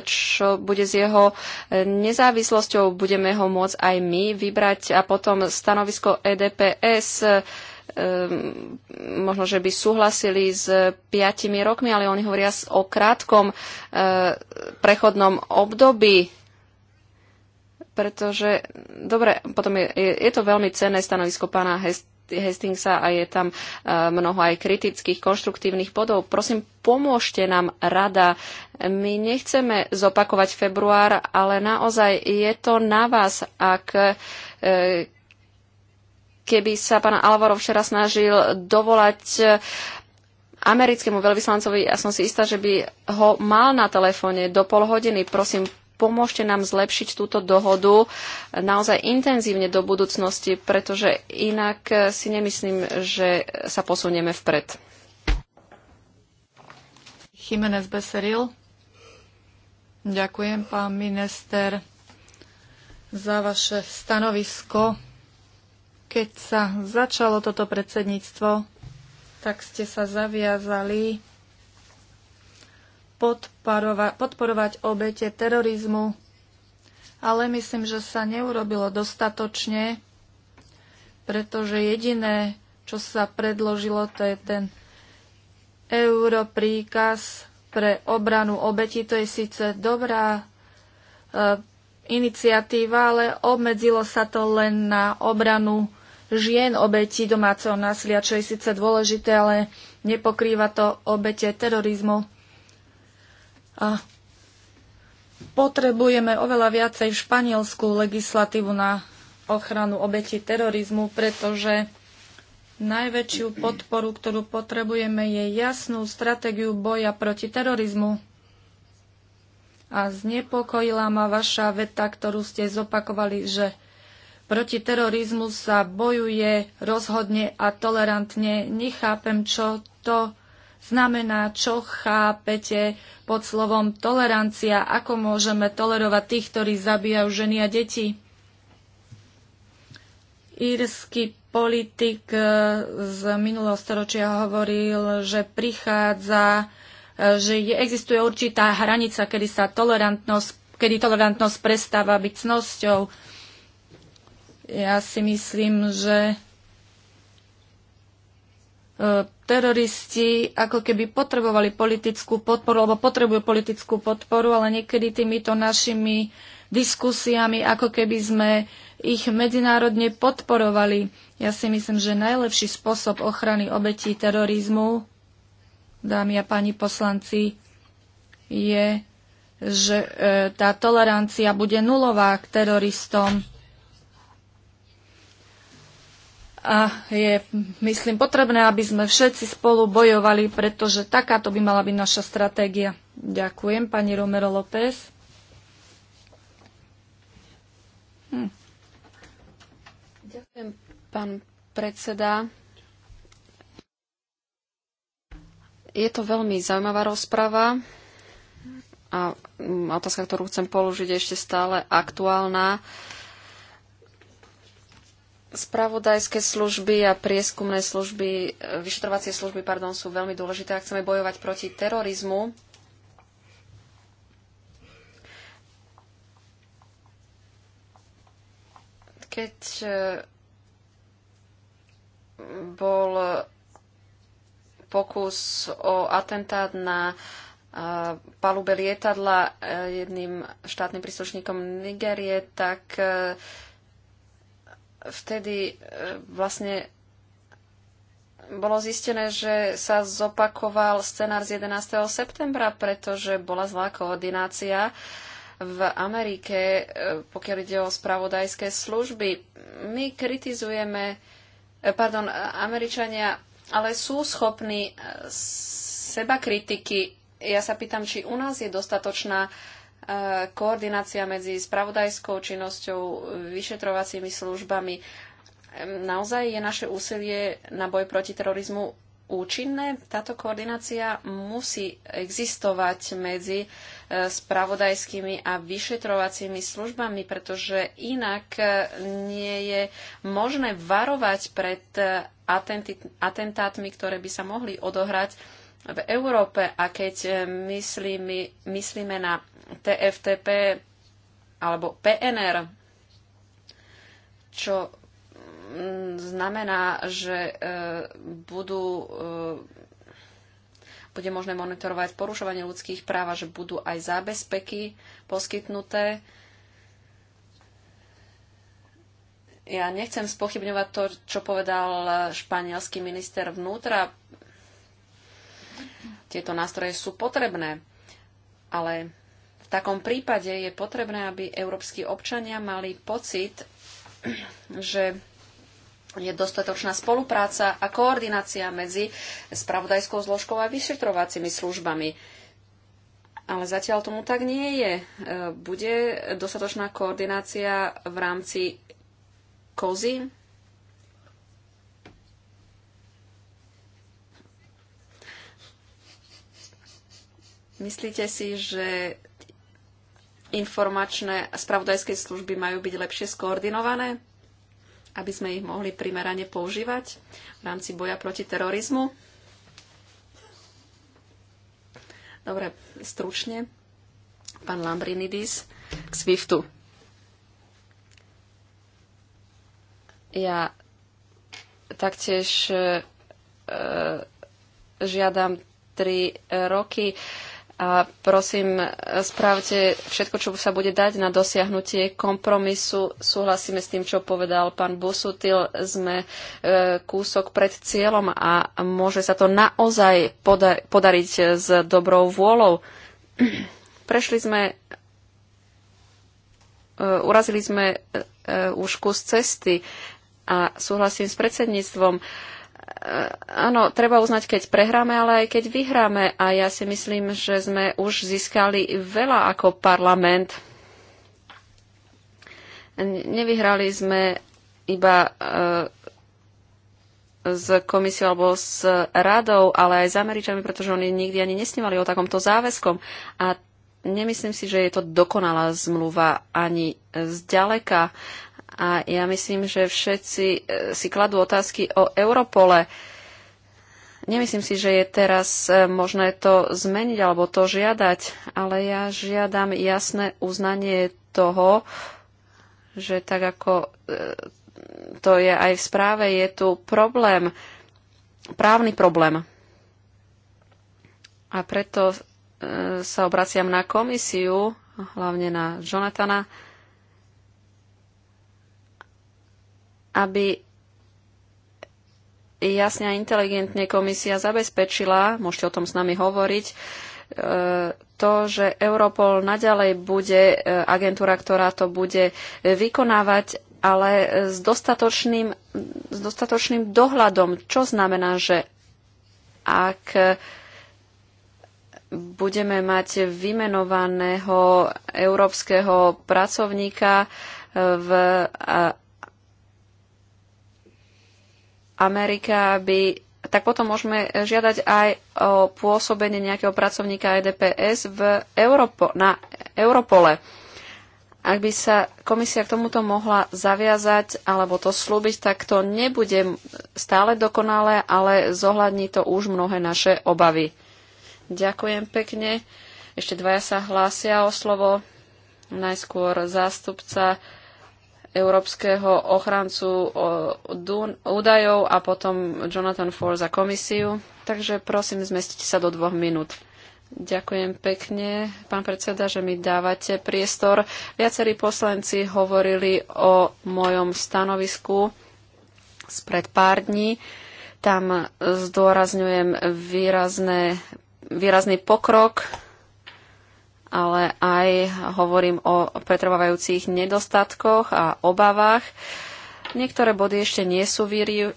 čo bude s jeho nezávislosťou, budeme ho môcť aj my vybrať a potom stanovisko EDPS možno, že by súhlasili s piatimi rokmi, ale oni hovoria o krátkom prechodnom období pretože, dobre, potom je, je, je to veľmi cenné stanovisko pána Hest, Hastingsa a je tam eh, mnoho aj kritických, konštruktívnych bodov. Prosím, pomôžte nám rada. My nechceme zopakovať február, ale naozaj je to na vás, ak eh, keby sa pán Alvaro včera snažil dovolať eh, americkému veľvyslancovi, ja som si istá, že by ho mal na telefóne do pol hodiny. Prosím, pomôžte nám zlepšiť túto dohodu naozaj intenzívne do budúcnosti, pretože inak eh, si nemyslím, že sa posunieme vpred. Jiménez Beseril. Ďakujem, pán minister, za vaše stanovisko. Keď sa začalo toto predsedníctvo, tak ste sa zaviazali podporovať obete terorizmu, ale myslím, že sa neurobilo dostatočne, pretože jediné, čo sa predložilo, to je ten europríkaz pre obranu obeti. To je síce dobrá e, iniciatíva, ale obmedzilo sa to len na obranu žien obetí domáceho násilia, čo je síce dôležité, ale nepokrýva to obete terorizmu. A potrebujeme oveľa viacej španielskú legislatívu na ochranu obeti terorizmu, pretože najväčšiu podporu, ktorú potrebujeme, je jasnú stratégiu boja proti terorizmu. A znepokojila ma vaša veta, ktorú ste zopakovali, že proti terorizmu sa bojuje rozhodne a tolerantne. Nechápem, čo to znamená, čo chápete pod slovom tolerancia, ako môžeme tolerovať tých, ktorí zabíjajú ženy a deti. Írsky politik eh, z minulého storočia hovoril, že prichádza, eh, že existuje určitá hranica, kedy sa tolerantnosť, kedy tolerantnosť prestáva byť cnosťou. Ja si myslím, že eh, teroristi ako keby potrebovali politickú podporu, alebo potrebujú politickú podporu, ale niekedy týmito našimi diskusiami, ako keby sme ich medzinárodne podporovali. Ja si myslím, že najlepší spôsob ochrany obetí terorizmu, dámy a páni poslanci, je, že e, tá tolerancia bude nulová k teroristom a je, myslím, potrebné, aby sme všetci spolu bojovali, pretože takáto by mala byť naša stratégia. Ďakujem, pani Romero López. Hm. Ďakujem, pán predseda. Je to veľmi zaujímavá rozprava a mm, otázka, ktorú chcem položiť, je ešte stále aktuálna. Uh, Spravodajské služby a prieskumné služby, e, vyšetrovacie služby, pardon, sú veľmi dôležité, ak chceme bojovať proti terorizmu. Keď e, bol pokus o atentát na e, palube lietadla jedným štátnym príslušníkom Nigerie, tak vtedy e, vlastne bolo zistené, že sa zopakoval scenár z 11. septembra, pretože bola zlá koordinácia v Amerike, e, pokiaľ ide o spravodajské služby. My kritizujeme, e, pardon, Američania, ale sú schopní seba kritiky. Ja sa pýtam, či u nás je dostatočná koordinácia medzi spravodajskou činnosťou, vyšetrovacími službami. Naozaj je naše úsilie na boj proti terorizmu účinné. Táto koordinácia musí existovať medzi e, spravodajskými a vyšetrovacími službami, pretože inak e, nie je možné varovať pred e, atentátmi, ktoré by sa mohli odohrať v Európe. A keď myslíme, myslíme na TFTP alebo PNR, čo mm, znamená, že e, budú e, bude možné monitorovať porušovanie ľudských práv a že budú aj zábezpeky poskytnuté. Ja nechcem spochybňovať to, čo povedal španielský minister vnútra. Tieto nástroje sú potrebné, ale takom prípade je potrebné, aby európsky občania mali pocit, že je dostatočná spolupráca a koordinácia medzi spravodajskou zložkou a vyšetrovacími službami. Ale zatiaľ tomu tak nie je. E, Bude dostatočná koordinácia v rámci kozy? Myslíte si, že informačné a spravodajské služby majú byť lepšie skoordinované, aby sme ich mohli primerane používať v rámci boja proti terorizmu. Dobre, stručne. Pán Lambrinidis k SWIFTu. Ja taktiež e, e žiadam tri roky. E, a prosím, spravte všetko, čo sa bude dať na dosiahnutie kompromisu. Súhlasíme s tým, čo povedal pán Busutil. Sme e, kúsok pred cieľom a môže sa to naozaj podariť s dobrou vôľou. Prešli sme, e, urazili sme e, už kus cesty a súhlasím s predsedníctvom Eh, áno, treba uznať, keď prehráme, ale aj keď vyhráme. A ja si myslím, že sme už získali veľa ako parlament. Nevyhrali sme iba eh, s komisiou alebo s radou, ale aj s Američanmi, pretože oni nikdy ani nesnívali o takomto záväzkom. A nemyslím si, že je to dokonalá zmluva ani zďaleka. A ja myslím, že všetci e, si kladú otázky o Europole. Nemyslím si, že je teraz e, možné to zmeniť alebo to žiadať, ale ja žiadam jasné uznanie toho, že tak ako e, to je aj v správe, je tu problém, právny problém. A preto sa obraciam na komisiu, hlavne na Jonathana, aby jasne a inteligentne komisia zabezpečila, môžete o tom s nami hovoriť, e, to, že Europol naďalej bude e, agentúra, ktorá to bude e, vykonávať, ale s dostatočným, s dostatočným dohľadom, čo znamená, že ak budeme mať vymenovaného európskeho pracovníka v Amerika, by. tak potom môžeme žiadať aj o pôsobenie nejakého pracovníka EDPS v Europo, na Europole. Ak by sa komisia k tomuto mohla zaviazať alebo to slúbiť, tak to nebude stále dokonalé, ale zohľadní to už mnohé naše obavy. Ďakujem pekne. Ešte dvaja sa hlásia o slovo. Najskôr zástupca európskeho ochrancu údajov a potom Jonathan Ford za komisiu. Takže prosím, zmestite sa do dvoch minút. Ďakujem pekne, pán predseda, že mi dávate priestor. Viacerí poslanci hovorili o mojom stanovisku spred pár dní. Tam zdôrazňujem výrazné, výrazný pokrok ale aj hovorím o pretrvávajúcich nedostatkoch a obavách. Niektoré body ešte nie sú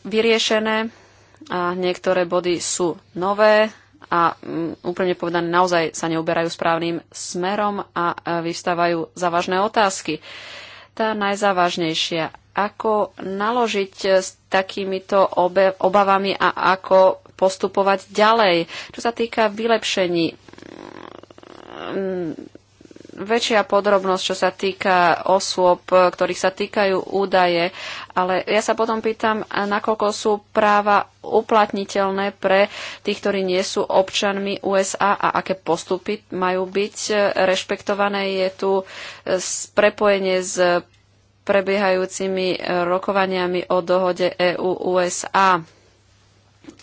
vyriešené a niektoré body sú nové a mm, úplne povedané naozaj sa neuberajú správnym smerom a vystávajú závažné otázky. Tá najzávažnejšia. Ako naložiť s takýmito obavami a ako postupovať ďalej. Čo sa týka vylepšení, Mm, väčšia podrobnosť, čo sa týka osôb, e, ktorých sa týkajú údaje, ale ja sa potom pýtam, nakoľko sú práva uplatniteľné pre tých, ktorí nie sú občanmi USA a aké postupy majú byť e, rešpektované. Je tu e, prepojenie s prebiehajúcimi rokovaniami o dohode EU-USA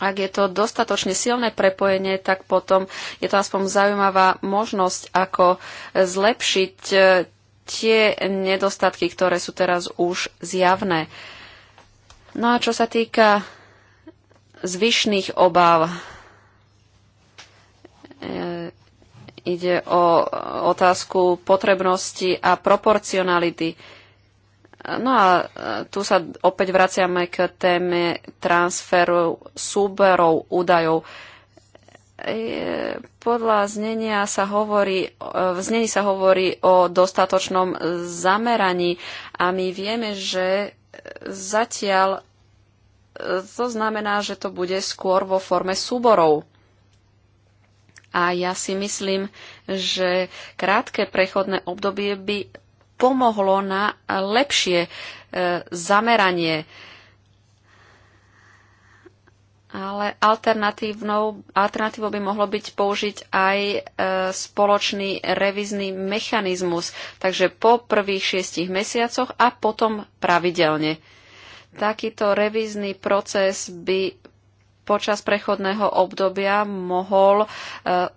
ak je to dostatočne silné prepojenie, tak potom je to aspoň zaujímavá možnosť, ako zlepšiť e, tie nedostatky, ktoré sú teraz už zjavné. No a čo sa týka zvyšných obáv, e, ide o otázku potrebnosti a proporcionality. No a e, tu sa opäť vraciame k téme transferu súberov údajov. E, podľa znenia sa hovorí, e, v znení sa hovorí o dostatočnom zameraní a my vieme, že zatiaľ to znamená, že to bude skôr vo forme súborov. A ja si myslím, že krátke prechodné obdobie by pomohlo na lepšie e, zameranie. Ale alternatívnou, alternatívou by mohlo byť použiť aj e, spoločný revizný mechanizmus, takže po prvých šiestich mesiacoch a potom pravidelne. Takýto revízny proces by počas prechodného obdobia mohol e,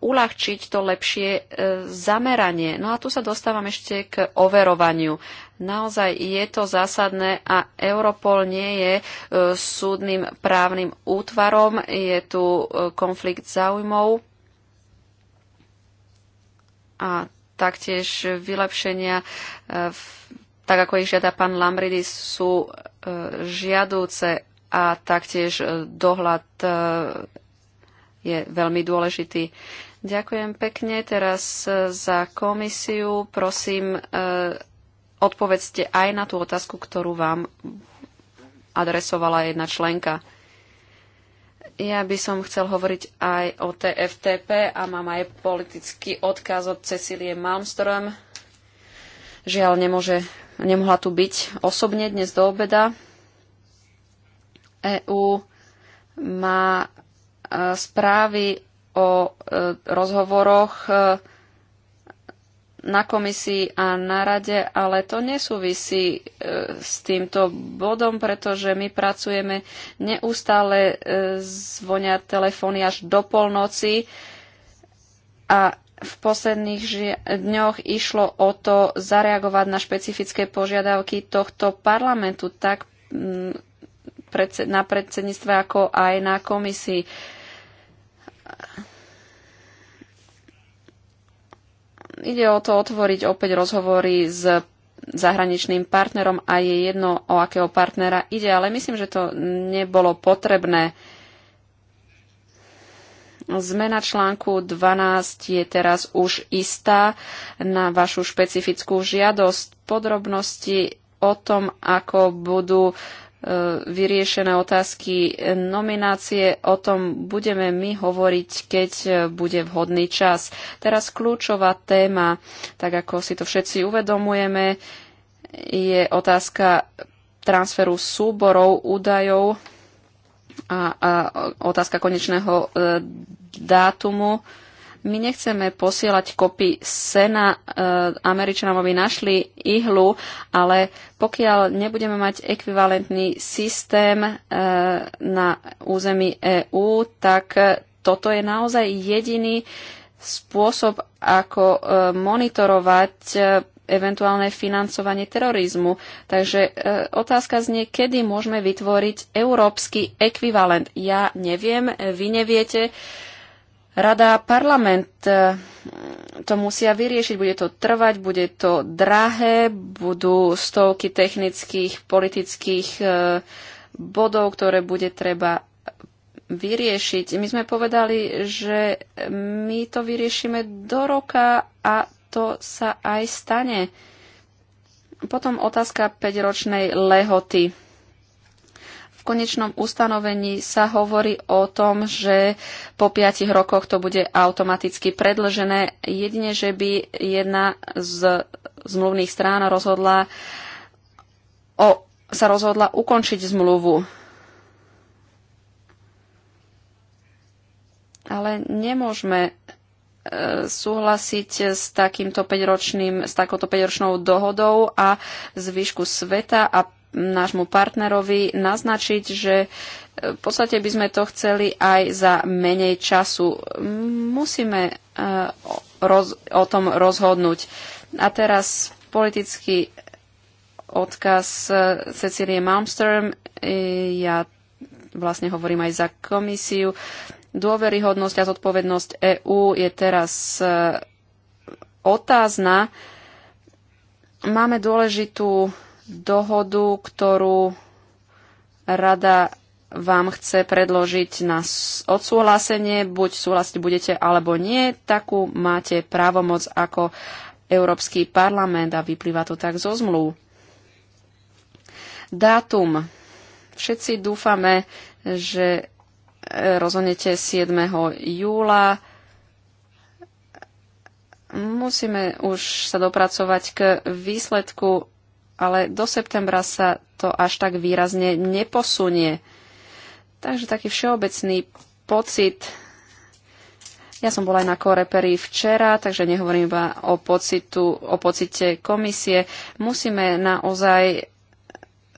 uľahčiť to lepšie e, zameranie. No a tu sa dostávam ešte k overovaniu. Naozaj je to zásadné a Europol nie je e, súdnym právnym útvarom, je tu konflikt záujmov a taktiež vylepšenia v tak ako ich žiada pán Lambridis, sú žiadúce a taktiež e, dohľad e, je veľmi dôležitý. Ďakujem pekne teraz e, za komisiu. Prosím, odpovedzte aj na tú otázku, ktorú vám adresovala jedna členka. Ja by som chcel hovoriť aj o TFTP a mám aj politický odkaz od Cecilie Malmström. Žiaľ, nemôže, nemohla tu byť osobne dnes do obeda. EÚ má e, správy o e, rozhovoroch e, na komisii a na rade, ale to nesúvisí s týmto bodom, pretože my pracujeme neustále, zvonia telefóny až do polnoci a v posledných dňoch išlo o to zareagovať na špecifické požiadavky tohto parlamentu. Tak na predsedníctve, ako aj na komisii. Ide o to otvoriť opäť rozhovory s zahraničným partnerom a je jedno, o akého partnera ide, ale myslím, že to nebolo potrebné. Zmena článku 12 je teraz už istá na vašu špecifickú žiadosť. Podrobnosti o tom, ako budú vyriešené otázky nominácie. O tom budeme my hovoriť, keď e, bude vhodný čas. Teraz kľúčová téma, tak ako si to všetci uvedomujeme, je otázka transferu súborov údajov a, a otázka konečného e, dátumu my nechceme posielať kopy sena e, Američanom, aby našli ihlu, ale pokiaľ nebudeme mať ekvivalentný systém e, na území EÚ, tak toto je naozaj jediný spôsob, ako e, monitorovať e, eventuálne financovanie terorizmu. Takže e, otázka znie, kedy môžeme vytvoriť európsky ekvivalent. Ja neviem, vy neviete. E, Rada a parlament e, to musia vyriešiť, bude to trvať, bude to drahé, budú stovky technických, politických e, bodov, ktoré bude treba vyriešiť. My sme povedali, že my to vyriešime do roka a to sa aj stane. Potom otázka 5-ročnej lehoty konečnom ustanovení sa hovorí o tom, že po 5 rokoch to bude automaticky predlžené, jedine, že by jedna z zmluvných strán rozhodla o, sa rozhodla ukončiť zmluvu. Ale nemôžeme e, súhlasiť s takýmto 5-ročným, s takouto 5-ročnou dohodou a zvyšku sveta a nášmu partnerovi naznačiť, že e, v podstate by sme to chceli aj za menej času. Musíme e, roz, o tom rozhodnúť. A teraz politický odkaz e, Cecilie Malmström. Ja vlastne hovorím aj za komisiu. Dôveryhodnosť a zodpovednosť EÚ je teraz otázna. Máme dôležitú dohodu, ktorú rada vám chce predložiť na odsúhlasenie, buď súhlasiť budete alebo nie, takú máte právomoc ako Európsky parlament a vyplýva to tak zo zmluv. Dátum. Všetci dúfame, že e, rozhodnete 7. júla. Musíme už sa dopracovať k výsledku ale do septembra sa to až tak výrazne neposunie. Takže taký všeobecný pocit. Ja som bola aj na koreperi včera, takže nehovorím iba o, pocitu, o pocite komisie. Musíme naozaj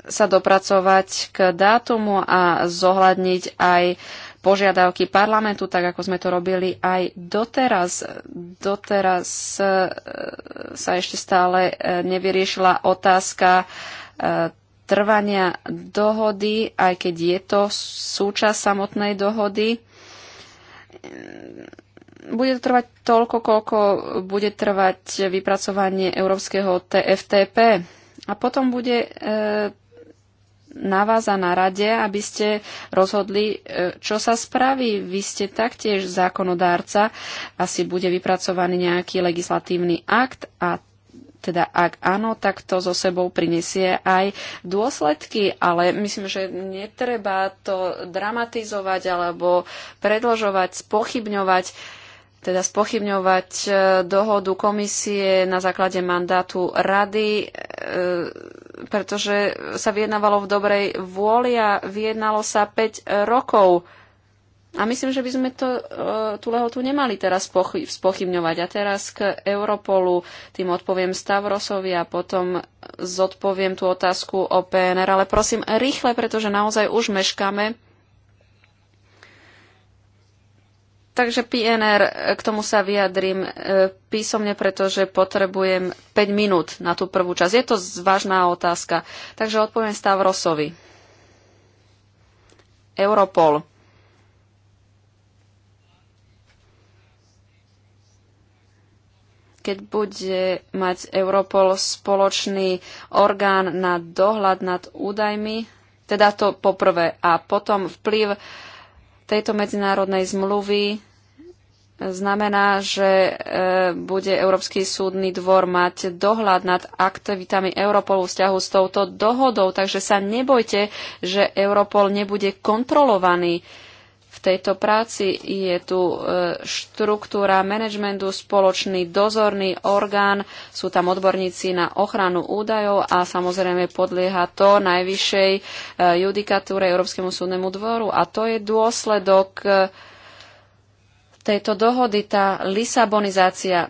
sa dopracovať k dátumu a zohľadniť aj uh, požiadavky parlamentu, tak ako sme to robili aj doteraz. Doteraz e, sa ešte stále e, nevyriešila otázka e, trvania dohody, aj keď je to súčasť samotnej dohody. Bude to trvať toľko, koľko bude trvať vypracovanie európskeho TFTP. A potom bude na vás a na rade, aby ste rozhodli, e, čo sa spraví. Vy ste taktiež zákonodárca, asi bude vypracovaný nejaký legislatívny akt a teda ak áno, tak to so sebou prinesie aj dôsledky, ale myslím, že netreba to dramatizovať alebo predlžovať, spochybňovať teda spochybňovať e, dohodu komisie na základe mandátu rady. E pretože sa vyjednávalo v dobrej vôli a vyjednalo sa 5 rokov. A myslím, že by sme to, e, tú lehotu nemali teraz spochybňovať. A teraz k Europolu tým odpoviem Stavrosovi a potom zodpoviem tú otázku o PNR. Ale prosím, rýchle, pretože naozaj už meškáme. Takže PNR, k tomu sa vyjadrím e, písomne, pretože potrebujem 5 minút na tú prvú časť. Je to vážna otázka. Takže odpoviem Stavrosovi. Europol. keď bude mať Europol spoločný orgán na dohľad nad údajmi, teda to poprvé, a potom vplyv uh, tejto medzinárodnej zmluvy znamená, že e, bude Európsky súdny dvor mať dohľad nad aktivitami Europolu v vzťahu s touto dohodou, takže sa nebojte, že Europol nebude kontrolovaný v tejto práci. Je tu e, štruktúra manažmentu, spoločný dozorný orgán, sú tam odborníci na ochranu údajov a samozrejme podlieha to najvyššej e, judikatúre Európskemu súdnemu dvoru. A to je dôsledok e, tejto dohody, tá lisabonizácia.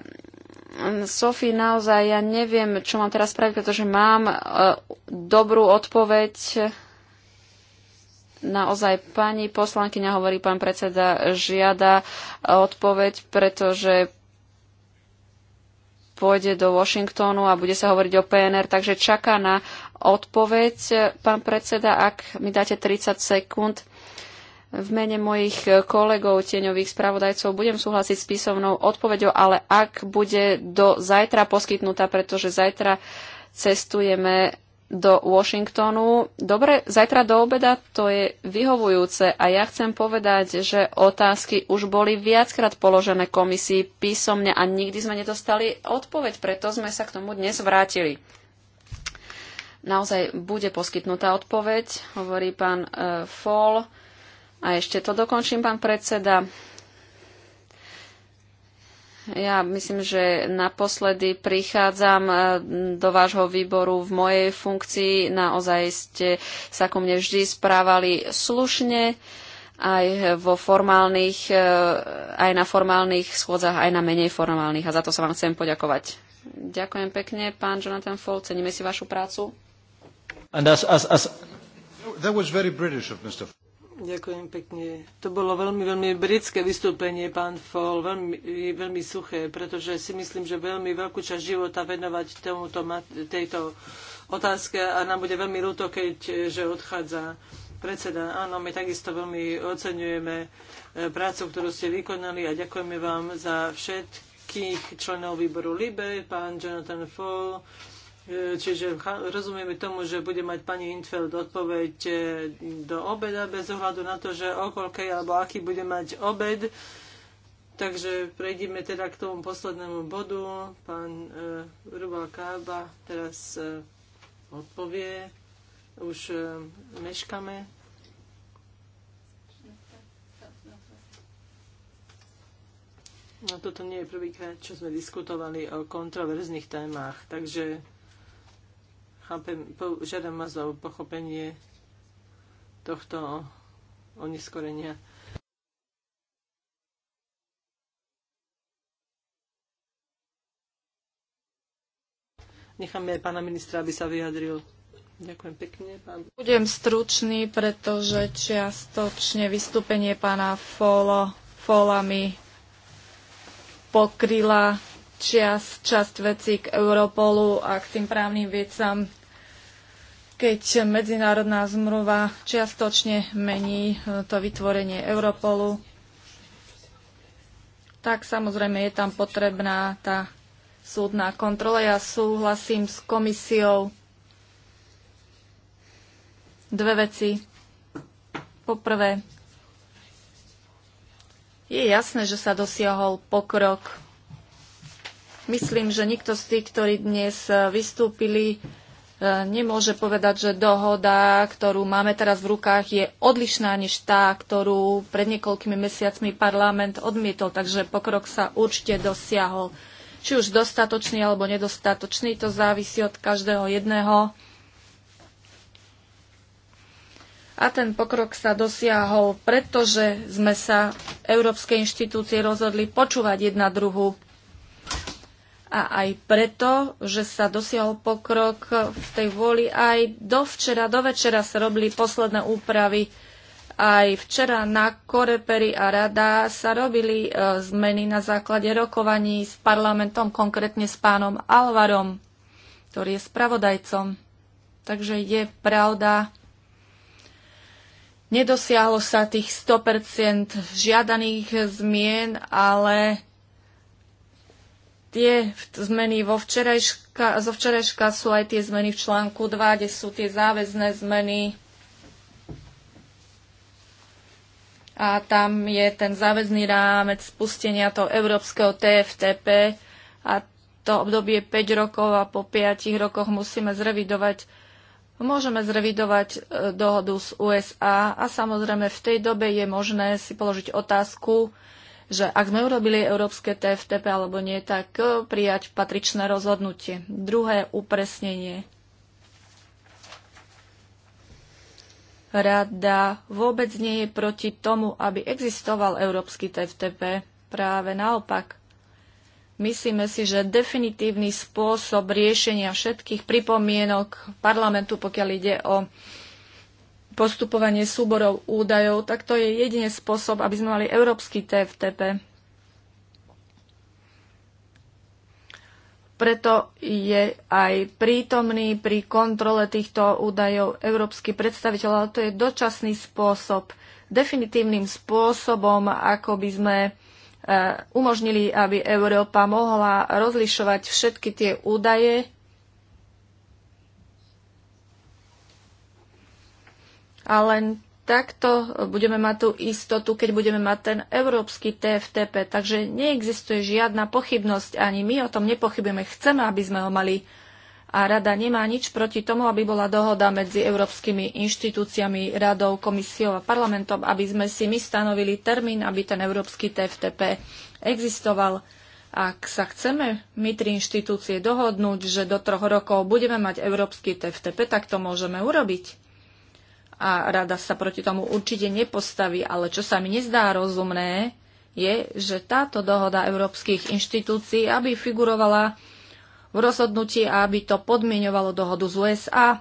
Sofie, naozaj ja neviem, čo mám teraz spraviť, pretože mám dobrú odpoveď naozaj pani poslankyňa, hovorí pán predseda, žiada odpoveď, pretože pôjde do Washingtonu a bude sa hovoriť o PNR, takže čaká na odpoveď. Pán predseda, ak mi dáte 30 sekúnd, v mene mojich kolegov, tieňových spravodajcov budem súhlasiť s písomnou odpoveďou, ale ak bude do zajtra poskytnutá, pretože zajtra cestujeme do Washingtonu. Dobre, zajtra do obeda to je vyhovujúce a ja chcem povedať, že otázky už boli viackrát položené komisii písomne a nikdy sme nedostali odpoveď, preto sme sa k tomu dnes vrátili. Naozaj bude poskytnutá odpoveď, hovorí pán e, Fall. A ešte to dokončím, pán predseda. Ja myslím, že naposledy prichádzam e, do vášho výboru v mojej funkcii. Naozaj ste sa ku mne vždy správali slušne aj vo formálnych, e, aj na formálnych schôdzach, aj na menej formálnych. A za to sa vám chcem poďakovať. Ďakujem pekne, pán Jonathan Fall. Ceníme si vašu prácu. And as, as, as... That was very British of Mr. Ďakujem pekne. To bolo veľmi, veľmi britské vystúpenie, pán Fall, veľmi, veľmi suché, pretože si myslím, že veľmi veľkú časť života venovať tomuto, tejto otázke a nám bude veľmi ľúto, keď že odchádza predseda. Áno, my takisto veľmi oceňujeme e, prácu, ktorú ste vykonali a ďakujeme vám za všetkých členov výboru LIBE, pán Jonathan Fall, Čiže rozumieme tomu, že bude mať pani Infeld odpoveď e, do obeda bez ohľadu na to, že okolkej alebo aký bude mať obed. Takže prejdeme teda k tomu poslednému bodu. Pán e, Rubal Kába teraz e, odpovie. Už e, meškame. No toto nie je prvýkrát, čo sme diskutovali o kontroverzných témach, takže Chápem, žiadam vás o pochopenie tohto oneskorenia. Necháme aj pána ministra, aby sa vyjadril. Ďakujem pekne. Pán. Budem stručný, pretože čiastočne vystúpenie pána Fola, Fola mi pokryla čas, časť vecí k Europolu a k tým právnym vecam keď medzinárodná zmluva čiastočne mení e, to vytvorenie Europolu, tak samozrejme je tam potrebná tá súdna kontrola. Ja súhlasím s komisiou dve veci. Poprvé, je jasné, že sa dosiahol pokrok. Myslím, že nikto z tých, ktorí dnes vystúpili, E, nemôže povedať, že dohoda, ktorú máme teraz v rukách, je odlišná než tá, ktorú pred niekoľkými mesiacmi parlament odmietol. Takže pokrok sa určite dosiahol. Či už dostatočný alebo nedostatočný, to závisí od každého jedného. A ten pokrok sa dosiahol, pretože sme sa európske inštitúcie rozhodli počúvať jedna druhu a aj preto, že sa dosiahol pokrok v tej vôli. Aj dovčera, do večera sa robili posledné úpravy. Aj včera na Korepery a Rada sa robili e, zmeny na základe rokovaní s parlamentom, konkrétne s pánom Alvarom, ktorý je spravodajcom. Takže je pravda, nedosiahlo sa tých 100% žiadaných zmien, ale tie zmeny vo včerajška, zo včerajška sú aj tie zmeny v článku 2, kde sú tie záväzné zmeny. A tam je ten záväzný rámec spustenia toho európskeho TFTP a to obdobie 5 rokov a po 5 rokoch musíme zrevidovať Môžeme zrevidovať e, dohodu z USA a samozrejme v tej dobe je možné si položiť otázku, že ak sme urobili európske TFTP alebo nie, tak e, prijať patričné rozhodnutie. Druhé upresnenie. Rada vôbec nie je proti tomu, aby existoval európsky TFTP. Práve naopak. Myslíme si, že definitívny spôsob riešenia všetkých pripomienok parlamentu, pokiaľ ide o postupovanie súborov údajov, tak to je jedine spôsob, aby sme mali európsky TFTP. Preto je aj prítomný pri kontrole týchto údajov európsky predstaviteľ, ale to je dočasný spôsob, definitívnym spôsobom, ako by sme e, umožnili, aby Európa mohla rozlišovať všetky tie údaje, A len takto budeme mať tú istotu, keď budeme mať ten európsky TFTP. Takže neexistuje žiadna pochybnosť, ani my o tom nepochybujeme. Chceme, aby sme ho mali. A rada nemá nič proti tomu, aby bola dohoda medzi európskymi inštitúciami, radou, komisiou a parlamentom, aby sme si my stanovili termín, aby ten európsky TFTP existoval. Ak sa chceme my tri inštitúcie dohodnúť, že do troch rokov budeme mať európsky TFTP, tak to môžeme urobiť a rada sa proti tomu určite nepostaví, ale čo sa mi nezdá rozumné, je, že táto dohoda európskych inštitúcií, aby figurovala v rozhodnutí a aby to podmienovalo dohodu z USA.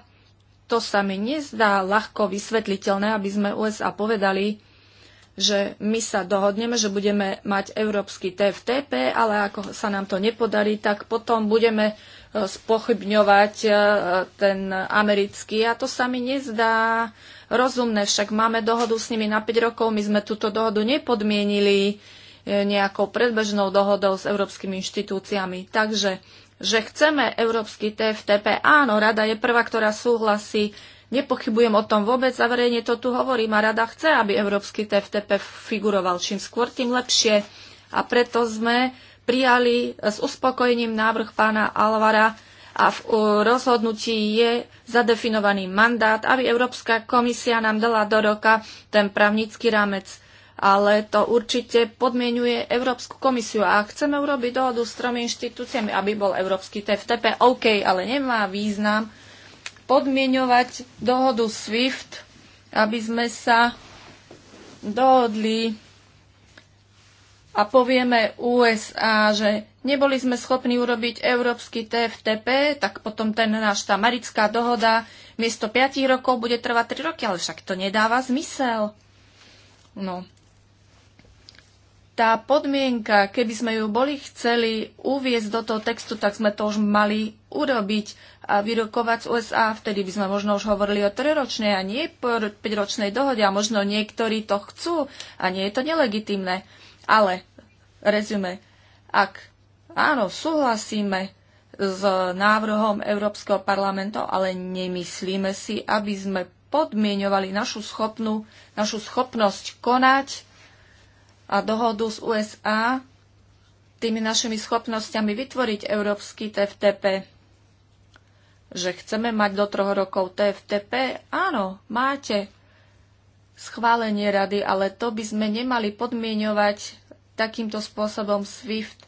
To sa mi nezdá ľahko vysvetliteľné, aby sme USA povedali, že my sa dohodneme, že budeme mať európsky TFTP, ale ako sa nám to nepodarí, tak potom budeme spochybňovať e, ten americký a to sa mi nezdá rozumné. Však máme dohodu s nimi na 5 rokov, my sme túto dohodu nepodmienili e, nejakou predbežnou dohodou s európskymi inštitúciami. Takže, že chceme európsky TFTP, áno, rada je prvá, ktorá súhlasí, nepochybujem o tom vôbec, a verejne to tu hovorím a rada chce, aby európsky TFTP figuroval čím skôr, tým lepšie. A preto sme prijali s uspokojením návrh pána Alvara a v rozhodnutí je zadefinovaný mandát, aby Európska komisia nám dala do roka ten právnický rámec. Ale to určite podmienuje Európsku komisiu. A chceme urobiť dohodu s tromi inštitúciami, aby bol Európsky TFTP, OK, ale nemá význam podmienovať dohodu SWIFT, aby sme sa dohodli a povieme USA, že neboli sme schopní urobiť európsky TFTP, tak potom ten náš, tá marická dohoda miesto 5 rokov bude trvať 3 roky, ale však to nedáva zmysel. No. Tá podmienka, keby sme ju boli chceli uviezť do toho textu, tak sme to už mali urobiť a vyrokovať z USA. Vtedy by sme možno už hovorili o trojročnej a nie 5-ročnej dohode a možno niektorí to chcú a nie je to nelegitimné. Ale, rezume, ak áno, súhlasíme s návrhom Európskeho parlamentu, ale nemyslíme si, aby sme podmienovali našu, schopnú, našu schopnosť konať a dohodu s USA tými našimi schopnosťami vytvoriť európsky TFTP. Že chceme mať do troch rokov TFTP? Áno, máte schválenie rady, ale to by sme nemali podmienovať takýmto spôsobom SWIFT,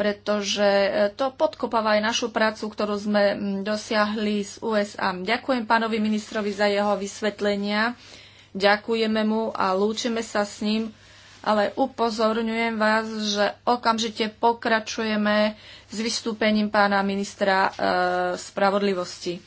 pretože e, to podkopáva aj našu prácu, ktorú sme dosiahli z USA. Ďakujem pánovi ministrovi za jeho vysvetlenia, ďakujeme mu a lúčime sa s ním, ale upozorňujem vás, že okamžite pokračujeme s vystúpením pána ministra e, spravodlivosti.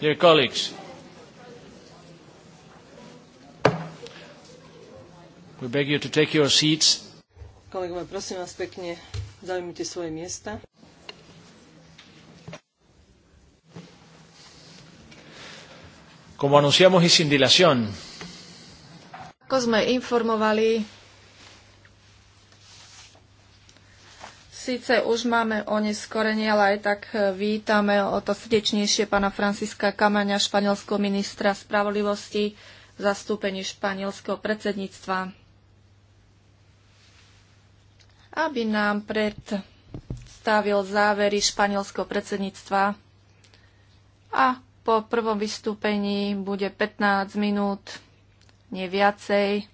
Dear colleagues, we beg you to take your seats. Kolegovia, prosím vás pekne, zaujímite svoje miesta. Como anunciamos y sin dilación. Ako sme informovali, Síce už máme oneskorenie, ale aj tak e, vítame o to srdečnejšie pána Franciska Kamaňa, španielského ministra spravodlivosti, zastúpenie španielského predsedníctva, aby nám predstavil závery španielského predsedníctva a po prvom vystúpení bude 15 minút, neviacej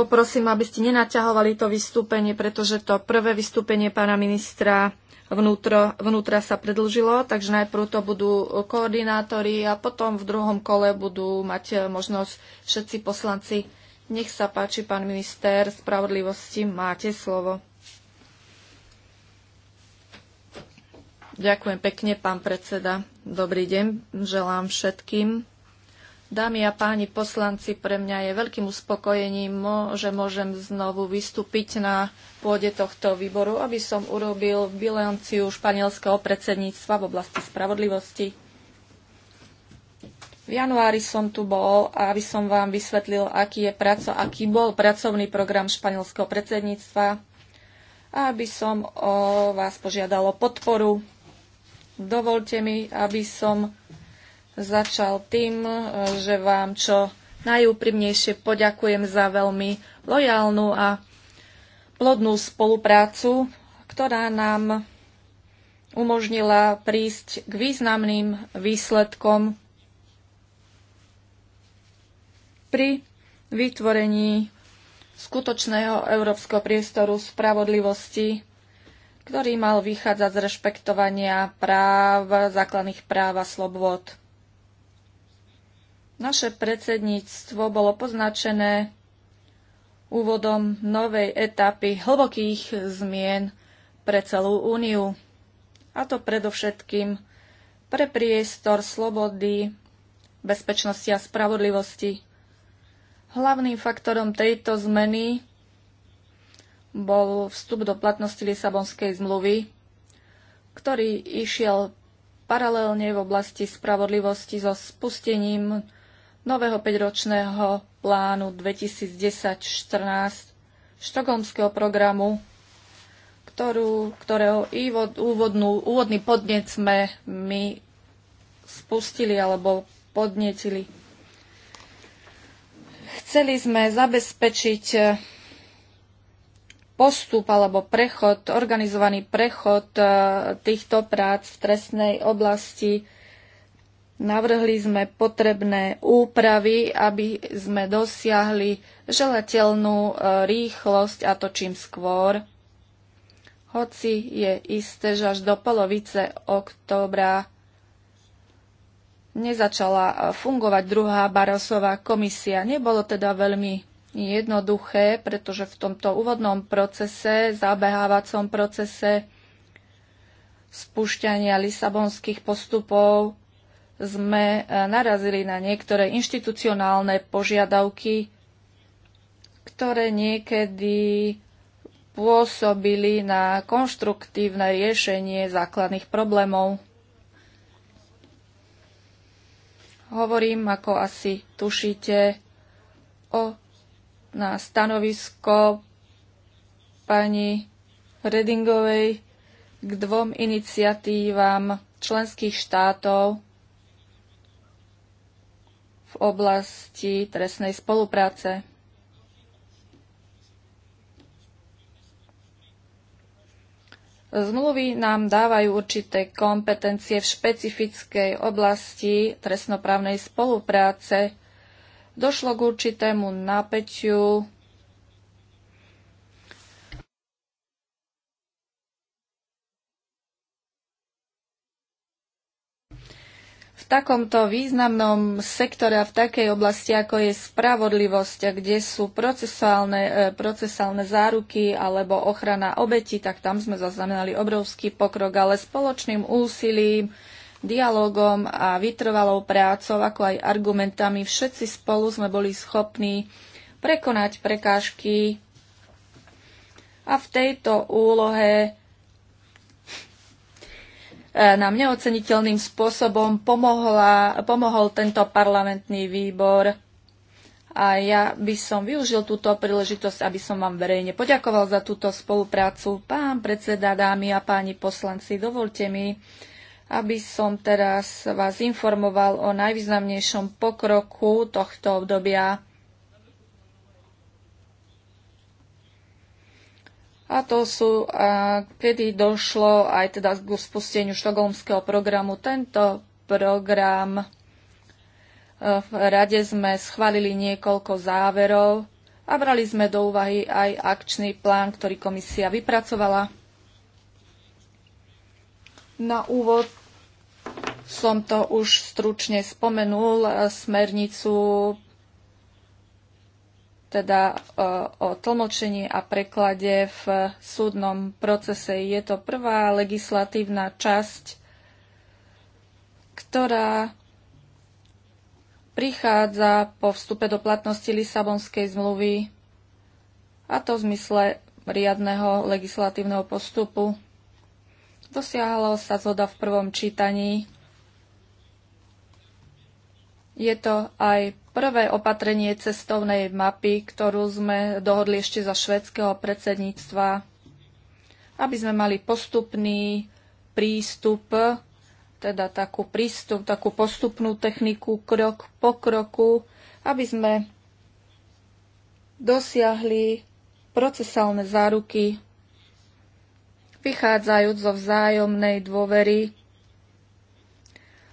poprosím, aby ste nenaťahovali to vystúpenie, pretože to prvé vystúpenie pána ministra vnútro, vnútra sa predlžilo, takže najprv to budú koordinátori a potom v druhom kole budú mať možnosť všetci poslanci. Nech sa páči, pán minister spravodlivosti, máte slovo. Ďakujem pekne, pán predseda. Dobrý deň, želám všetkým. Dámy a páni poslanci, pre mňa je veľkým uspokojením, že môžem znovu vystúpiť na pôde tohto výboru, aby som urobil bilanciu španielského predsedníctva v oblasti spravodlivosti. V januári som tu bol, aby som vám vysvetlil, aký, je praco, aký bol pracovný program španielského predsedníctva a aby som o vás požiadal o podporu. Dovolte mi, aby som začal tým, e, že vám čo najúprimnejšie poďakujem za veľmi lojálnu a plodnú spoluprácu, ktorá nám umožnila prísť k významným výsledkom pri vytvorení skutočného európskeho priestoru spravodlivosti, ktorý mal vychádzať z rešpektovania práv, základných práv a slobôd. Naše predsedníctvo bolo poznačené úvodom novej etapy hlbokých zmien pre celú úniu. A to predovšetkým pre priestor slobody, bezpečnosti a spravodlivosti. Hlavným faktorom tejto zmeny bol vstup do platnosti Lisabonskej zmluvy, ktorý išiel paralelne v oblasti spravodlivosti so spustením nového 5-ročného plánu 2010-14 štokholmského programu, ktorú, ktorého úvodnú, úvodný podnec sme my spustili alebo podnetili. Chceli sme zabezpečiť eh, postup alebo prechod, organizovaný prechod eh, týchto prác v trestnej oblasti Navrhli sme potrebné úpravy, aby sme dosiahli želateľnú e, rýchlosť a to čím skôr. Hoci je isté, že až do polovice októbra nezačala e, fungovať druhá Barosová komisia. Nebolo teda veľmi jednoduché, pretože v tomto úvodnom procese, zabehávacom procese spúšťania lisabonských postupov sme e, narazili na niektoré inštitucionálne požiadavky, ktoré niekedy pôsobili na konštruktívne riešenie základných problémov. Hovorím, ako asi tušíte, o, na stanovisko pani Redingovej k dvom iniciatívam členských štátov v oblasti trestnej spolupráce. Zmluvy nám dávajú určité kompetencie v špecifickej oblasti trestnoprávnej spolupráce. Došlo k určitému napäťu takomto významnom sektore a v takej oblasti, ako je spravodlivosť, kde sú procesálne, e, procesálne záruky alebo ochrana obeti, tak tam sme zaznamenali obrovský pokrok, ale spoločným úsilím, dialogom a vytrvalou prácou, ako aj argumentami, všetci spolu sme boli schopní prekonať prekážky a v tejto úlohe E, nám neoceniteľným spôsobom pomohla, pomohol tento parlamentný výbor. A ja by som využil túto príležitosť, aby som vám verejne poďakoval za túto spoluprácu. Pán predseda, dámy a páni poslanci, dovolte mi, aby som teraz vás informoval o najvýznamnejšom pokroku tohto obdobia A to sú, a kedy došlo aj teda k spusteniu štokholmského programu. Tento program e, v rade sme schválili niekoľko záverov a brali sme do úvahy aj akčný plán, ktorý komisia vypracovala. Na úvod som to už stručne spomenul, e, smernicu teda e, o tlmočení a preklade v súdnom procese. Je to prvá legislatívna časť, ktorá prichádza po vstupe do platnosti Lisabonskej zmluvy a to v zmysle riadneho legislatívneho postupu. Dosiahlo sa zhoda v prvom čítaní je to aj prvé opatrenie cestovnej mapy, ktorú sme dohodli ešte za švedského predsedníctva, aby sme mali postupný prístup, teda takú prístup, takú postupnú techniku krok po kroku, aby sme dosiahli procesálne záruky, vychádzajúc zo vzájomnej dôvery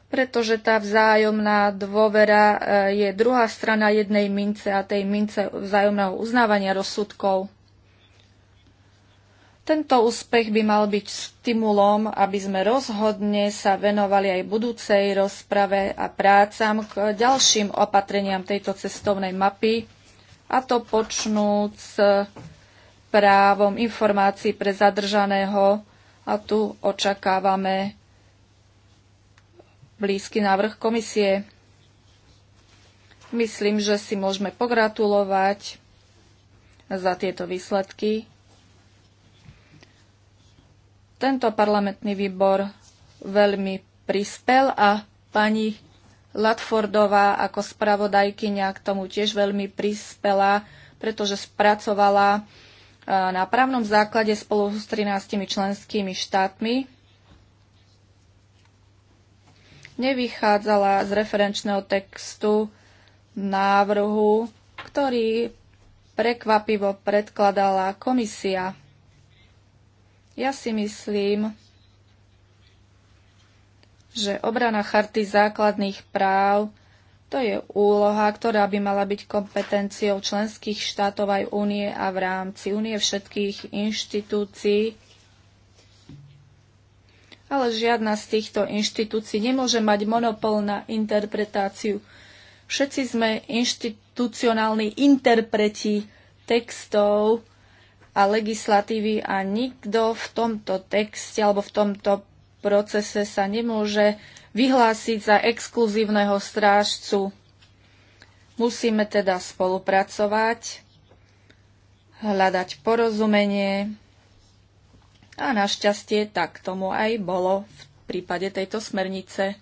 pretože tá vzájomná dôvera e, je druhá strana jednej mince a tej mince vzájomného uznávania rozsudkov. Tento úspech by mal byť stimulom, aby sme rozhodne sa venovali aj budúcej rozprave a prácam k ďalším opatreniam tejto cestovnej mapy, a to počnúc právom informácií pre zadržaného. A tu očakávame blízky návrh komisie. Myslím, že si môžeme pogratulovať za tieto výsledky. Tento parlamentný výbor veľmi prispel a pani Latfordová ako spravodajkyňa k tomu tiež veľmi prispela, pretože spracovala eh, na právnom základe spolu s 13 členskými štátmi nevychádzala z referenčného textu návrhu, ktorý prekvapivo predkladala komisia. Ja si myslím, že obrana charty základných práv to je úloha, ktorá by mala byť kompetenciou členských štátov aj únie a v rámci únie všetkých inštitúcií ale žiadna z týchto inštitúcií nemôže mať monopol na interpretáciu. Všetci sme inštitucionálni interpreti textov a legislatívy a nikto v tomto texte alebo v tomto procese sa nemôže vyhlásiť za exkluzívneho strážcu. Musíme teda spolupracovať, hľadať porozumenie, a našťastie tak tomu aj bolo v prípade tejto smernice.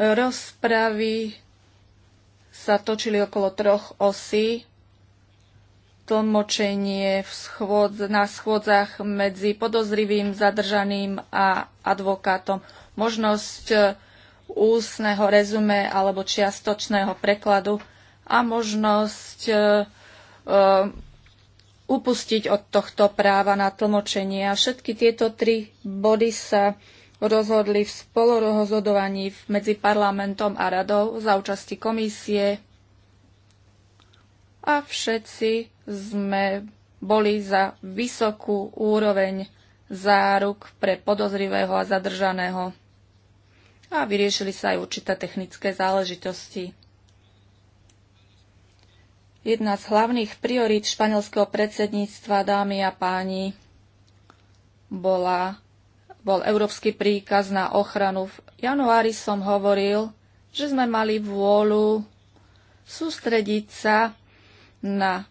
Rozpravy sa točili okolo troch osí. Tlmočenie v schôd, na schôdzach medzi podozrivým, zadržaným a advokátom. Možnosť e, ústneho rezume alebo čiastočného prekladu a možnosť e, e, upustiť od tohto práva na tlmočenie. A všetky tieto tri body sa rozhodli v spolorozhodovaní medzi parlamentom a radou za účasti komisie a všetci sme boli za vysokú úroveň záruk pre podozrivého a zadržaného a vyriešili sa aj určité technické záležitosti. Jedna z hlavných priorít španielského predsedníctva, dámy a páni, bola, bol európsky príkaz na ochranu. V januári som hovoril, že sme mali vôľu sústrediť sa na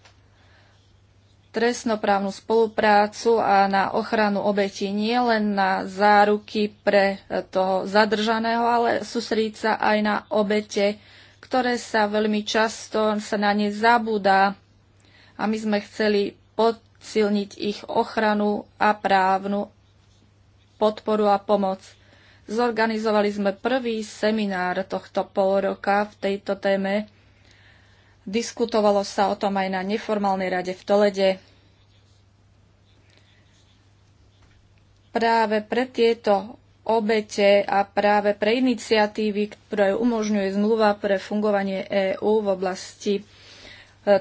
trestnoprávnu spoluprácu a na ochranu obetí nie len na záruky pre toho zadržaného, ale sústrediť sa aj na obete ktoré sa veľmi často sa na ne zabúda a my sme chceli podsilniť ich ochranu a právnu podporu a pomoc. Zorganizovali sme prvý seminár tohto pol roka v tejto téme. Diskutovalo sa o tom aj na neformálnej rade v Tolede. Práve pre tieto obete a práve pre iniciatívy, ktoré umožňuje zmluva pre fungovanie EÚ v oblasti e,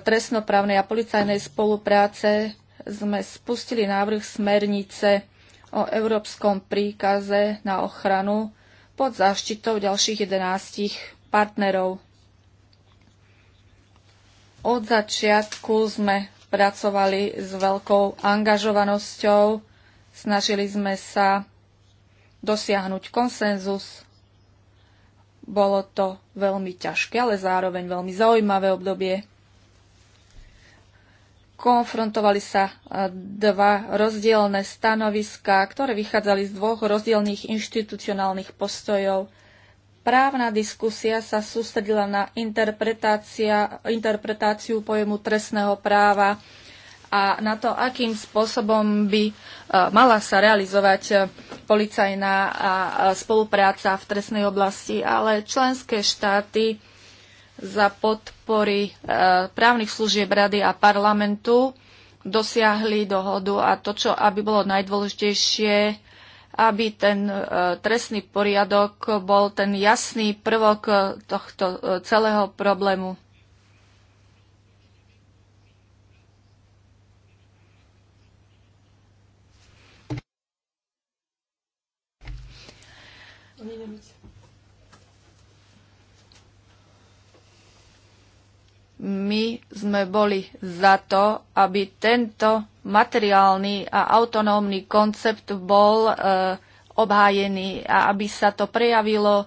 trestnoprávnej a policajnej spolupráce, sme spustili návrh smernice o Európskom príkaze na ochranu pod záštitou ďalších 11 partnerov. Od začiatku sme pracovali s veľkou angažovanosťou, snažili sme sa dosiahnuť konsenzus. Bolo to veľmi ťažké, ale zároveň veľmi zaujímavé obdobie. Konfrontovali sa e, dva rozdielne stanoviská, ktoré vychádzali z dvoch rozdielných inštitucionálnych postojov. Právna diskusia sa sústredila na interpretáciu pojemu trestného práva a na to, akým spôsobom by e, mala sa realizovať e, policajná spolupráca v trestnej oblasti, ale členské štáty za podpory e, právnych služieb Rady a parlamentu dosiahli dohodu a to, čo aby bolo najdôležitejšie, aby ten trestný poriadok bol ten jasný prvok tohto celého problému. my sme boli za to, aby tento materiálny a autonómny koncept bol e, obhájený a aby sa to prejavilo e,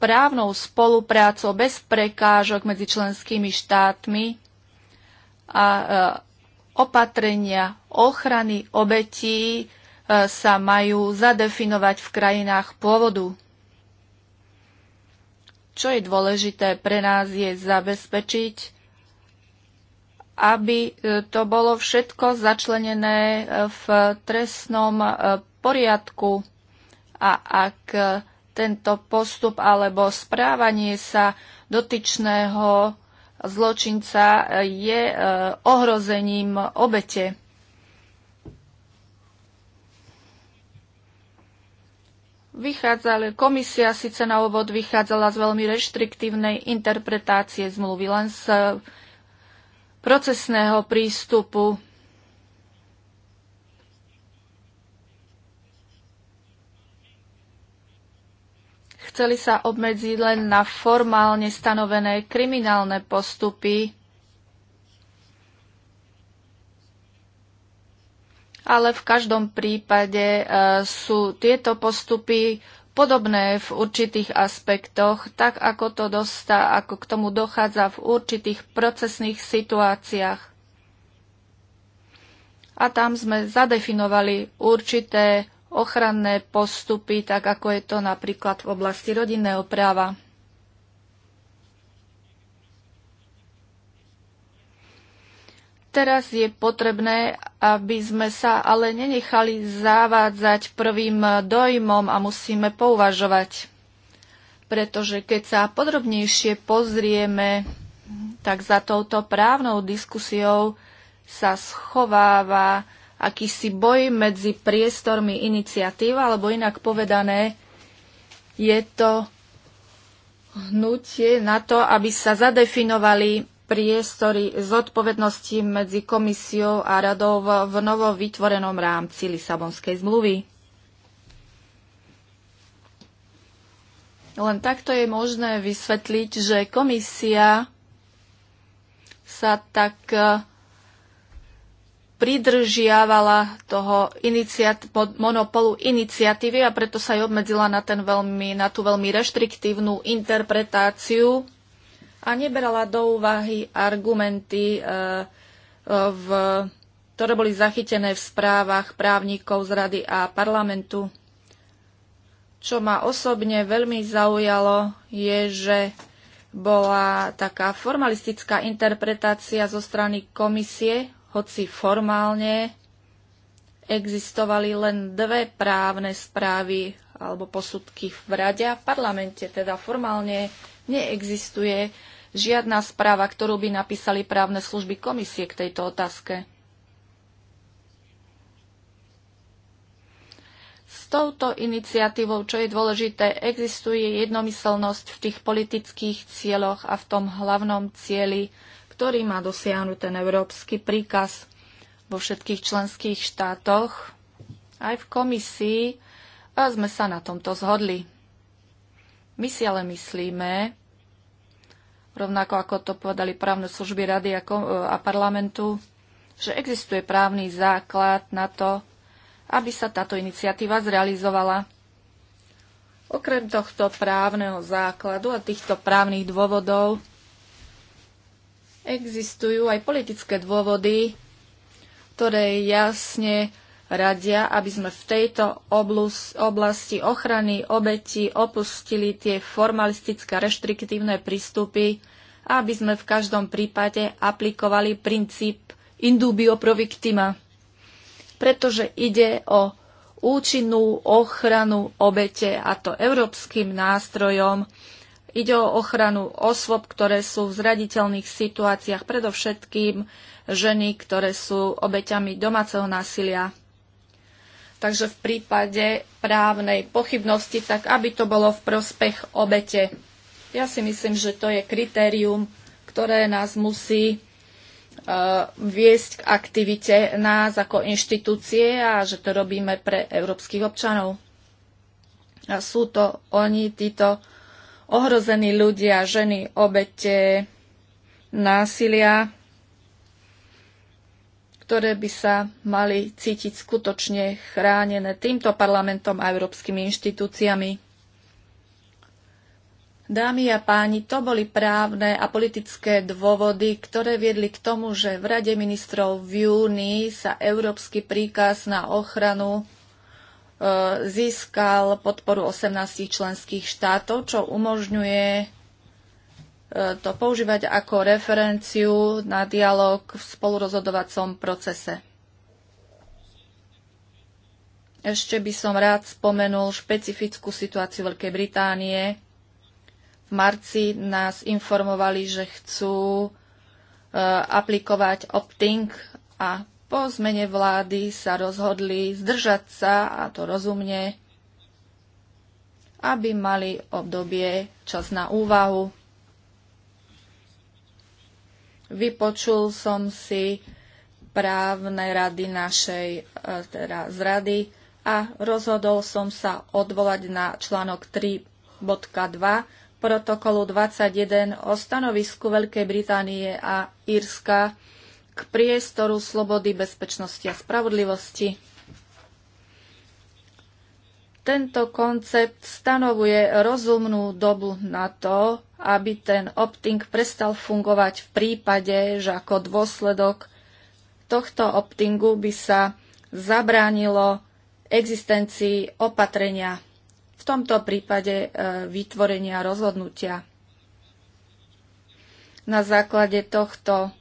právnou spoluprácou bez prekážok medzi členskými štátmi a e, opatrenia ochrany obetí e, sa majú zadefinovať v krajinách pôvodu. Čo je dôležité pre nás je zabezpečiť, aby e, to bolo všetko začlenené e, v trestnom e, poriadku a ak tento postup alebo správanie sa dotyčného zločinca je ohrozením obete. vychádzala, komisia síce na úvod vychádzala z veľmi reštriktívnej interpretácie zmluvy, len z eh, procesného prístupu. Chceli sa obmedziť len na formálne stanovené kriminálne postupy ale v každom prípade e, sú tieto postupy podobné v určitých aspektoch, tak ako to dostá, ako k tomu dochádza v určitých procesných situáciách. A tam sme zadefinovali určité ochranné postupy, tak ako je to napríklad v oblasti rodinného práva. Teraz je potrebné, aby sme sa ale nenechali zavádzať prvým dojmom a musíme pouvažovať. Pretože keď sa podrobnejšie pozrieme, tak za touto právnou diskusiou sa schováva akýsi boj medzi priestormi iniciatív, alebo inak povedané, je to hnutie na to, aby sa zadefinovali priestory zodpovednosti medzi komisiou a radou v novo vytvorenom rámci Lisabonskej zmluvy. Len takto je možné vysvetliť, že komisia sa tak e, pridržiavala toho iniciat- monopolu iniciatívy a preto sa aj obmedzila na, ten veľmi, na tú veľmi reštriktívnu interpretáciu a neberala do úvahy argumenty, e, e, v, ktoré boli zachytené v správach právnikov z Rady a parlamentu. Čo ma osobne veľmi zaujalo, je, že bola taká formalistická interpretácia zo strany komisie, hoci formálne existovali len dve právne správy alebo posudky v rade a v parlamente. Teda formálne Neexistuje žiadna správa, ktorú by napísali právne služby komisie k tejto otázke. S touto iniciatívou, čo je dôležité, existuje jednomyselnosť v tých politických cieľoch a v tom hlavnom cieli, ktorý má dosiahnuť ten európsky príkaz vo všetkých členských štátoch. Aj v komisii a sme sa na tomto zhodli. My si ale myslíme, rovnako ako to povedali právne služby rady a parlamentu, že existuje právny základ na to, aby sa táto iniciatíva zrealizovala. Okrem tohto právneho základu a týchto právnych dôvodov existujú aj politické dôvody, ktoré jasne radia, aby sme v tejto oblasti ochrany obeti opustili tie formalistické reštriktívne prístupy a aby sme v každom prípade aplikovali princíp indubio pro victima, pretože ide o účinnú ochranu obete a to európskym nástrojom. Ide o ochranu osôb, ktoré sú v zraditeľných situáciách, predovšetkým ženy, ktoré sú obeťami domáceho násilia takže v prípade právnej pochybnosti, tak aby to bolo v prospech obete. Ja si myslím, že to je kritérium, ktoré nás musí e, viesť k aktivite nás ako inštitúcie a že to robíme pre európskych občanov. A sú to oni, títo ohrození ľudia, ženy, obete, násilia, ktoré by sa mali cítiť skutočne chránené týmto parlamentom a európskymi inštitúciami. Dámy a páni, to boli právne a politické dôvody, ktoré viedli k tomu, že v Rade ministrov v júni sa európsky príkaz na ochranu e, získal podporu 18 členských štátov, čo umožňuje E, to používať ako referenciu na dialog v spolurozhodovacom procese. Ešte by som rád spomenul špecifickú situáciu Veľkej Británie. V marci nás informovali, že chcú e, aplikovať opting a po zmene vlády sa rozhodli zdržať sa, a to rozumne, aby mali obdobie čas na úvahu Vypočul som si právne rady našej, e, teda z rady a rozhodol som sa odvolať na článok 3.2 protokolu 21 o stanovisku Veľkej Británie a Írska k priestoru slobody, bezpečnosti a spravodlivosti. Tento koncept stanovuje rozumnú dobu na to, aby ten opting prestal fungovať v prípade, že ako dôsledok tohto optingu by sa zabránilo existencii opatrenia, v tomto prípade e, vytvorenia rozhodnutia. Na základe tohto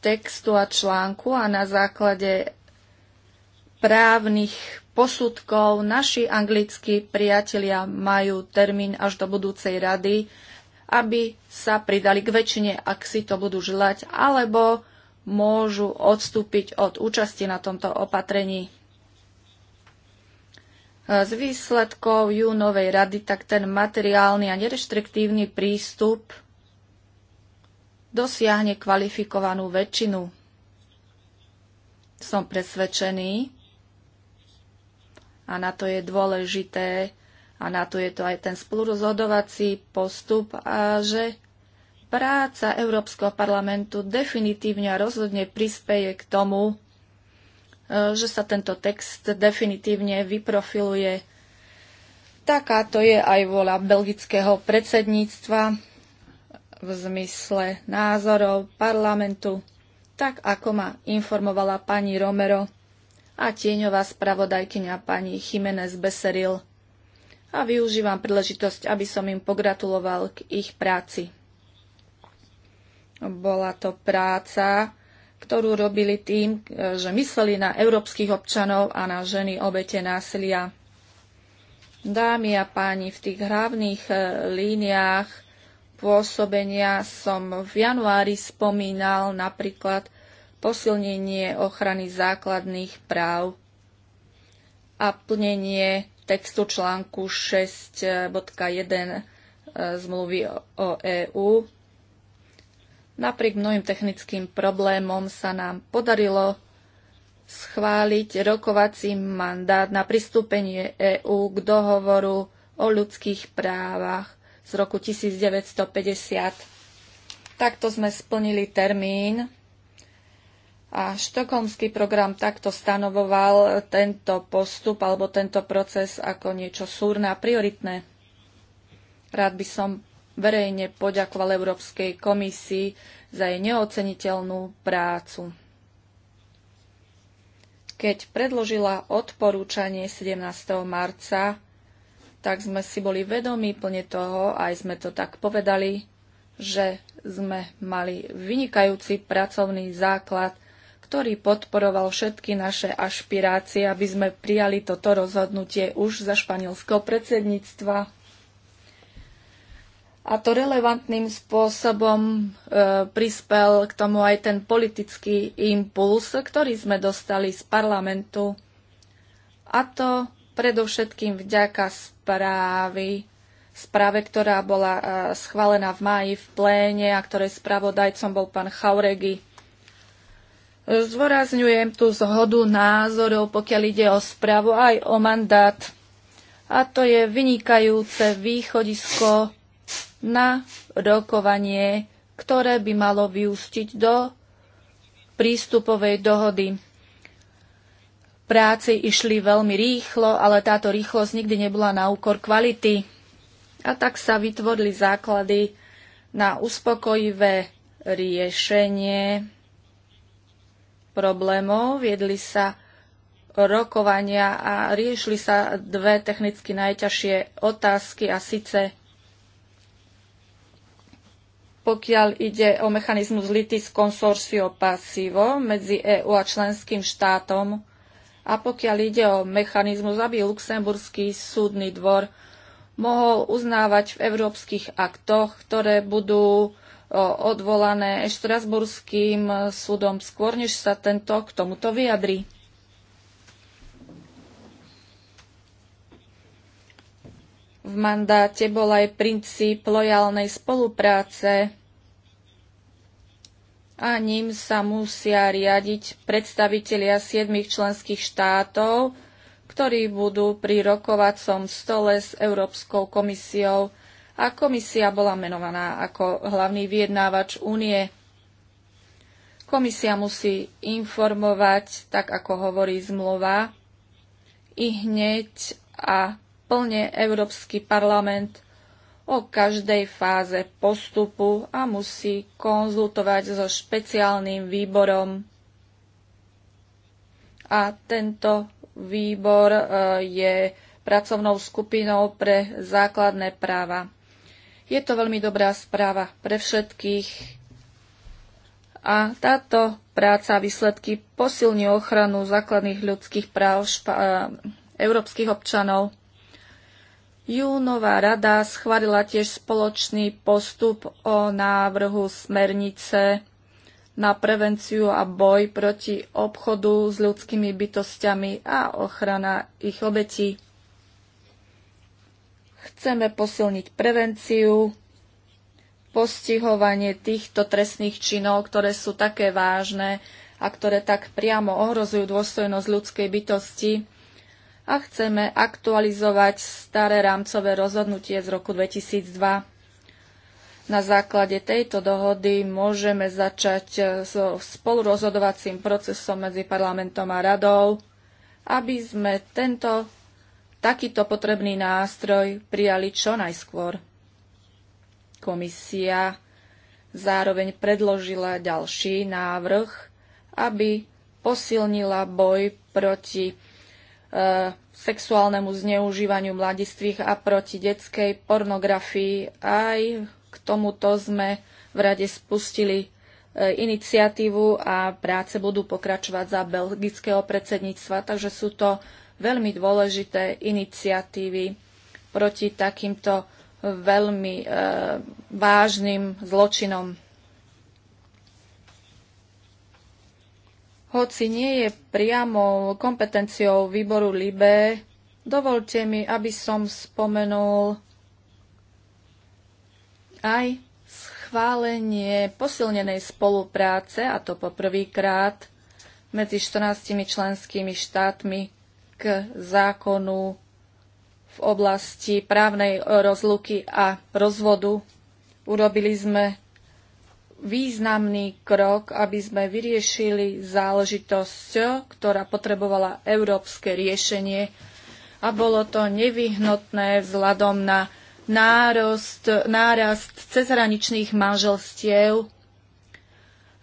textu a článku a na základe právnych posudkov. Naši anglickí priatelia majú termín až do budúcej rady, aby sa pridali k väčšine, ak si to budú želať, alebo môžu odstúpiť od účasti na tomto opatrení. Z výsledkov júnovej rady tak ten materiálny a nereštriktívny prístup dosiahne kvalifikovanú väčšinu. Som presvedčený, a na to je dôležité a na to je to aj ten spolurozhodovací postup a že práca Európskeho parlamentu definitívne a rozhodne prispeje k tomu, e, že sa tento text definitívne vyprofiluje. Takáto je aj vola belgického predsedníctva v zmysle názorov parlamentu, tak ako ma informovala pani Romero a tieňová spravodajkyňa pani Jiménez Beseril. A využívam príležitosť, aby som im pogratuloval k ich práci. Bola to práca, ktorú robili tým, že mysleli na európskych občanov a na ženy obete násilia. Dámy a páni, v tých hlavných e, líniách pôsobenia som v januári spomínal napríklad posilnenie ochrany základných práv a plnenie textu článku 6.1 e, zmluvy o EÚ. Napriek mnohým technickým problémom sa nám podarilo schváliť rokovací mandát na pristúpenie EÚ k dohovoru o ľudských právach z roku 1950. Takto sme splnili termín, a štokholmský program takto stanovoval tento postup alebo tento proces ako niečo súrne a prioritné. Rád by som verejne poďakoval Európskej komisii za jej neoceniteľnú prácu. Keď predložila odporúčanie 17. marca, tak sme si boli vedomi plne toho, aj sme to tak povedali, že sme mali vynikajúci pracovný základ ktorý podporoval všetky naše ašpirácie, aby sme prijali toto rozhodnutie už za španielského predsedníctva. A to relevantným spôsobom e, prispel k tomu aj ten politický impuls, ktorý sme dostali z parlamentu. A to predovšetkým vďaka správy správe, ktorá bola e, schválená v máji v pléne a ktorej spravodajcom bol pán Chauregi. Zvorazňujem tu zhodu názorov, pokiaľ ide o správu aj o mandát. A to je vynikajúce východisko na rokovanie, ktoré by malo vyústiť do prístupovej dohody. Práci išli veľmi rýchlo, ale táto rýchlosť nikdy nebola na úkor kvality. A tak sa vytvorili základy na uspokojivé riešenie problémov, viedli sa rokovania a riešili sa dve technicky najťažšie otázky a síce pokiaľ ide o mechanizmus litis consortio pasivo medzi EÚ a členským štátom a pokiaľ ide o mechanizmus, aby Luxemburský súdny dvor mohol uznávať v európskych aktoch, ktoré budú odvolané Štrasburským súdom skôr, než sa tento k tomuto vyjadri. V mandáte bol aj princíp lojálnej spolupráce a ním sa musia riadiť predstavitelia siedmých členských štátov, ktorí budú pri rokovacom stole s Európskou komisiou a komisia bola menovaná ako hlavný vyjednávač únie. Komisia musí informovať, tak ako hovorí zmluva, i hneď a plne Európsky parlament o každej fáze postupu a musí konzultovať so špeciálnym výborom. A tento výbor e, je pracovnou skupinou pre základné práva. Je to veľmi dobrá správa pre všetkých a táto práca a výsledky posilní ochranu základných ľudských práv špa- európskych občanov. Júnová rada schválila tiež spoločný postup o návrhu smernice na prevenciu a boj proti obchodu s ľudskými bytostiami a ochrana ich obetí. Chceme posilniť prevenciu, postihovanie týchto trestných činov, ktoré sú také vážne a ktoré tak priamo ohrozujú dôstojnosť ľudskej bytosti a chceme aktualizovať staré rámcové rozhodnutie z roku 2002. Na základe tejto dohody môžeme začať so spolurozhodovacím procesom medzi parlamentom a radou, aby sme tento takýto potrebný nástroj prijali čo najskôr. Komisia zároveň predložila ďalší návrh, aby posilnila boj proti e, sexuálnemu zneužívaniu mladistvých a proti detskej pornografii. Aj k tomuto sme v rade spustili e, iniciatívu a práce budú pokračovať za belgického predsedníctva, takže sú to veľmi dôležité iniciatívy proti takýmto veľmi e, vážnym zločinom. Hoci nie je priamo kompetenciou výboru LIBE, dovolte mi, aby som spomenul aj schválenie posilnenej spolupráce, a to poprvýkrát, medzi 14 členskými štátmi k zákonu v oblasti právnej rozluky a rozvodu. Urobili sme významný krok, aby sme vyriešili záležitosť, ktorá potrebovala európske riešenie a bolo to nevyhnutné vzhľadom na nárast, nárast cezhraničných manželstiev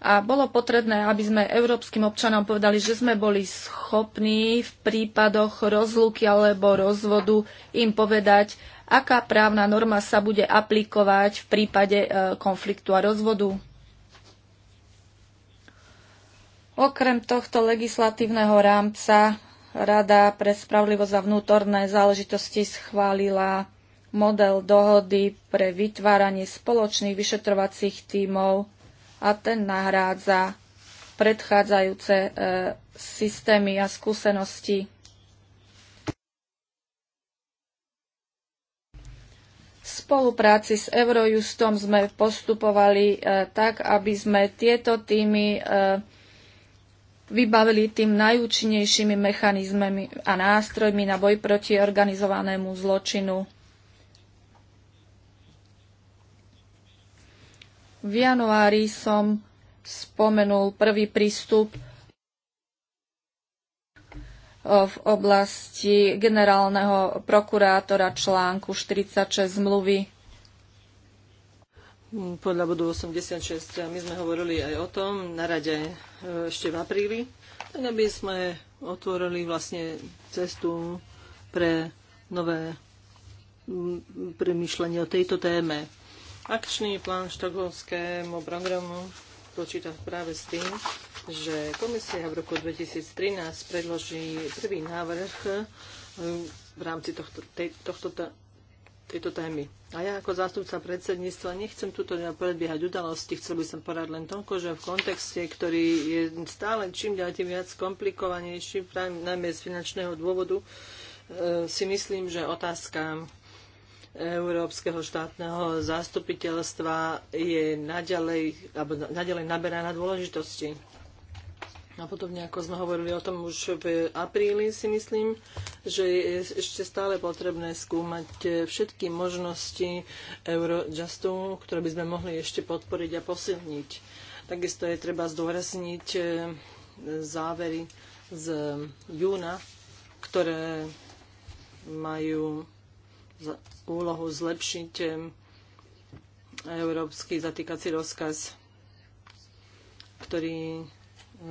a bolo potrebné, aby sme európskym občanom povedali, že sme boli schopní v prípadoch rozluky alebo rozvodu im povedať, aká právna norma sa bude aplikovať v prípade e, konfliktu a rozvodu. Okrem tohto legislatívneho rámca Rada pre spravlivosť a vnútorné záležitosti schválila model dohody pre vytváranie spoločných vyšetrovacích tímov a ten nahrádza predchádzajúce e, systémy a skúsenosti. V spolupráci s Eurojustom sme postupovali e, tak, aby sme tieto týmy e, vybavili tým najúčinnejšími mechanizmami a nástrojmi na boj proti organizovanému zločinu. V januári som spomenul prvý prístup eh, v oblasti generálneho prokurátora článku 46 zmluvy. Podľa bodu 86 my sme hovorili aj o tom na rade eh, ešte v apríli, tak aby sme otvorili vlastne cestu pre nové premyšlenie o tejto téme. Akčný plán štokholmskému programu počíta práve s tým, že komisia v roku 2013 predloží prvý návrh um, v rámci tohto, tej, tohto, tejto témy. A ja ako zástupca predsedníctva nechcem tuto predbiehať udalosti, chcel by som porať len toľko, že v kontexte, ktorý je stále čím ďalej tým viac komplikovanejší, najmä z finančného dôvodu, uh, si myslím, že otázka Európskeho štátneho zastupiteľstva je naďalej, alebo naďalej naberá na dôležitosti. A podobne ako sme hovorili o tom už v apríli, si myslím, že je ešte stále potrebné skúmať všetky možnosti Eurojustu, ktoré by sme mohli ešte podporiť a posilniť. Takisto je treba zdôrazniť eh, závery z júna, ktoré majú úlohu zlepšiť európsky zatýkací rozkaz, ktorý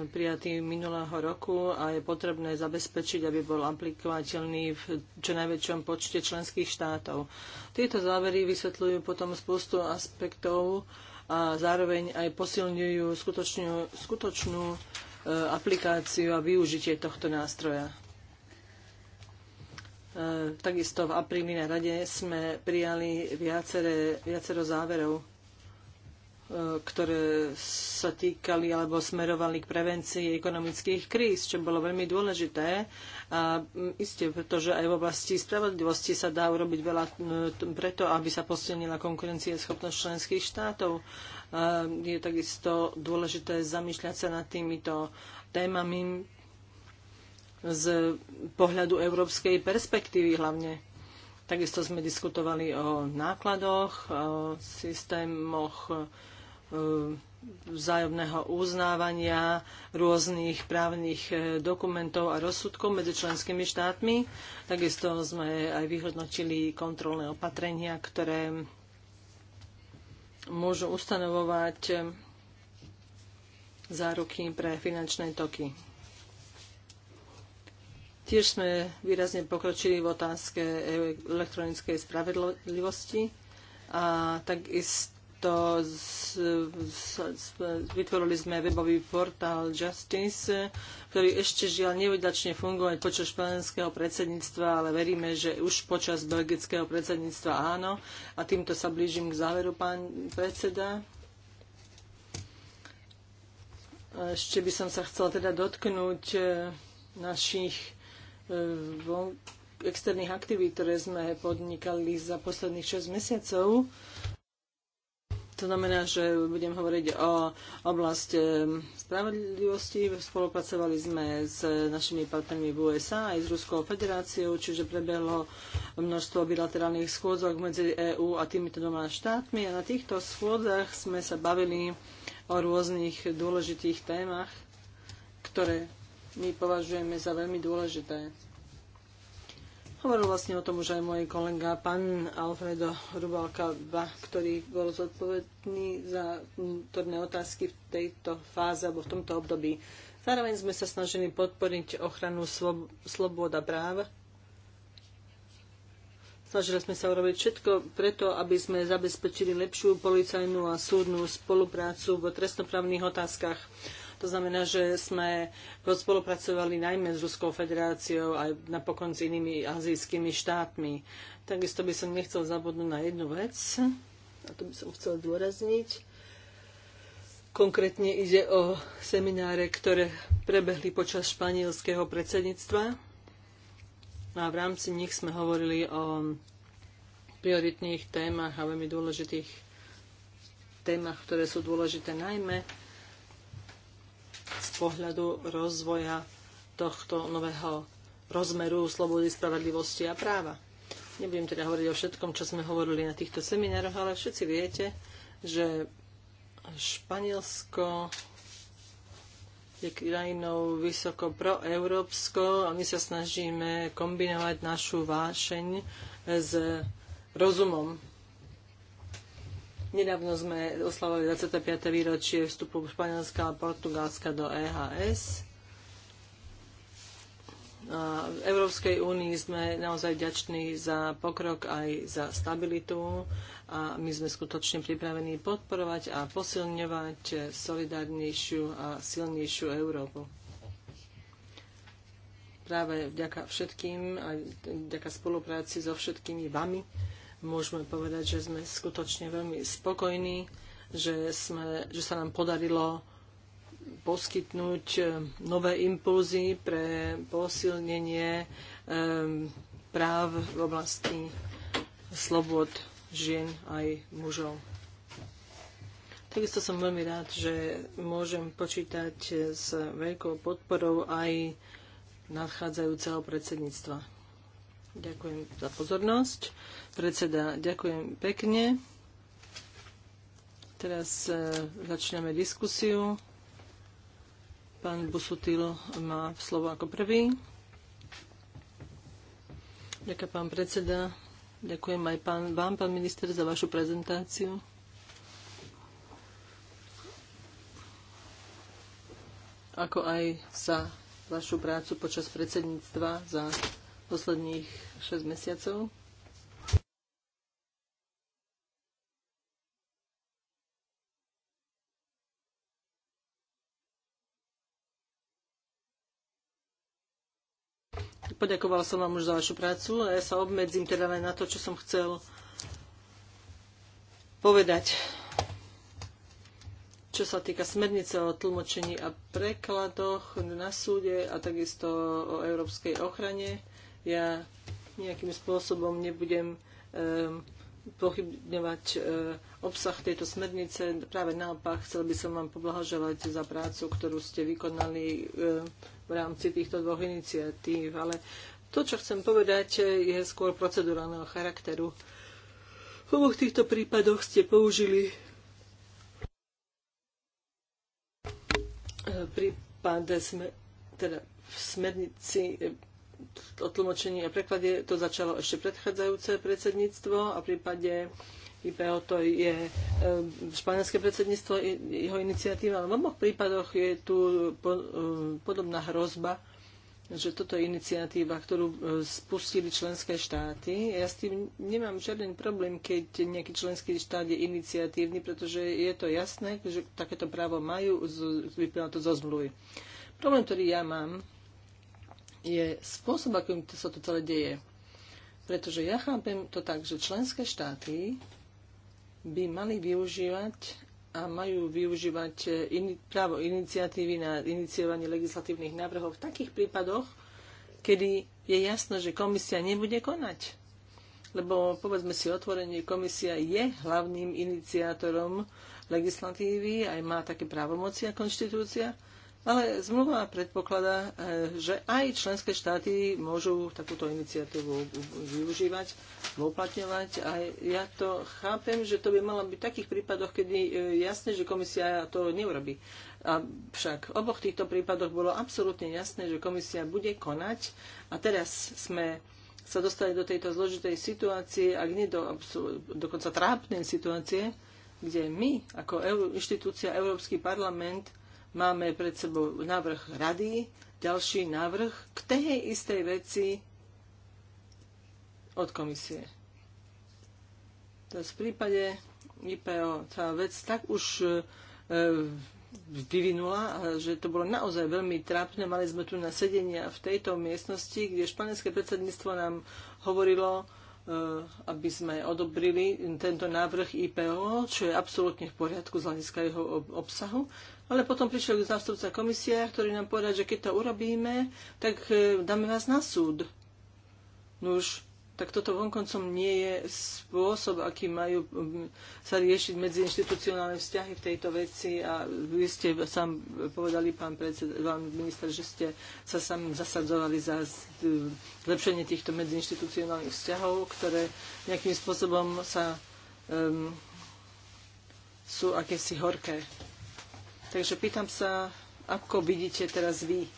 prijatý minulého roku a je potrebné zabezpečiť, aby bol aplikovateľný v čo najväčšom počte členských štátov. Tieto závery vysvetľujú potom spústu aspektov a zároveň aj posilňujú skutočnú, skutočnú e, aplikáciu a využitie tohto nástroja. E, takisto v apríli na rade sme prijali viacere, viacero záverov, e, ktoré sa týkali alebo smerovali k prevencii ekonomických kríz, čo bolo veľmi dôležité. A isté, pretože aj v oblasti spravodlivosti sa dá urobiť veľa preto, aby sa posilnila schopnosť členských štátov. je takisto dôležité zamýšľať sa nad týmito témami, z pohľadu európskej perspektívy hlavne. Takisto sme diskutovali o nákladoch, o systémoch e, vzájomného uznávania rôznych právnych e, dokumentov a rozsudkov medzi členskými štátmi. Takisto sme aj vyhodnotili kontrolné opatrenia, ktoré môžu ustanovovať e, záruky pre finančné toky. Tiež sme výrazne pokročili v otázke elektronickej spravedlivosti a takisto z, z, z, vytvorili sme webový portál Justice, ktorý ešte žiaľ nevedačne fungovať počas španielského predsedníctva, ale veríme, že už počas belgického predsedníctva áno. A týmto sa blížim k záveru, pán predseda. Ešte by som sa chcela teda dotknúť eh, našich externých aktivít, ktoré sme podnikali za posledných 6 mesiacov. To znamená, že budem hovoriť o oblasti e, spravodlivosti. Spolupracovali sme s našimi partnermi v USA aj s Ruskou federáciou, čiže prebehlo množstvo bilaterálnych schôdzok medzi EÚ a týmito dvoma štátmi. A na týchto schôdzach sme sa bavili o rôznych dôležitých témach, ktoré my považujeme za veľmi dôležité. Hovoril vlastne o tom už aj môj kolega pán Alfredo Rubalka, ktorý bol zodpovedný za vnútorné otázky v tejto fáze alebo v tomto období. Zároveň sme sa snažili podporiť ochranu slob- slobod a práv. Snažili sme sa urobiť všetko preto, aby sme zabezpečili lepšiu policajnú a súdnu spoluprácu v trestnoprávnych otázkach. To znamená, že sme spolupracovali najmä s Ruskou federáciou aj napokon s inými azijskými štátmi. Takisto by som nechcel zabudnúť na jednu vec, a to by som chcel dôrazniť. Konkrétne ide o semináre, ktoré prebehli počas španielského predsedníctva. No a v rámci nich sme hovorili o prioritných témach a veľmi dôležitých témach, ktoré sú dôležité najmä z pohľadu rozvoja tohto nového rozmeru slobody, spravodlivosti a práva. Nebudem teda hovoriť o všetkom, čo sme hovorili na týchto seminároch, ale všetci viete, že Španielsko je krajinou vysoko proeurópsko a my sa snažíme kombinovať našu vášeň s rozumom Nedávno sme oslavovali 25. výročie vstupu Španielska a Portugalska do EHS. A v Európskej únii sme naozaj ďační za pokrok aj za stabilitu a my sme skutočne pripravení podporovať a posilňovať solidárnejšiu a silnejšiu Európu. Práve vďaka všetkým a vďaka spolupráci so všetkými vami môžeme povedať, že sme skutočne veľmi spokojní, že, sme, že sa nám podarilo poskytnúť e, nové impulzy pre posilnenie e, práv v oblasti slobod žien aj mužov. Takisto som veľmi rád, že môžem počítať s veľkou podporou aj nadchádzajúceho predsedníctva. Ďakujem za pozornosť. Predseda, ďakujem pekne. Teraz e, začneme diskusiu. Pán Busutil má slovo ako prvý. Ďakujem, pán predseda. Ďakujem aj pán, vám, pán minister, za vašu prezentáciu. Ako aj za vašu prácu počas predsedníctva, za posledných 6 mesiacov. Poďakoval som vám už za vašu prácu a ja sa obmedzím teda len na to, čo som chcel povedať. Čo sa týka smernice o tlmočení a prekladoch na súde a takisto o európskej ochrane, ja nejakým spôsobom nebudem um, pochybňovať e, obsah tejto smernice. Práve naopak, chcel by som vám poblahoželať za prácu, ktorú ste vykonali e, v rámci týchto dvoch iniciatív. Ale to, čo chcem povedať, je skôr procedurálneho charakteru. V oboch týchto prípadoch ste použili eh, sme, teda v smernici o tlmočení a preklade to začalo ešte predchádzajúce predsedníctvo a v prípade IPO to je e, španielské predsedníctvo, jeho iniciatíva, ale v oboch prípadoch je tu e, podobná hrozba, že toto je iniciatíva, ktorú e, spustili členské štáty. Ja s tým nemám žiaden problém, keď nejaký členský štát je iniciatívny, pretože je to jasné, že takéto právo majú, vyplýva to zo zmluvy. Problém, ktorý ja mám, je spôsob, akým sa to celé deje. Pretože ja chápem to tak, že členské štáty by mali využívať a majú využívať e, in, právo iniciatívy na iniciovanie legislatívnych návrhov v takých prípadoch, kedy je jasno, že komisia nebude konať. Lebo povedzme si otvorenie, komisia je hlavným iniciátorom legislatívy, aj má také právomoci a konštitúcia, ale zmluva predpokladá, e, že aj členské štáty môžu takúto iniciatívu využívať, uplatňovať. A ja to chápem, že to by malo byť v takých prípadoch, kedy e, jasne, že komisia to neurobi. A však v oboch týchto prípadoch bolo absolútne jasné, že komisia bude konať. A teraz sme sa dostali do tejto zložitej situácie, ak nie do dokonca trápnej situácie, kde my, ako inštitúcia Európsky parlament, Máme pred sebou návrh rady, ďalší návrh k tej istej veci od komisie. To v prípade IPO tá vec tak už e, vyvinula, že to bolo naozaj veľmi trápne. Mali sme tu na sedenia v tejto miestnosti, kde španielské predsedníctvo nám hovorilo, e, aby sme odobrili tento návrh IPO, čo je absolútne v poriadku z hľadiska jeho obsahu ale potom prišiel zástupca komisia, ktorý nám povedal, že keď to urobíme, tak e, dáme vás na súd. Nuž, tak toto vonkoncom nie je spôsob, aký majú sa riešiť medziinstitucionálne vzťahy v tejto veci a vy ste sám povedali, pán, predsed, pán minister, že ste sa sám zasadzovali za e, zlepšenie týchto medziinstitucionálnych vzťahov, ktoré nejakým spôsobom sa um, sú akési horké. Takže pýtam sa, ako vidíte teraz vy, e,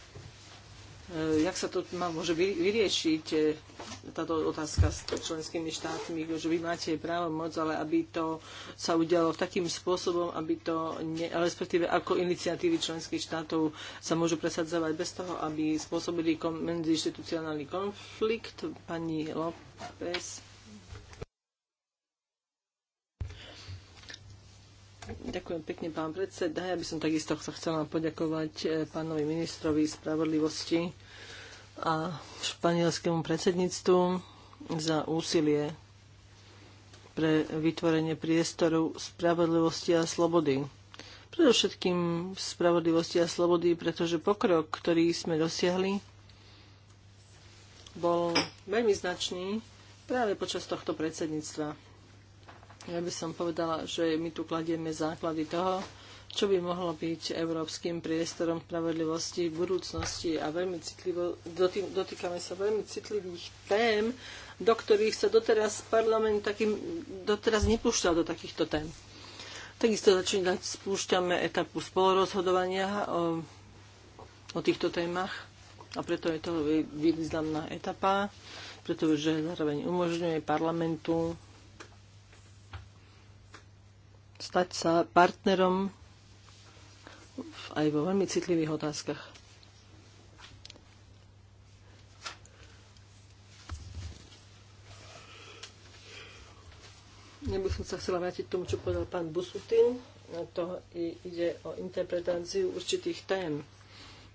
jak sa to má, môže vyriešiť e, táto otázka s členskými štátmi, že vy máte právo moc, ale aby to sa udialo takým spôsobom, aby to, ne, respektíve ako iniciatívy členských štátov sa môžu presadzovať bez toho, aby spôsobili medziinstitucionálny konflikt. Pani López. Ďakujem pekne, pán predseda. Ja by som takisto sa chcela poďakovať eh, pánovi ministrovi spravodlivosti a španielskému predsedníctvu za úsilie pre vytvorenie priestoru spravodlivosti a slobody. Predovšetkým spravodlivosti a slobody, pretože pokrok, ktorý sme dosiahli, bol veľmi značný práve počas tohto predsedníctva. Ja by som povedala, že my tu kladieme základy toho, čo by mohlo byť európskym priestorom spravodlivosti v budúcnosti a veľmi citlivo, dotý, dotýkame sa veľmi citlivých tém, do ktorých sa doteraz parlament takým, doteraz nepúšťal do takýchto tém. Takisto začínať spúšťame etapu spolorozhodovania o, o týchto témach a preto je to významná etapa, pretože zároveň umožňuje parlamentu stať sa partnerom aj vo veľmi citlivých otázkach. Ja by som sa chcela vrátiť k tomu, čo povedal pán Busutin. Na to ide o interpretáciu určitých tém.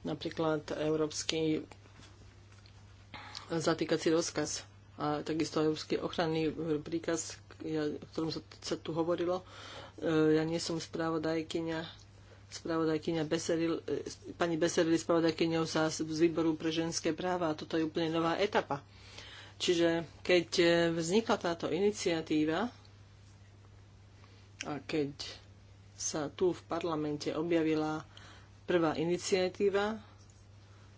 Napríklad európsky zatýkací rozkaz a takisto európsky ochranný príkaz, o ktorom sa tu hovorilo. E, ja nie som spravodajkyňa, spravodajkyňa Beseril, e, pani Beseril je spravodajkyňou sa z výboru pre ženské práva a toto je úplne nová etapa. Čiže keď e, vznikla táto iniciatíva a keď sa tu v parlamente objavila prvá iniciatíva,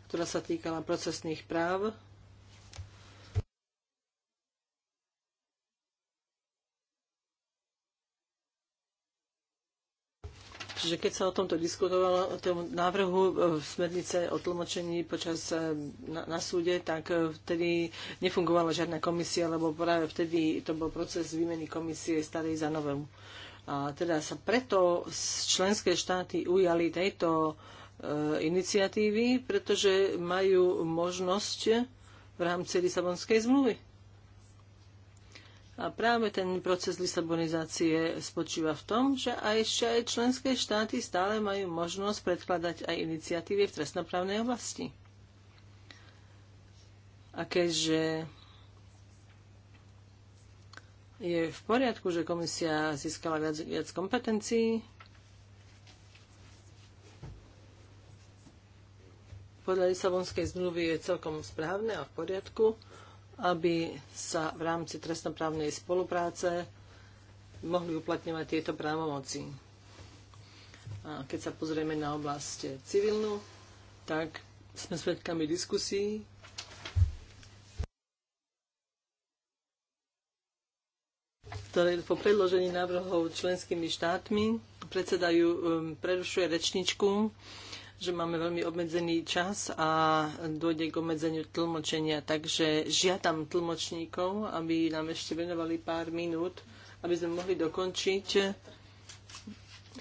ktorá sa týkala procesných práv že keď sa o tomto diskutovalo, o tom návrhu e, smernice o tlmočení počas e, na, na súde, tak e, vtedy nefungovala žiadna komisia, lebo práve vtedy to bol proces výmeny komisie starej za novú. A teda sa preto členské štáty ujali tejto iniciatívy, pretože majú možnosť v rámci Lisabonskej zmluvy. A práve ten proces lisabonizácie spočíva v tom, že aj ešte aj členské štáty stále majú možnosť predkladať aj iniciatívy v trestnoprávnej oblasti. A keďže je v poriadku, že komisia získala viac, viac kompetencií, podľa Lisabonskej zmluvy je celkom správne a v poriadku, aby sa v rámci trestnoprávnej spolupráce mohli uplatňovať tieto právomoci. A keď sa pozrieme na oblasť civilnú, tak sme svedkami diskusí, ktoré po predložení návrhov členskými štátmi predsedajú, um, prerušuje rečničku že máme veľmi obmedzený čas a dôjde k obmedzeniu tlmočenia, takže žiadam tlmočníkov, aby nám ešte venovali pár minút, aby sme mohli dokončiť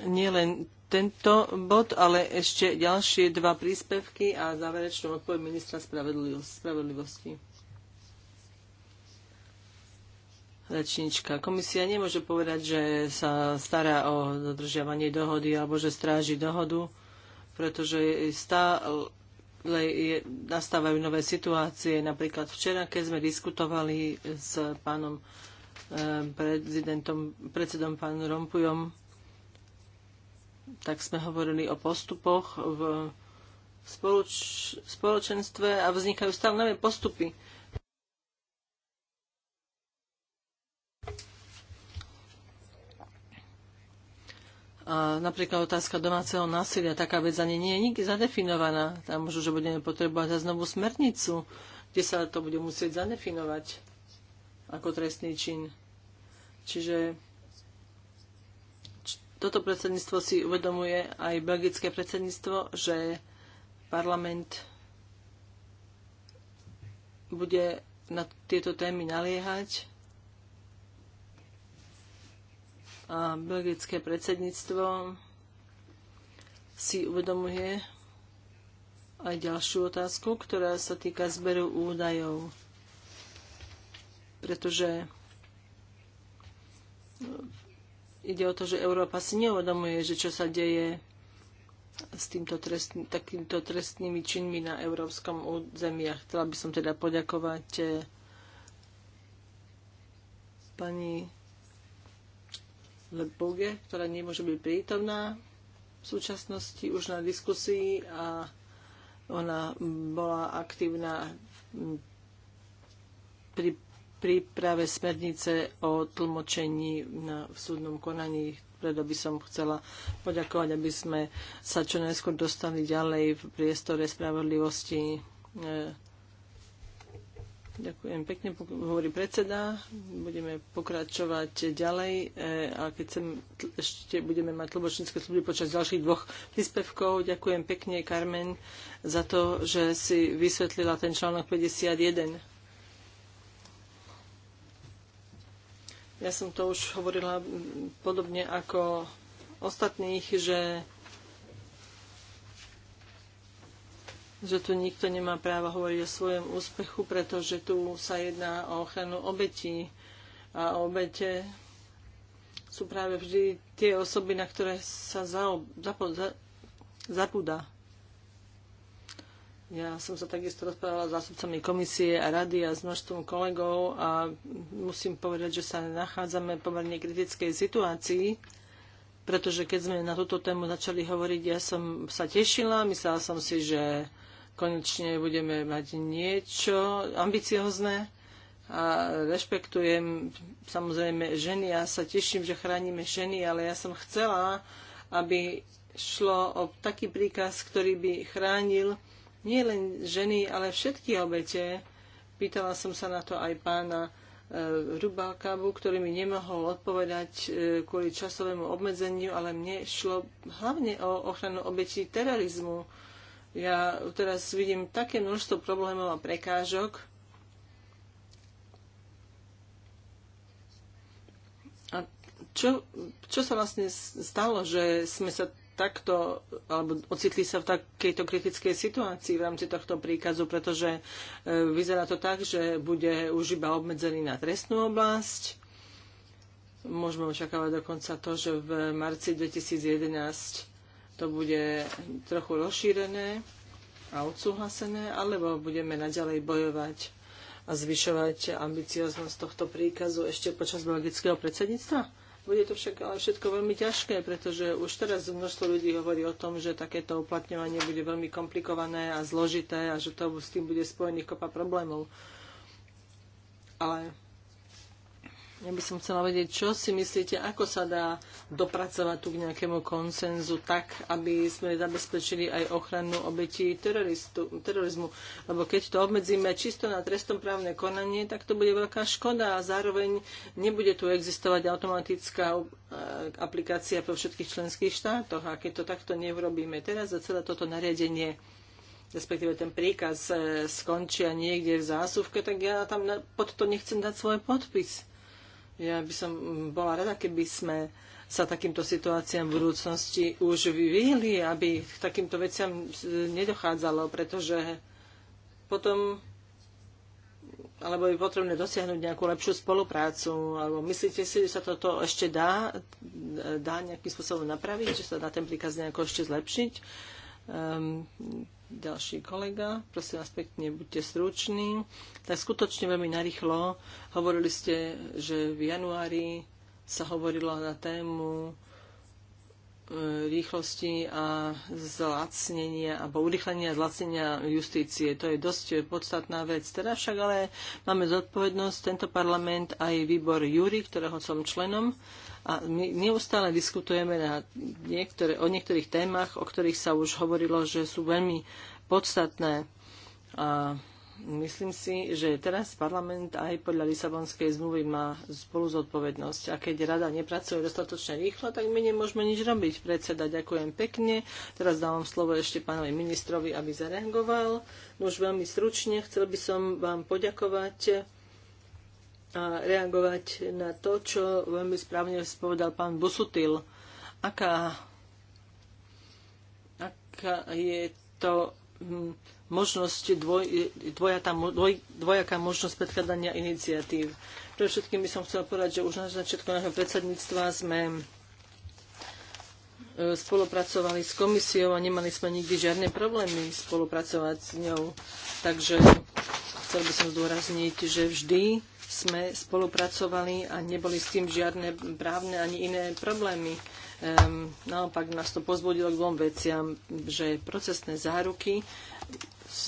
nielen tento bod, ale ešte ďalšie dva príspevky a záverečnú odpoveď ministra spravodlivosti. Rečnička. Komisia nemôže povedať, že sa stará o dodržiavanie dohody alebo že stráži dohodu pretože stále je, nastávajú nové situácie. Napríklad včera, keď sme diskutovali s pánom eh, prezidentom, predsedom pánom Rompujom, tak sme hovorili o postupoch v spoloč, spoločenstve a vznikajú stále nové postupy. A napríklad otázka domáceho násilia, taká vec ani nie je nikdy zadefinovaná. Tam možno, že budeme potrebovať znovu smernicu, kde sa to bude musieť zadefinovať ako trestný čin. Čiže toto predsedníctvo si uvedomuje aj belgické predsedníctvo, že parlament bude na tieto témy naliehať a belgické predsedníctvo si uvedomuje aj ďalšiu otázku, ktorá sa týka zberu údajov. Pretože ide o to, že Európa si neuvedomuje, že čo sa deje s týmto trestný, takýmto trestnými činmi na európskom území. A chcela by som teda poďakovať eh, pani Lebuge, ktorá nemôže byť prítomná v súčasnosti už na diskusii a ona bola aktívna pri príprave smernice o tlmočení na, v súdnom konaní. Preto by som chcela poďakovať, aby sme sa čo najskôr dostali ďalej v priestore spravodlivosti e, Ďakujem pekne, hovorí predseda. Budeme pokračovať ďalej eh, a keď sem ešte budeme mať tlbočnícke služby počas ďalších dvoch príspevkov. Ďakujem pekne, Carmen, za to, že si vysvetlila ten článok 51. Ja som to už hovorila podobne ako ostatných, že že tu nikto nemá právo hovoriť o svojom úspechu, pretože tu sa jedná o ochranu obetí a obete sú práve vždy tie osoby, na ktoré sa zaob, zapo, za, Ja som sa takisto rozprávala s zástupcami komisie a rady a s množstvom kolegov a musím povedať, že sa nachádzame v pomerne kritickej situácii, pretože keď sme na túto tému začali hovoriť, ja som sa tešila, myslela som si, že konečne budeme mať niečo ambiciozne a rešpektujem samozrejme ženy. Ja sa teším, že chránime ženy, ale ja som chcela, aby šlo o taký príkaz, ktorý by chránil nielen ženy, ale všetky obete. Pýtala som sa na to aj pána e, Rubákavu, ktorý mi nemohol odpovedať e, kvôli časovému obmedzeniu, ale mne šlo hlavne o ochranu obetí terorizmu ja teraz vidím také množstvo problémov a prekážok, A čo, čo sa vlastne stalo, že sme sa takto, alebo ocitli sa v takejto kritickej situácii v rámci tohto príkazu, pretože e, vyzerá to tak, že bude už iba obmedzený na trestnú oblasť. Môžeme očakávať dokonca to, že v marci 2011 to bude trochu rozšírené a odsúhlasené, alebo budeme naďalej bojovať a zvyšovať ambicioznosť tohto príkazu ešte počas belgického predsedníctva? Bude to však ale všetko veľmi ťažké, pretože už teraz množstvo ľudí hovorí o tom, že takéto uplatňovanie bude veľmi komplikované a zložité a že to s tým bude spojených kopa problémov. Ale ja by som chcela vedieť, čo si myslíte, ako sa dá dopracovať tu k nejakému konsenzu tak, aby sme zabezpečili aj ochranu obetí terorizmu. Lebo keď to obmedzíme čisto na trestom právne konanie, tak to bude veľká škoda a zároveň nebude tu existovať automatická e, aplikácia pre všetkých členských štátoch. A keď to takto nevrobíme teraz a celé toto nariadenie respektíve ten príkaz e, skončia niekde v zásuvke, tak ja tam pod to nechcem dať svoj podpis. Ja by som mm, bola rada, keby sme sa takýmto situáciám v budúcnosti už vyhli, aby k takýmto veciam nedochádzalo, pretože potom alebo je potrebné dosiahnuť nejakú lepšiu spoluprácu, alebo myslíte si, že sa toto ešte dá, dá nejakým spôsobom napraviť, že sa dá ten príkaz nejako ešte zlepšiť? Um, ďalší kolega. Prosím vás pekne, buďte stručný. Tak skutočne veľmi narýchlo. Hovorili ste, že v januári sa hovorilo na tému e, rýchlosti a zlacnenia alebo urychlenia zlacnenia justície. To je dosť podstatná vec. Teraz však ale máme zodpovednosť tento parlament aj výbor Júri, ktorého som členom a my neustále diskutujeme na niektoré, o niektorých témach, o ktorých sa už hovorilo, že sú veľmi podstatné. A myslím si, že teraz parlament aj podľa Lisabonskej zmluvy má spolu zodpovednosť. A keď rada nepracuje dostatočne rýchlo, tak my nemôžeme nič robiť. Predseda, ďakujem pekne. Teraz dávam slovo ešte pánovi ministrovi, aby zareagoval. Už veľmi stručne chcel by som vám poďakovať a reagovať na to, čo veľmi správne spovedal pán Busutil. Aká, aká je to hm, možnosť, dvoj, dvojatá, dvoj, dvojaká možnosť predkladania iniciatív. Pre všetkým by som chcela povedať, že už na začiatku nášho predsedníctva sme hm, spolupracovali s komisiou a nemali sme nikdy žiadne problémy spolupracovať s ňou. Takže chcel by som zdôrazniť, že vždy sme spolupracovali a neboli s tým žiadne právne ani iné problémy. Um, naopak nás to pozbudilo k dvom veciam, že procesné záruky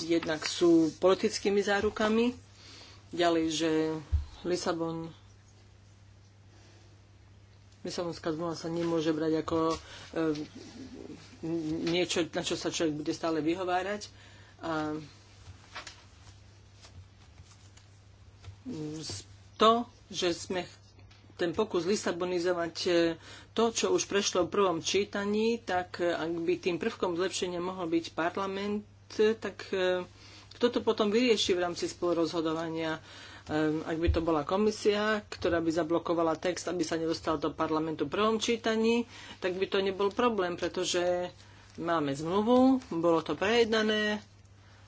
jednak sú politickými zárukami, ďalej, že Lisabon Lisabonská zmluva sa nemôže brať ako um, niečo, na čo sa človek bude stále vyhovárať. A to, že sme ten pokus lisabonizovať e, to, čo už prešlo v prvom čítaní, tak e, ak by tým prvkom zlepšenia mohol byť parlament, e, tak kto to potom vyrieši v rámci spolurozhodovania? Ak by to bola komisia, ktorá by zablokovala text, aby sa nedostal do parlamentu v prvom čítaní, tak by to nebol problém, pretože máme zmluvu, bolo to prejednané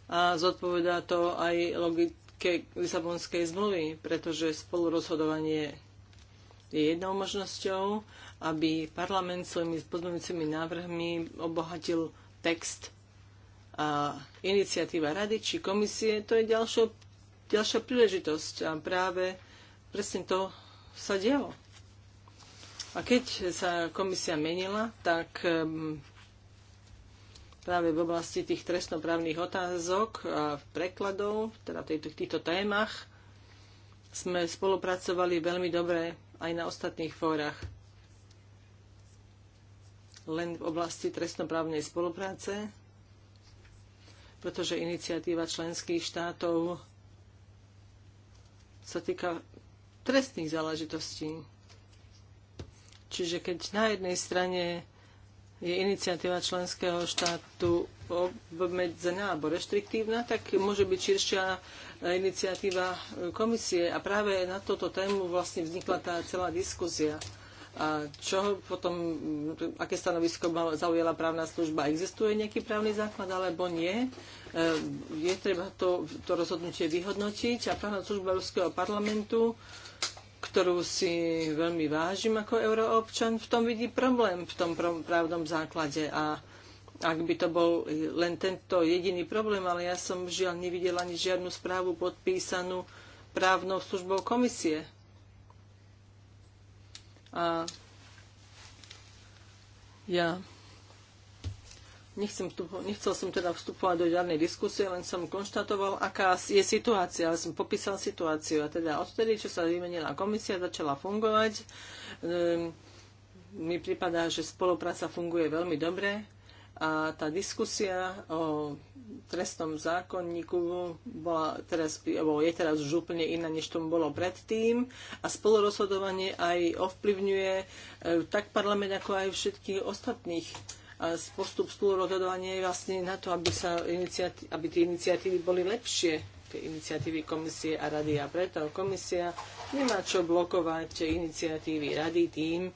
a zodpovedá to aj logik ke Lisabonskej zmluvy, pretože spolurozhodovanie je jednou možnosťou, aby parlament svojimi pozmeňujúcimi návrhmi obohatil text a iniciatíva rady či komisie, to je ďalšia, ďalšia príležitosť a práve presne to sa dialo. A keď sa komisia menila, tak práve v oblasti tých trestnoprávnych otázok a prekladov, teda v týchto, týchto témach, sme spolupracovali veľmi dobre aj na ostatných fórach. Len v oblasti trestnoprávnej spolupráce, pretože iniciatíva členských štátov sa týka trestných záležitostí. Čiže keď na jednej strane je iniciatíva členského štátu obmedzená alebo reštriktívna, tak môže byť širšia iniciatíva komisie. A práve na toto tému vlastne vznikla tá celá diskusia. A čo potom, aké stanovisko zaujala právna služba? Existuje nejaký právny základ alebo nie? E, je treba to, to rozhodnutie vyhodnotiť a právna služba Ruského parlamentu ktorú si veľmi vážim ako euroobčan, v tom vidí problém, v tom právnom základe. A ak by to bol len tento jediný problém, ale ja som žiaľ nevidela ani žiadnu správu podpísanú právnou službou komisie. A ja Nechcem nechcel som teda vstupovať do žiadnej diskusie, len som konštatoval, aká je situácia, ale som popísal situáciu. A teda odtedy, čo sa vymenila komisia, začala fungovať. Ehm, mi pripadá, že spolupráca funguje veľmi dobre a tá diskusia o trestnom zákonníku bola teraz, je teraz už úplne iná, než tomu bolo predtým a spolurozhodovanie aj ovplyvňuje eh, tak parlament, ako aj všetkých ostatných postup spolurozhodovania je vlastne na to, aby, sa iniciatí- aby tie iniciatívy boli lepšie, tie iniciatívy komisie a rady. A preto komisia nemá čo blokovať iniciatívy rady tým,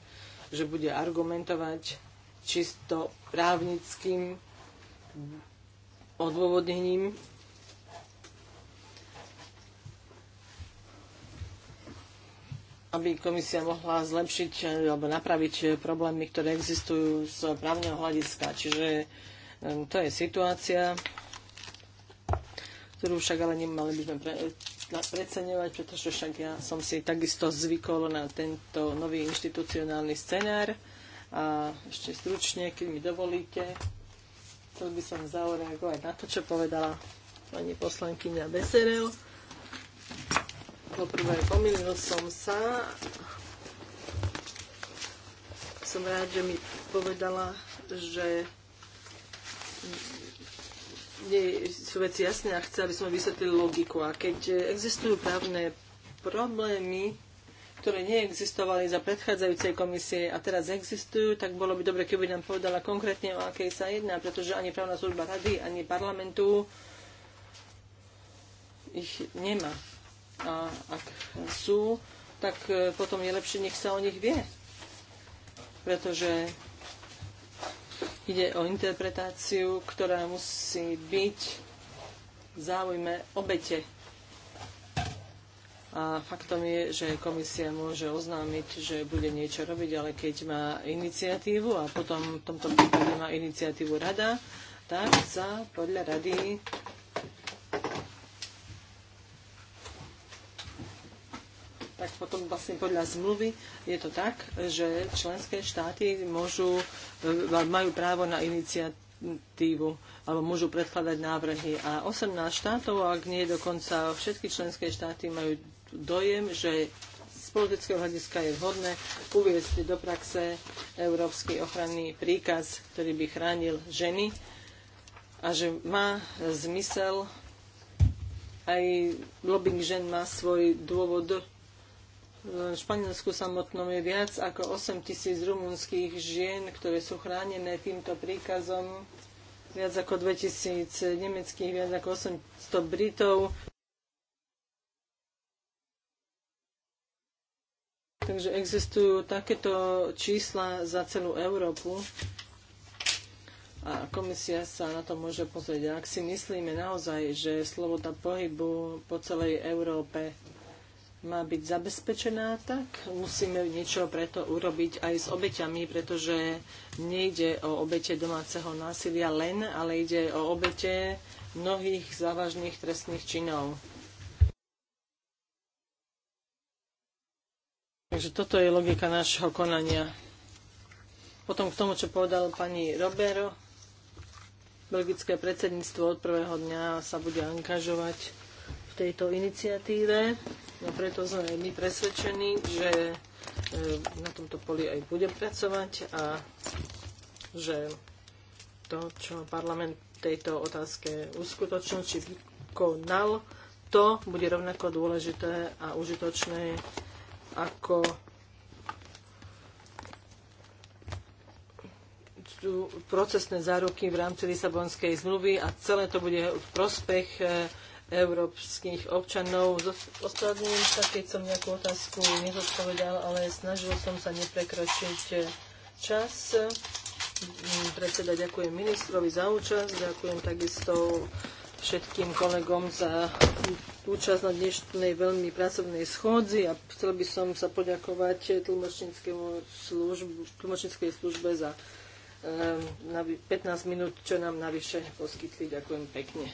že bude argumentovať čisto právnickým odôvodnením aby komisia mohla zlepšiť e, alebo napraviť e, problémy, ktoré existujú z právneho hľadiska. Čiže e, to je situácia, ktorú však ale nemali by sme pre, preceňovať, pretože však ja som si takisto zvykol na tento nový inštitucionálny scenár. A ešte stručne, keď mi dovolíte, chcel by som zaureagovať na to, čo povedala pani poslankyňa Beserel Poprvé, pomýlil som sa. Som rád, že mi povedala, že nie sú veci jasné a chce, aby sme vysvetlili logiku. A keď existujú právne problémy, ktoré neexistovali za predchádzajúcej komisie a teraz existujú, tak bolo by dobre, keby nám povedala konkrétne, o akej sa jedná, pretože ani právna služba rady, ani parlamentu ich nemá. A ak sú, tak e, potom je lepšie, nech sa o nich vie. Pretože ide o interpretáciu, ktorá musí byť v záujme obete. A faktom je, že komisia môže oznámiť, že bude niečo robiť, ale keď má iniciatívu a potom v tomto prípade má iniciatívu rada, tak sa podľa rady tak potom vlastne podľa zmluvy je to tak, že členské štáty môžu, e, majú právo na iniciatívu alebo môžu predkladať návrhy. A 18 štátov, ak nie dokonca všetky členské štáty majú dojem, že z politického hľadiska je vhodné uviezť do praxe Európsky ochranný príkaz, ktorý by chránil ženy a že má zmysel aj lobbying žen má svoj dôvod v Španielsku samotnom je viac ako 8 tisíc rumunských žien, ktoré sú chránené týmto príkazom. Viac ako 2 tisíc nemeckých, viac ako 800 Britov. Takže existujú takéto čísla za celú Európu a komisia sa na to môže pozrieť. Ak si myslíme naozaj, že sloboda pohybu po celej Európe má byť zabezpečená, tak musíme niečo preto urobiť aj s obeťami, pretože nejde o obete domáceho násilia len, ale ide o obete mnohých závažných trestných činov. Takže toto je logika nášho konania. Potom k tomu, čo povedal pani Robero, belgické predsedníctvo od prvého dňa sa bude angažovať tejto iniciatíve No preto sme aj my presvedčení, že e, na tomto poli aj bude pracovať a že to, čo parlament tejto otázke uskutočnil či vykonal, to bude rovnako dôležité a užitočné ako procesné záruky v rámci Lisabonskej zmluvy a celé to bude v prospech e, európskych občanov. Ospravedlňujem sa, keď som nejakú otázku nezodpovedal, ale snažil som sa neprekročiť čas. Mm, predseda ďakujem ministrovi za účasť, ďakujem takisto všetkým kolegom za účasť na dnešnej veľmi pracovnej schôdzi a chcel by som sa poďakovať tlmočníckej službe za eh, 15 minút, čo nám navyše poskytli. Ďakujem pekne.